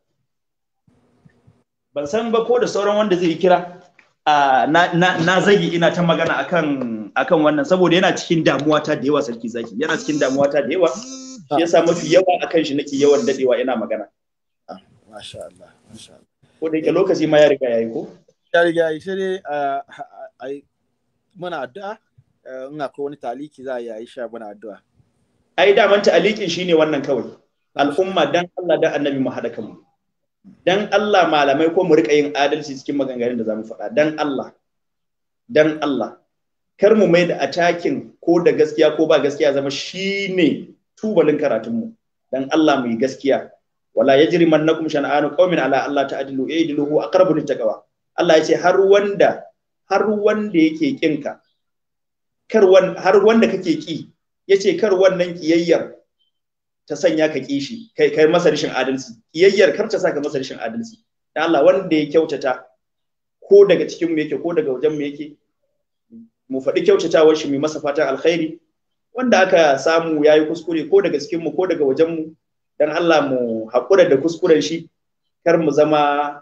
ban san ba ko da sauran wanda zai kira na zagi ina ta magana akan akan wannan saboda yana cikin damuwa ta da yawa sarki zaki yana cikin damuwa ta da yawa shi yasa mafi yawa akan shi nake yawan dadewa ina magana ah, masha Allah masha Allah ko da yake lokaci ma ya riga yayi ko ya riga yayi sai dai muna addu'a Eh, in akwai wani taliki za a yi sha bana addu'a ai daman shi shine wannan kawai al'umma dan Allah dan annabi mu haɗa kanmu dan Allah malamai ko mu rika yin adalci cikin maganganun da zamu faɗa dan Allah dan Allah kar mu mai da attacking ko da gaskiya ko ba gaskiya zama shine tubalin karatunmu dan Allah mu yi gaskiya wala yajri mannakum shan'anu qaumin ala Allah ta'dilu aydiluhu aqrabu littaqwa Allah ya ce har wanda har wanda yake kinka har wanda kake ki yace kar wannan kiyayyar ta sanya ka kishi kai kai masa rashin adalci ƙiyayyar kar ta saka masa rashin adalci dan Allah wanda ya kyautata ko daga cikin mu yake ko daga wajen mu yake mu faɗi kyautatawar shi mu masa fatan alkhairi wanda aka samu yayi kuskure ko daga cikin mu ko daga wajen mu dan Allah mu haƙura da kuskuren shi kar mu zama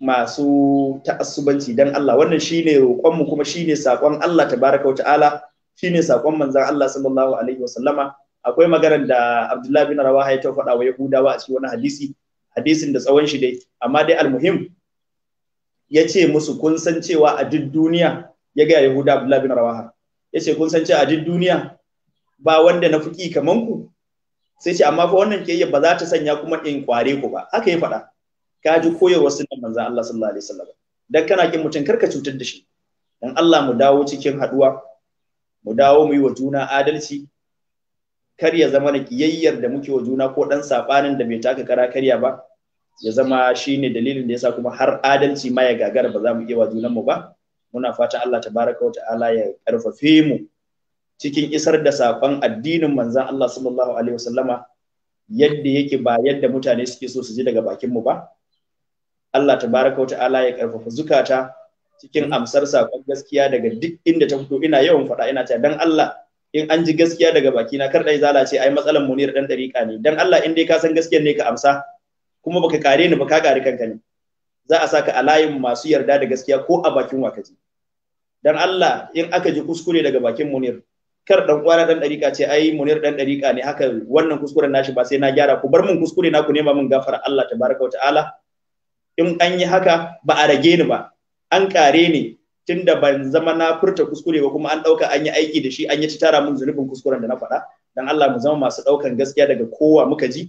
masu ta'assubanci dan Allah wannan shine roƙon mu kuma shine sakon Allah tabaraka wa ta'ala shine sakon manzon Allah sallallahu alaihi wasallama akwai maganar da Abdullahi bin Rawaha ya ta faɗa wa Yahudawa a cikin wani hadisi hadisin da tsawon shi dai amma dai almuhim ya ce musu kun san cewa a duk duniya ya ga Yahuda Abdullahi bin Rawaha ya ce kun san cewa a duk duniya ba wanda na fuki kaman ku sai ce amma fa wannan ke ba za ta sanya kuma in kware ku ba haka ya faɗa ka ji koyarwar sunan manzon Allah sallallahu alaihi wasallam dan kana kin mutum karka cutar da shi dan Allah mu dawo cikin haduwa mu dawo mu yi wa juna adalci kar ya zama na kiyayyar da muke wa juna ko dan sabanin da bai taka kara karya ba ya zama shine dalilin da yasa kuma har adalci ma ya gagara ba za mu iya wa junan mu ba muna fata Allah tabaraka wa ta'ala ya karfafe mu cikin isar da sakon addinin manzan Allah sallallahu alaihi wasallama yadda yake ba yadda mutane suke so su ji daga bakin mu ba Allah tabaraka ala ya karfafa zukata cikin hmm. amsar sakon gaskiya daga duk inda ta fito ina yawan faɗa ina ta dan Allah in an ji gaskiya daga baki na kar dai zalace ai matsalan munir dan dariƙa ne dan Allah in dai ka san gaskiyar ne ka amsa kuma baka kare ni ba ka kare kanka ne za a saka a layin masu yarda da gaskiya ko a bakin ji. dan Allah in aka ji kuskure daga bakin munir kar dan kwana dan dariƙa ce ai munir dan dariƙa ne haka wannan kuskuren nashi ba sai na gyara ku bar mun kuskure na ku nema mun gafara Allah tabaraka wa ta'ala in an yi haka ba a rage ni ba an kare ni tunda ban zama na furta kuskure ba kuma an ɗauka an yi aiki da shi an yi ci tara mun zunubin kuskuren da na faɗa dan Allah mu zama masu ɗaukan gaskiya daga kowa muka ji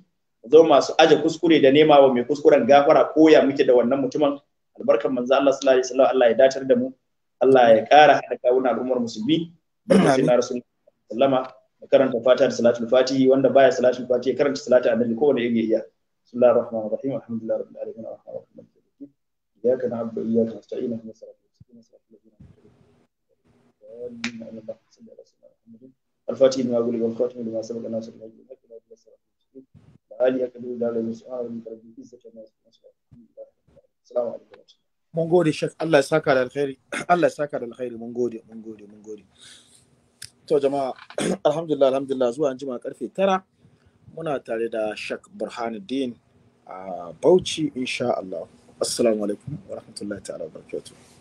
mu zama masu aje kuskure da nema wa mai kuskuren gafara koya muke da wannan mutumin albarkan manzo Allah sallallahu alaihi wasallam Allah ya datar da mu Allah ya ƙara haɗa kawuna al'ummar musulmi barkatun na rasul sallama karanta fata da salatul fatihi wanda baya salatul fatihi ya karanta salatul annabi kowane yake iya بسم الله الرحمن الرحيم الحمد لله رب العالمين الرحمن الرحيم إياك نعبد وإياك نستعين اهدنا الصراط المستقيم صراط الذين أنعمت عليهم صل على سيدنا محمد الفاتح لما أقول والخاتم لما سبق الناس من أجل الحق لا إله إلا الله العالي أكبر لا إله إلا الله رب العزة عما يصفون السلام عليكم ورحمة الله mun شيخ الله يساك على الخير الله يساك على الخير saka da alkhairi تو جماعه الحمد لله الحمد لله زوا jama'a alhamdulillah alhamdulillah zuwa muna tare da Shak Burhanuddin a ah, Bauchi insha Allah. Assalamu alaikum wa rahmatullahi ta'ala wa